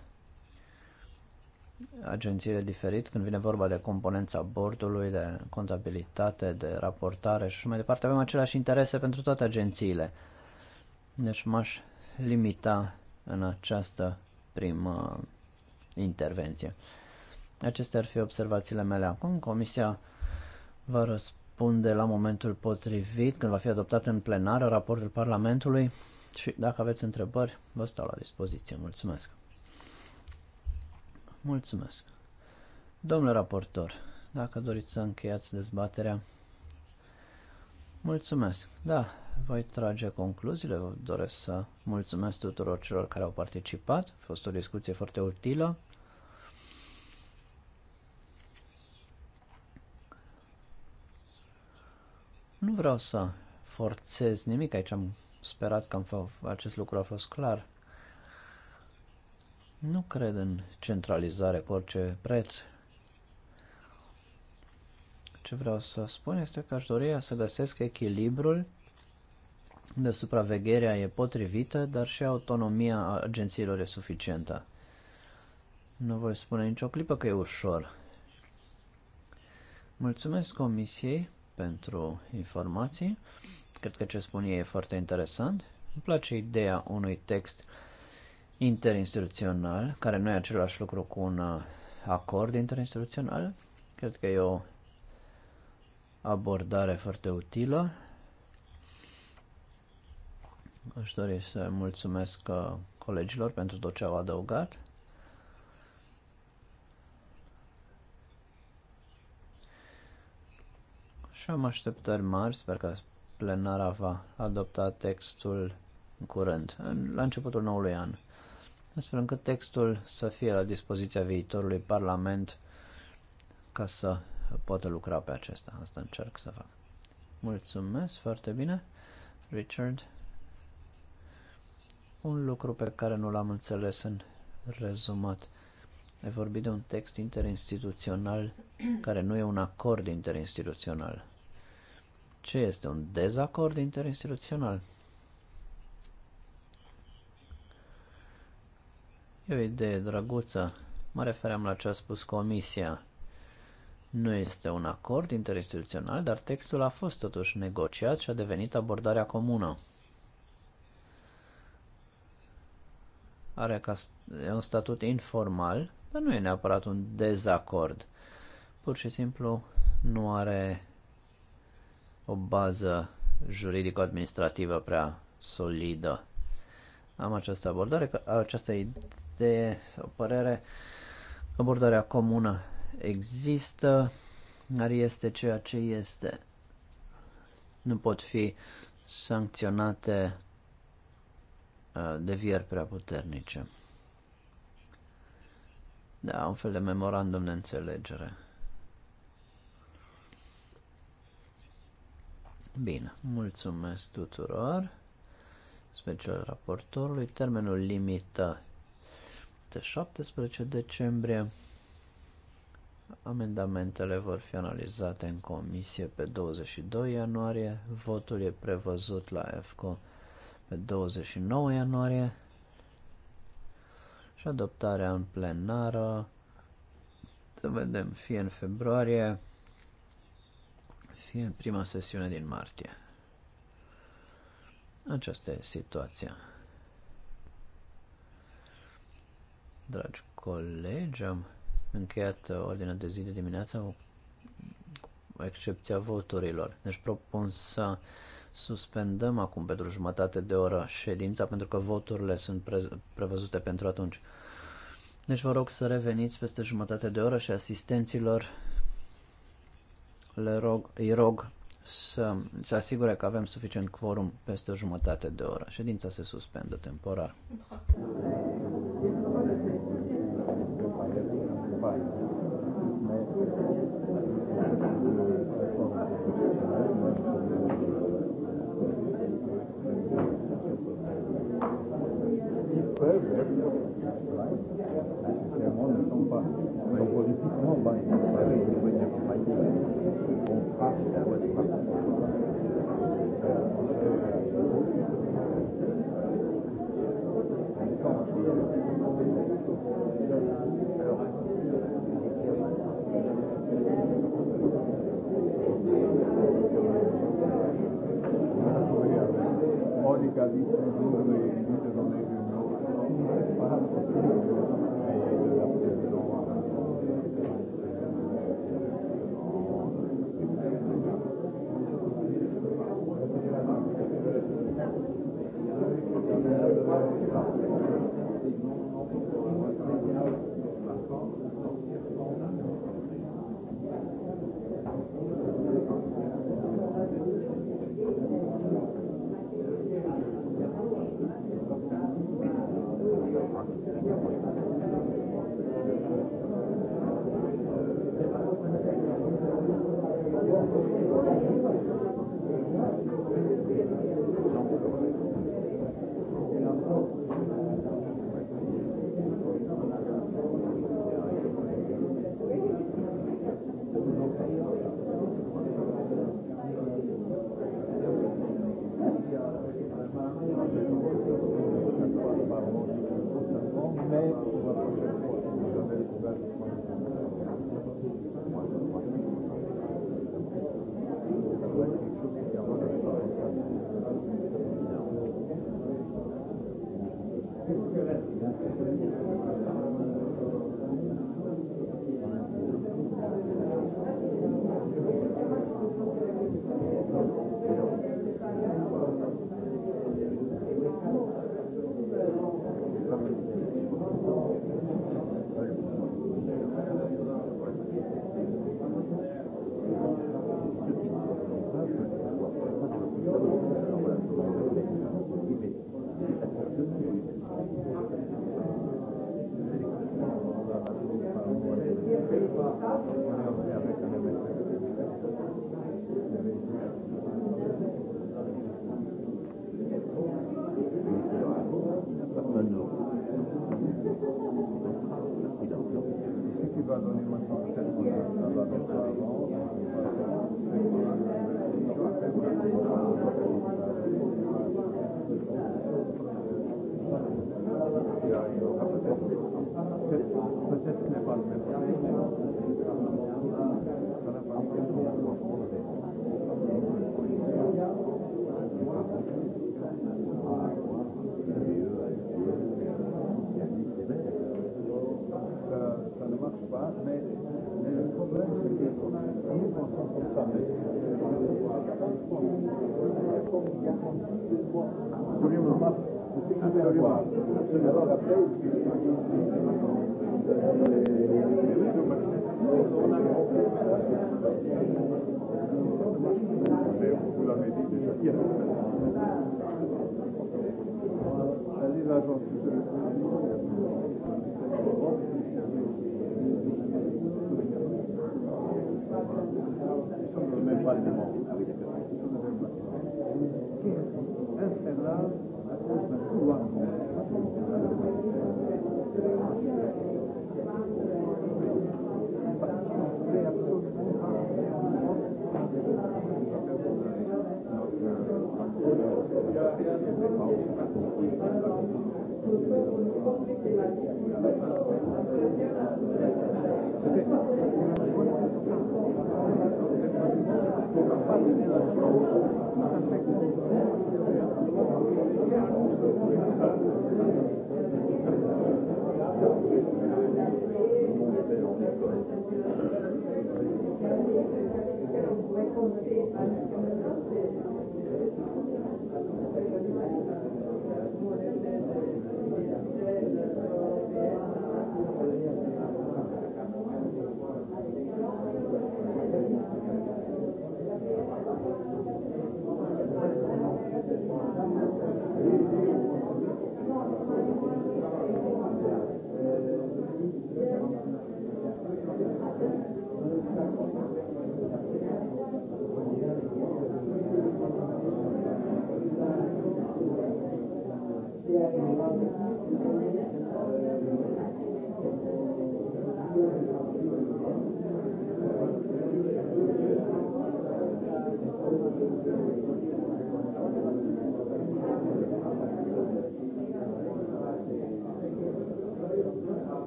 Speaker 4: agențiile diferit când vine vorba de componența bordului, de contabilitate, de raportare și mai departe. Avem aceleași interese pentru toate agențiile. Deci m-aș limita în această primă intervenție. Acestea ar fi observațiile mele acum. Comisia va răspunde la momentul potrivit, când va fi adoptat în plenară raportul Parlamentului și dacă aveți întrebări, vă stau la dispoziție. Mulțumesc! Mulțumesc! Domnule raportor, dacă doriți să încheiați dezbaterea, mulțumesc! Da, voi trage concluziile, vă doresc să mulțumesc tuturor celor care au participat, a fost o discuție foarte utilă. Nu vreau să forțez nimic, aici am sperat că acest lucru a fost clar. Nu cred în centralizare cu orice preț. Ce vreau să spun este că aș dori să găsesc echilibrul unde supravegherea e potrivită, dar și autonomia agențiilor e suficientă. Nu voi spune nicio clipă că e ușor. Mulțumesc Comisiei pentru informații. Cred că ce spun ei e foarte interesant. Îmi place ideea unui text interinstituțional, care nu e același lucru cu un uh, acord interinstituțional. Cred că e o abordare foarte utilă. Aș dori să mulțumesc uh, colegilor pentru tot ce au adăugat. Și am așteptări mari, sper că plenara va adopta textul în curând, în, la începutul noului an, astfel încât textul să fie la dispoziția viitorului Parlament ca să poată lucra pe acesta. Asta încerc să fac. Mulțumesc foarte bine, Richard. Un lucru pe care nu l-am înțeles în rezumat. Ai vorbit de un text interinstituțional care nu e un acord interinstituțional. Ce este un dezacord interinstituțional? E o idee drăguță. Mă refeream la ce a spus comisia. Nu este un acord interinstituțional, dar textul a fost totuși negociat și a devenit abordarea comună. Are ca e un statut informal, dar nu e neapărat un dezacord. Pur și simplu nu are o bază juridico-administrativă prea solidă. Am această abordare, această idee sau părere, abordarea comună există, dar este ceea ce este. Nu pot fi sancționate devieri prea puternice. Da, un fel de memorandum de înțelegere. Bine, mulțumesc tuturor, special raportorului. Termenul limită de 17 decembrie. Amendamentele vor fi analizate în comisie pe 22 ianuarie. Votul e prevăzut la EFCO pe 29 ianuarie și adoptarea în plenară să vedem fie în februarie, fie în prima sesiune din martie. Aceasta e situația. Dragi colegi, am încheiat ordinea de zi de dimineață cu excepția voturilor. Deci propun să suspendăm acum pentru jumătate de oră ședința pentru că voturile sunt pre- prevăzute pentru atunci. Deci vă rog să reveniți peste jumătate de oră și asistenților le rog, îi rog să se asigure că avem suficient quorum peste o jumătate de oră. Ședința se suspendă temporar.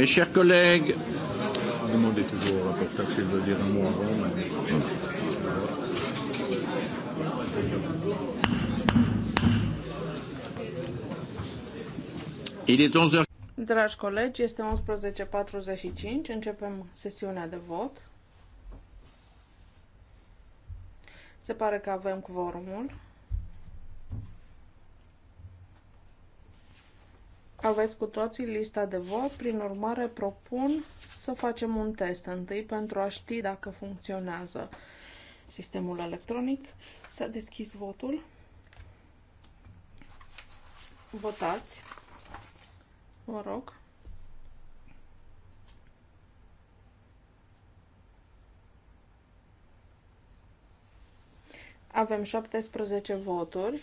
Speaker 5: Mes chers collègues. Demandez toujours au rapporteur s'il veut dire un mot avant.
Speaker 3: Il
Speaker 1: est 11h. Dragi colegi, este 11.45, începem sesiunea de vot. Se pare că avem quorumul. Aveți cu toții lista de vot, prin urmare propun să facem un test întâi pentru a ști dacă funcționează sistemul electronic. S-a deschis votul. Votați. Vă rog. Avem 17 voturi.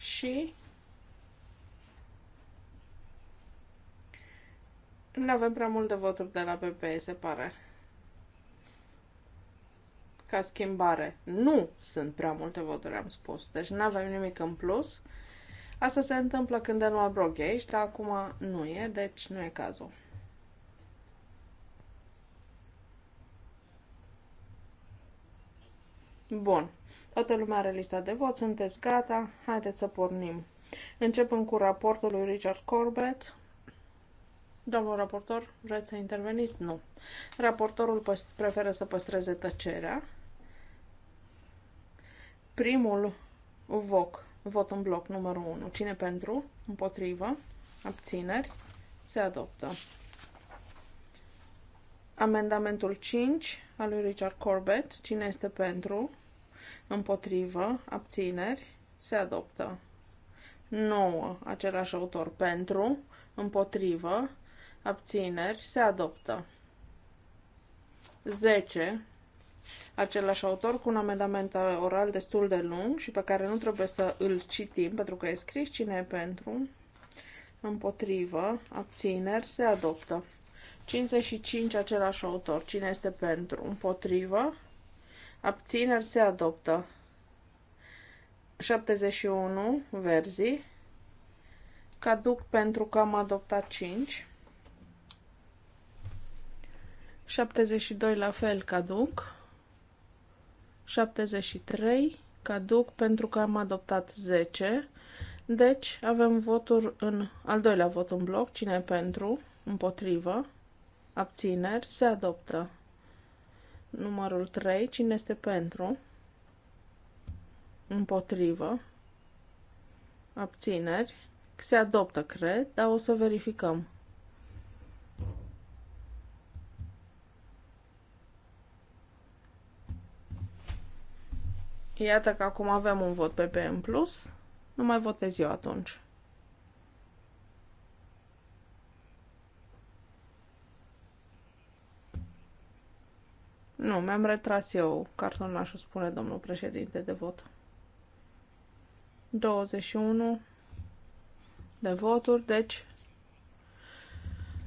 Speaker 1: și nu avem prea multe voturi de la PP, se pare. Ca schimbare. Nu sunt prea multe voturi, am spus. Deci nu avem nimic în plus. Asta se întâmplă când Elma Brog e aici, dar acum nu e, deci nu e cazul. Bun. Toată lumea are lista de vot, sunteți gata? Haideți să pornim. Începem cu raportul lui Richard Corbett. Domnul raportor, vreți să interveniți? Nu. Raportorul preferă să păstreze tăcerea. Primul voc, vot în bloc numărul 1. Cine pentru? Împotrivă? Abțineri? Se adoptă. Amendamentul 5 al lui Richard Corbett. Cine este pentru? împotrivă, abțineri, se adoptă. 9. Același autor pentru, împotrivă, abțineri, se adoptă. 10. Același autor cu un amendament oral destul de lung și pe care nu trebuie să îl citim pentru că e scris cine e pentru, împotrivă, abțineri, se adoptă. 55. Același autor, cine este pentru, împotrivă, Abțineri se adoptă. 71 verzi. Caduc pentru că am adoptat 5. 72 la fel caduc. 73 caduc pentru că am adoptat 10. Deci avem votul în al doilea vot în bloc. Cine pentru? Împotrivă. Abțineri. Se adoptă. Numărul 3. Cine este pentru? Împotrivă. Abțineri. Se adoptă, cred, dar o să verificăm. Iată că acum avem un vot pe PM+, plus. Nu mai votez eu atunci. Nu, mi-am retras eu cartonașul, spune domnul președinte de vot. 21 de voturi, deci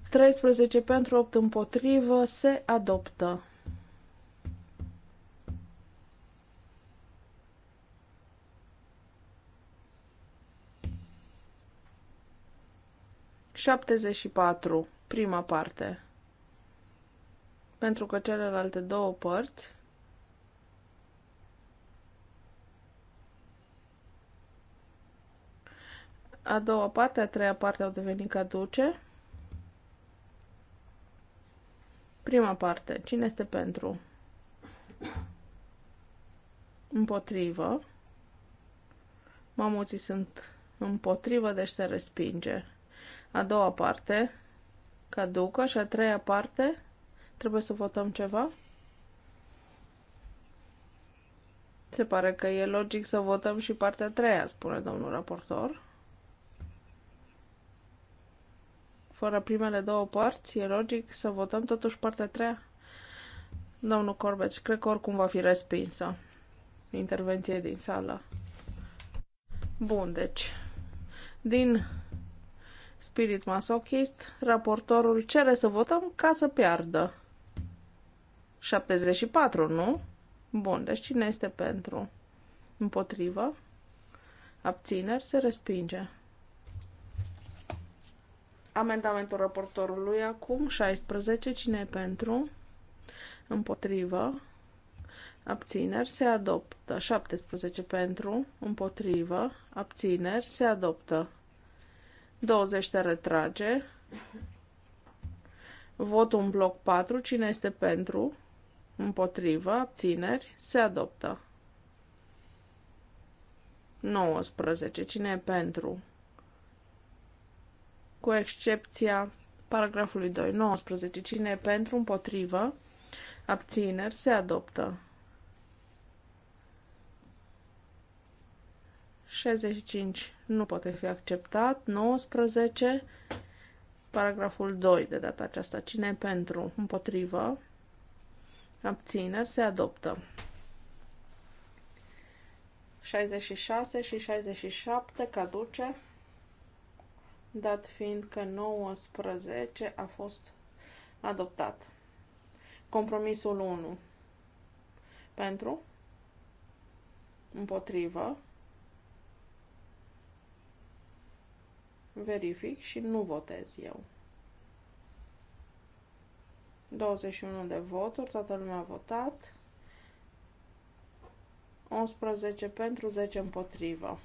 Speaker 1: 13 pentru 8 împotrivă se adoptă. Șaptezeci și patru, prima parte pentru că celelalte două părți a doua parte, a treia parte au devenit caduce. Prima parte. Cine este pentru? Împotrivă. Mamuții sunt împotrivă, deci se respinge. A doua parte caducă și a treia parte Trebuie să votăm ceva? Se pare că e logic să votăm și partea a treia, spune domnul raportor. Fără primele două părți, e logic să votăm totuși partea a treia? Domnul Corbeci, cred că oricum va fi respinsă intervenție din sală. Bun, deci, din spirit masochist, raportorul cere să votăm ca să piardă. 74, nu? Bun, deci cine este pentru? Împotrivă? Abțineri? Se respinge. Amendamentul raportorului acum, 16, cine e pentru? Împotrivă? Abțineri? Se adoptă. 17 pentru? Împotrivă? Abțineri? Se adoptă. 20 se retrage. Votul în bloc 4. Cine este pentru? Împotrivă, abțineri, se adoptă. 19. Cine e pentru? Cu excepția paragrafului 2. 19. Cine e pentru, împotrivă, abțineri, se adoptă. 65 nu poate fi acceptat. 19. Paragraful 2 de data aceasta. Cine e pentru, împotrivă, abțineri, se adoptă. 66 și 67 caduce, dat fiind că 19 a fost adoptat. Compromisul 1 pentru, împotrivă, verific și nu votez eu. 21 de voturi, toată lumea a votat. 11 pentru, 10 împotrivă.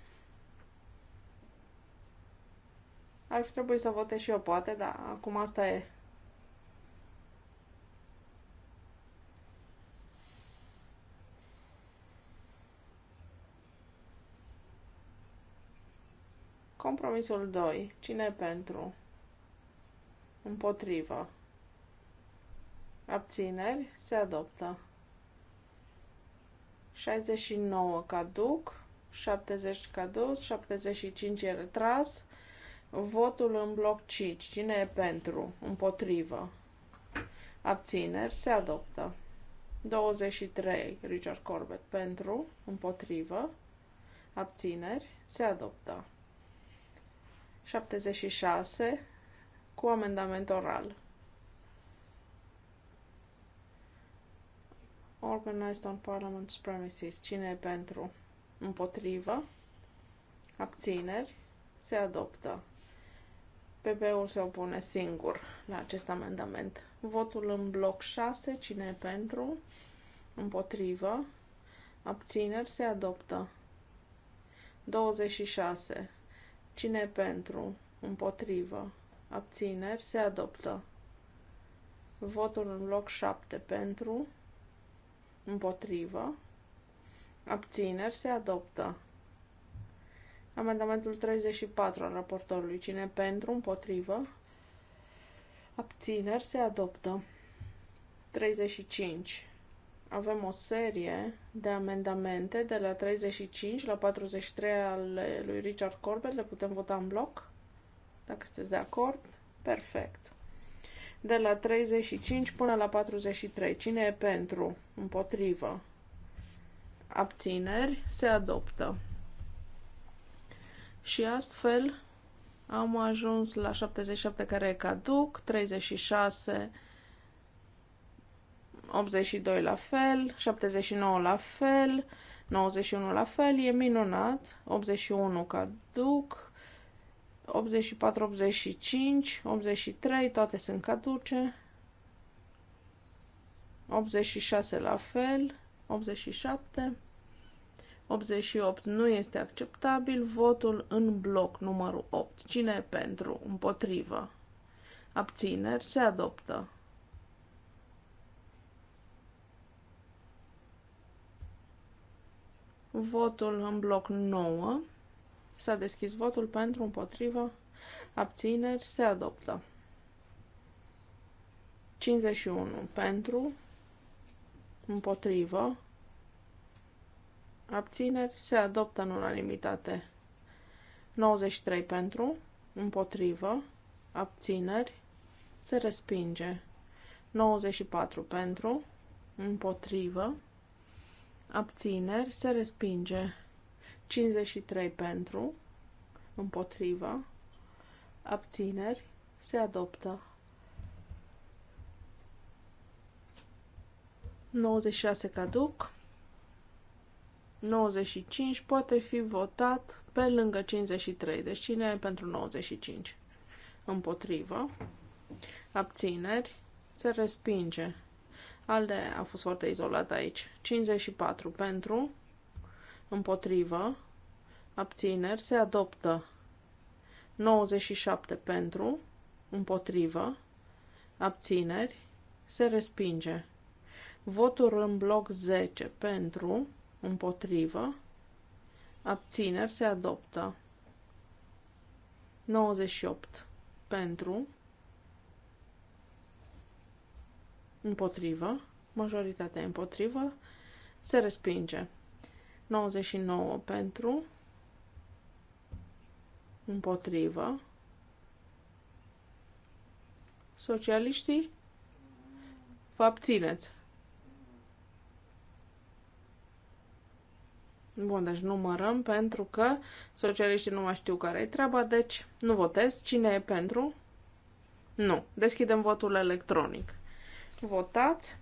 Speaker 1: Ar fi trebuit să votez și eu, poate, dar acum asta e. Compromisul 2. Cine pentru? Împotrivă abțineri, se adoptă. 69 caduc, 70 caduc, 75 e retras, votul în bloc 5, cine e pentru, împotrivă, abțineri, se adoptă. 23 Richard Corbett pentru, împotrivă, abțineri, se adoptă. 76 cu amendament oral. Organized on Parliament's premises. Cine e pentru? Împotrivă. Abțineri. Se adoptă. PP-ul se opune singur la acest amendament. Votul în bloc 6. Cine e pentru? Împotrivă. Abțineri. Se adoptă. 26. Cine e pentru? Împotrivă. Abțineri. Se adoptă. Votul în bloc 7 pentru, împotrivă, abțineri, se adoptă. Amendamentul 34 al raportorului, cine pentru, împotrivă, abțineri, se adoptă. 35. Avem o serie de amendamente de la 35 la 43 al lui Richard Corbett, le putem vota în bloc, dacă sunteți de acord. Perfect de la 35 până la 43. Cine e pentru? Împotrivă. Abțineri se adoptă. Și astfel am ajuns la 77 care e caduc, 36, 82 la fel, 79 la fel, 91 la fel, e minunat, 81 caduc, 84, 85, 83, toate sunt caduce. 86 la fel, 87, 88 nu este acceptabil, votul în bloc numărul 8. Cine e pentru? Împotrivă. Abțineri se adoptă. Votul în bloc 9. S-a deschis votul pentru, împotrivă, abțineri, se adoptă. 51 pentru, împotrivă, abțineri, se adoptă în unanimitate. 93 pentru, împotrivă, abțineri, se respinge. 94 pentru, împotrivă, abțineri, se respinge. 53 pentru, împotriva, abțineri, se adoptă. 96 caduc. 95 poate fi votat pe lângă 53. Deci cine e pentru 95? Împotrivă. Abțineri. Se respinge. Alde a fost foarte izolat aici. 54 pentru împotrivă, abțineri, se adoptă 97 pentru, împotrivă, abțineri, se respinge. Votul în bloc 10 pentru, împotrivă, abțineri, se adoptă 98 pentru, împotrivă, majoritatea împotrivă, se respinge. 99 pentru, împotrivă. Socialiștii, vă abțineți. Bun, deci numărăm pentru că socialiștii nu mai știu care e treaba, deci nu votez. Cine e pentru? Nu. Deschidem votul electronic. Votați.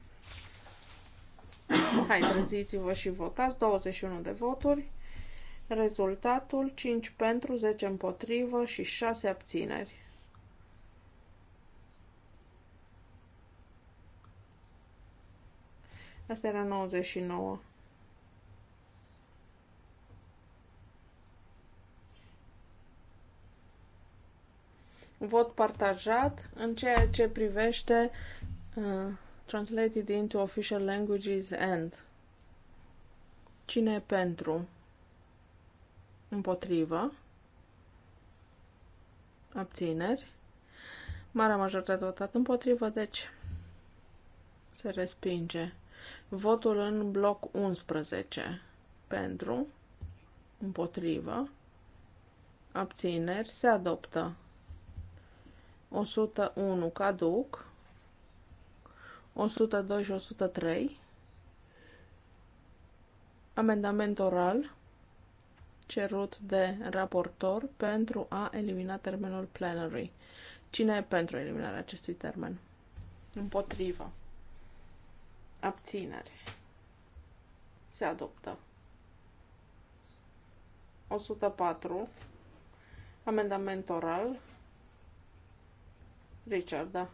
Speaker 1: Hai, treziți-vă și votați. 21 de voturi. Rezultatul 5 pentru, 10 împotrivă și 6 abțineri. Asta era 99. Vot partajat în ceea ce privește uh, Translated into official languages and. Cine e pentru? Împotrivă. Abțineri. Marea majoritate votat împotrivă, deci se respinge. Votul în bloc 11. Pentru. Împotrivă. Abțineri. Se adoptă. 101 caduc. 102 și 103. Amendament oral cerut de raportor pentru a elimina termenul plenary. Cine e pentru eliminarea acestui termen? Împotrivă. Abținere. Se adoptă. 104. Amendament oral. Richard, da.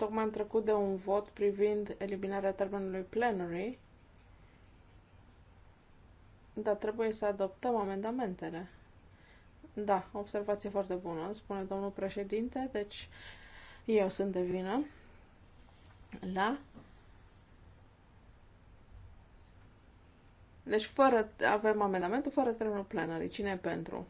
Speaker 1: Tocmai am trecut de un vot privind eliminarea termenului plenary, dar trebuie să adoptăm amendamentele. Da, observație foarte bună, spune domnul președinte, deci eu sunt de vină la Deci fără, avem amendamentul fără termenul plenary. Cine e pentru?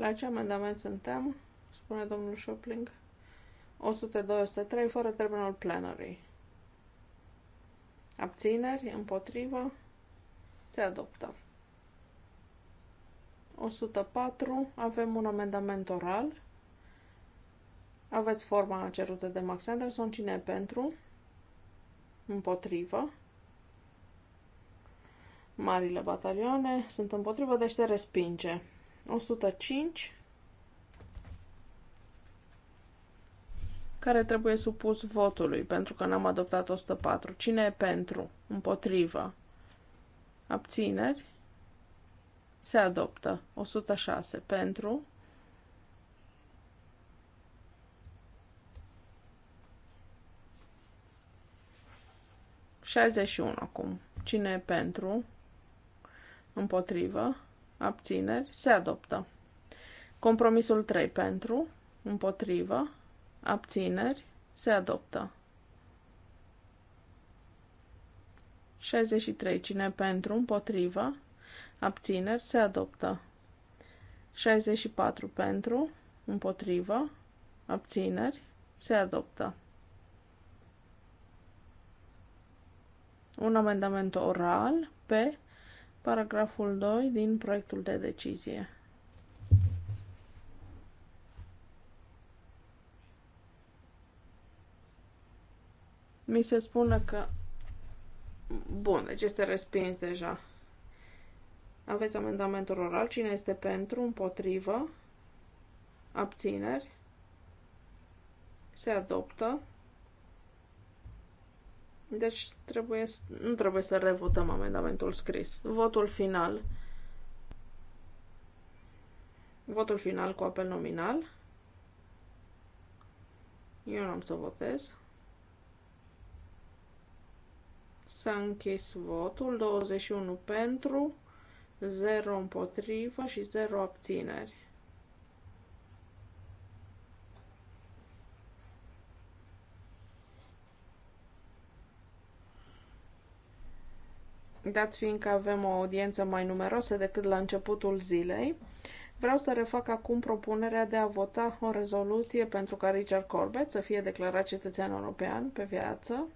Speaker 1: La ce amendament suntem? Spune domnul Shopling. 102-103 fără termenul plenary. Abțineri, împotrivă, se adoptă. 104, avem un amendament oral. Aveți forma cerută de Max Anderson. Cine e pentru? Împotrivă. Marile batalioane sunt împotrivă, deci se respinge. 105 care trebuie supus votului, pentru că n-am adoptat 104. Cine e pentru? Împotrivă? Abțineri? Se adoptă. 106. Pentru? unu acum. Cine e pentru? Împotrivă? abțineri, se adoptă. Compromisul 3 pentru, împotrivă, abțineri, se adoptă. 63. Cine pentru, împotrivă, abțineri, se adoptă. 64. Pentru, împotrivă, abțineri, se adoptă. Un amendament oral pe paragraful 2 din proiectul de decizie. Mi se spune că... Bun, deci este respins deja. Aveți amendamentul oral. Cine este pentru? Împotrivă? Abțineri? Se adoptă. Deci trebuie, să nu trebuie să revotăm amendamentul scris. Votul final. Votul final cu apel nominal. Eu nu am să votez. S-a închis votul, 21 pentru, 0 împotrivă și 0 abțineri. dat fiindcă avem o audiență mai numeroasă decât la începutul zilei, vreau să refac acum propunerea de a vota o rezoluție pentru ca Richard Corbett să fie declarat cetățean european pe viață,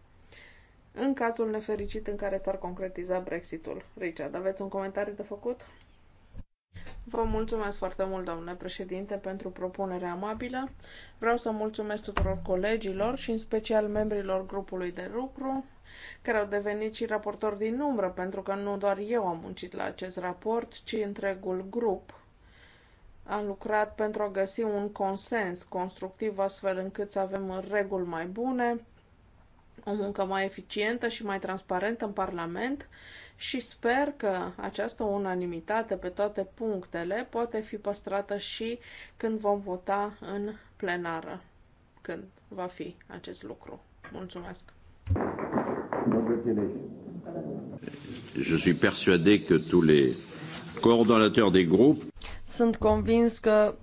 Speaker 1: în cazul nefericit în care s-ar concretiza Brexitul. Richard, aveți un comentariu de făcut? Vă mulțumesc foarte mult, domnule președinte, pentru propunerea amabilă. Vreau să mulțumesc tuturor colegilor și în special membrilor grupului de lucru care au devenit și raportori din umbră, pentru că nu doar eu am muncit la acest raport, ci întregul grup a lucrat pentru a găsi un consens constructiv astfel încât să avem reguli mai bune, o muncă mai eficientă și mai transparentă în Parlament și sper că această unanimitate pe toate punctele poate fi păstrată și când vom vota în plenară, când va fi acest lucru. Mulțumesc!
Speaker 4: Je suis persuadé que tous les coordonnateurs des groupes
Speaker 2: Sunt convins că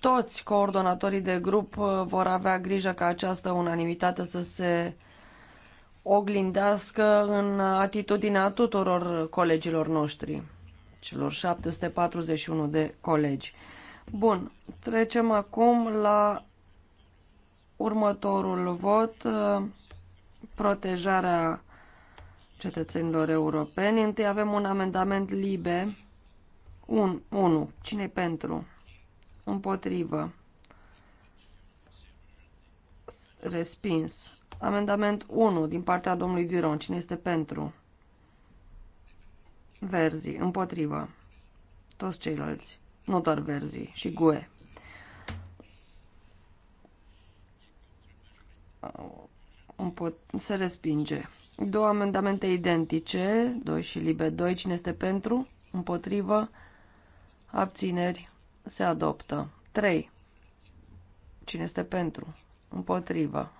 Speaker 2: toți coordonatorii de grup uh, vor avea grijă ca această unanimitate să se oglindească în atitudinea tuturor colegilor noștri, celor 741 de colegi. Bun, trecem acum la următorul vot. Uh, protejarea cetățenilor europeni. Întâi avem un amendament libe. 1. Un, cine pentru? Împotrivă. Respins. Amendament 1 din partea domnului Giron. Cine este pentru? Verzi. Împotrivă. Toți ceilalți. Nu doar Verzi. Și GUE se respinge. Două amendamente identice, 2 și libe 2, cine este pentru, împotrivă, abțineri, se adoptă. 3. Cine este pentru, împotrivă,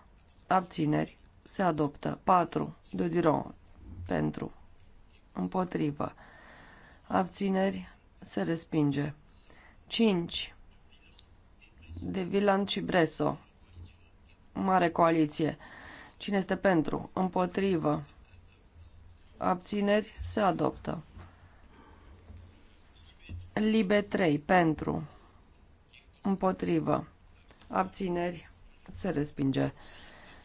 Speaker 2: abțineri, se adoptă. 4. Dodiron, pentru, împotrivă, abțineri, se respinge. 5. De Villan și Breso, mare coaliție. Cine este pentru? Împotrivă. Abțineri? Se adoptă. Libe 3. Pentru. Împotrivă. Abțineri? Se respinge.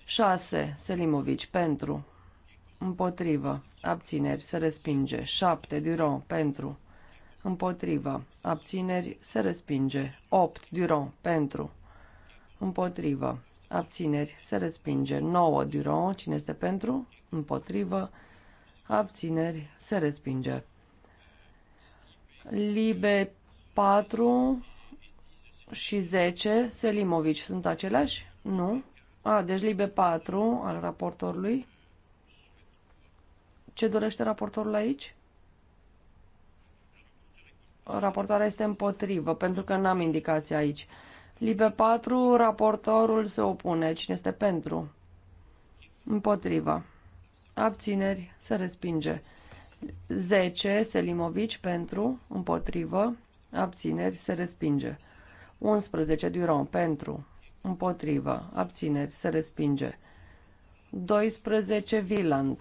Speaker 2: 6. Selimovici. Pentru. Împotrivă. Abțineri. Se respinge. 7. Duron. Pentru. Împotrivă. Abțineri. Se respinge. 8. Duron. Pentru. Împotrivă abțineri, se respinge. 9 Duron, cine este pentru, împotrivă, abțineri, se respinge. Libe 4 și 10, Selimovici, sunt aceleași? Nu? A, deci Libe 4 al raportorului. Ce dorește raportorul aici? Raportarea este împotrivă, pentru că n-am indicația aici. Libe 4, raportorul se opune. Cine este pentru? Împotrivă. Abțineri, se respinge. 10, Selimovici, pentru, împotrivă. Abțineri, se respinge. 11, Duron, pentru, împotrivă. Abțineri, se respinge. 12, Viland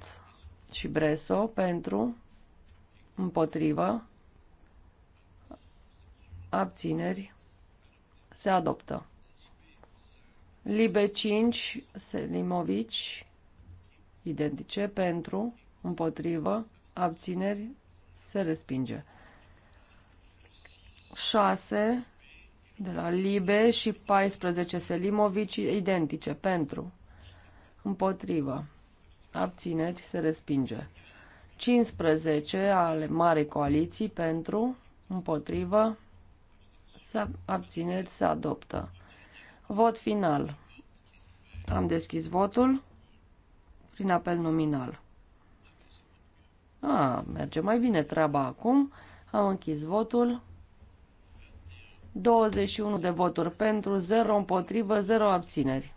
Speaker 2: și Breso, pentru, împotrivă. Abțineri, se adoptă. Libe 5, Selimovici, identice, pentru, împotrivă, abțineri, se respinge. 6, de la Libe și 14, Selimovici, identice, pentru, împotrivă, abțineri, se respinge. 15 ale marei Coaliții, pentru, împotrivă, se abțineri, se adoptă. Vot final. Am deschis votul prin apel nominal. A, merge mai bine treaba acum. Am închis votul. 21 de voturi pentru, 0 împotrivă, 0 abțineri.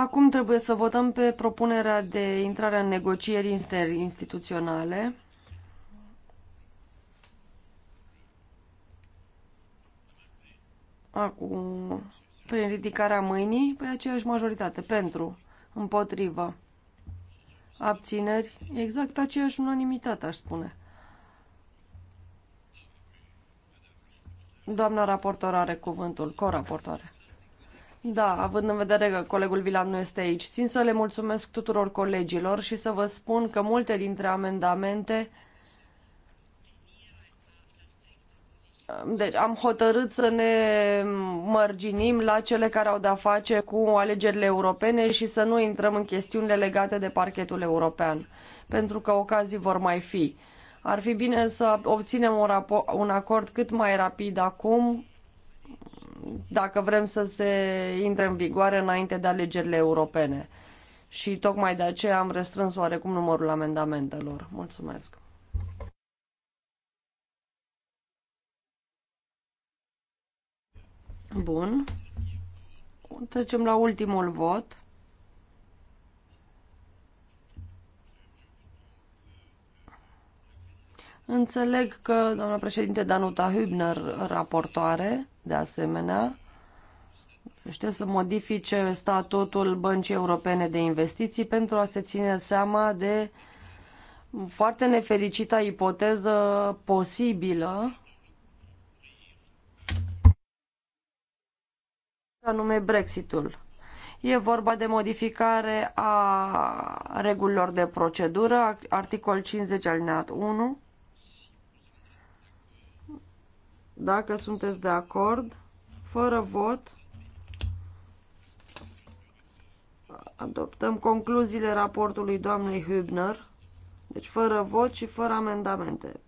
Speaker 2: Acum trebuie să votăm pe propunerea de intrare în negocieri interinstituționale. Acum, prin ridicarea mâinii, pe aceeași majoritate, pentru, împotrivă, abțineri, exact aceeași unanimitate, aș spune. Doamna raportor are cuvântul, coraportoare. Da, având în vedere că colegul Vilan nu este aici, țin să le mulțumesc tuturor colegilor și să vă spun că multe dintre amendamente Deci am hotărât să ne mărginim la cele care au de-a face cu alegerile europene și să nu intrăm în chestiunile legate de parchetul european, pentru că ocazii vor mai fi. Ar fi bine să obținem un, un acord cât mai rapid acum dacă vrem să se intre în vigoare înainte de alegerile europene. Și tocmai de aceea am restrâns oarecum numărul amendamentelor. Mulțumesc! Bun. Trecem la ultimul vot. Înțeleg că doamna președinte Danuta Hübner, raportoare, de asemenea, știe să modifice statutul Băncii Europene de Investiții pentru a se ține seama de foarte nefericită ipoteză posibilă anume Brexitul. E vorba de modificare a regulilor de procedură, articol 50 alineat 1, Dacă sunteți de acord, fără vot, adoptăm concluziile raportului doamnei Hübner, deci fără vot și fără amendamente.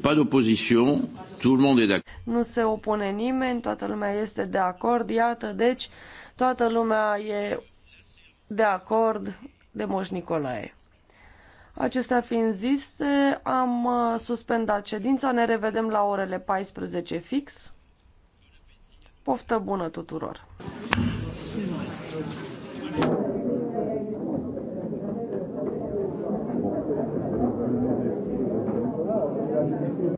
Speaker 2: Pas d'opposition, tout le monde est d'accord. Nu se opune nimeni, toată lumea este de acord, iată, deci toată lumea e de acord de Moș Nicolae. Acestea fiind zise, am uh, suspendat ședința, ne revedem la orele 14 fix. Poftă bună tuturor!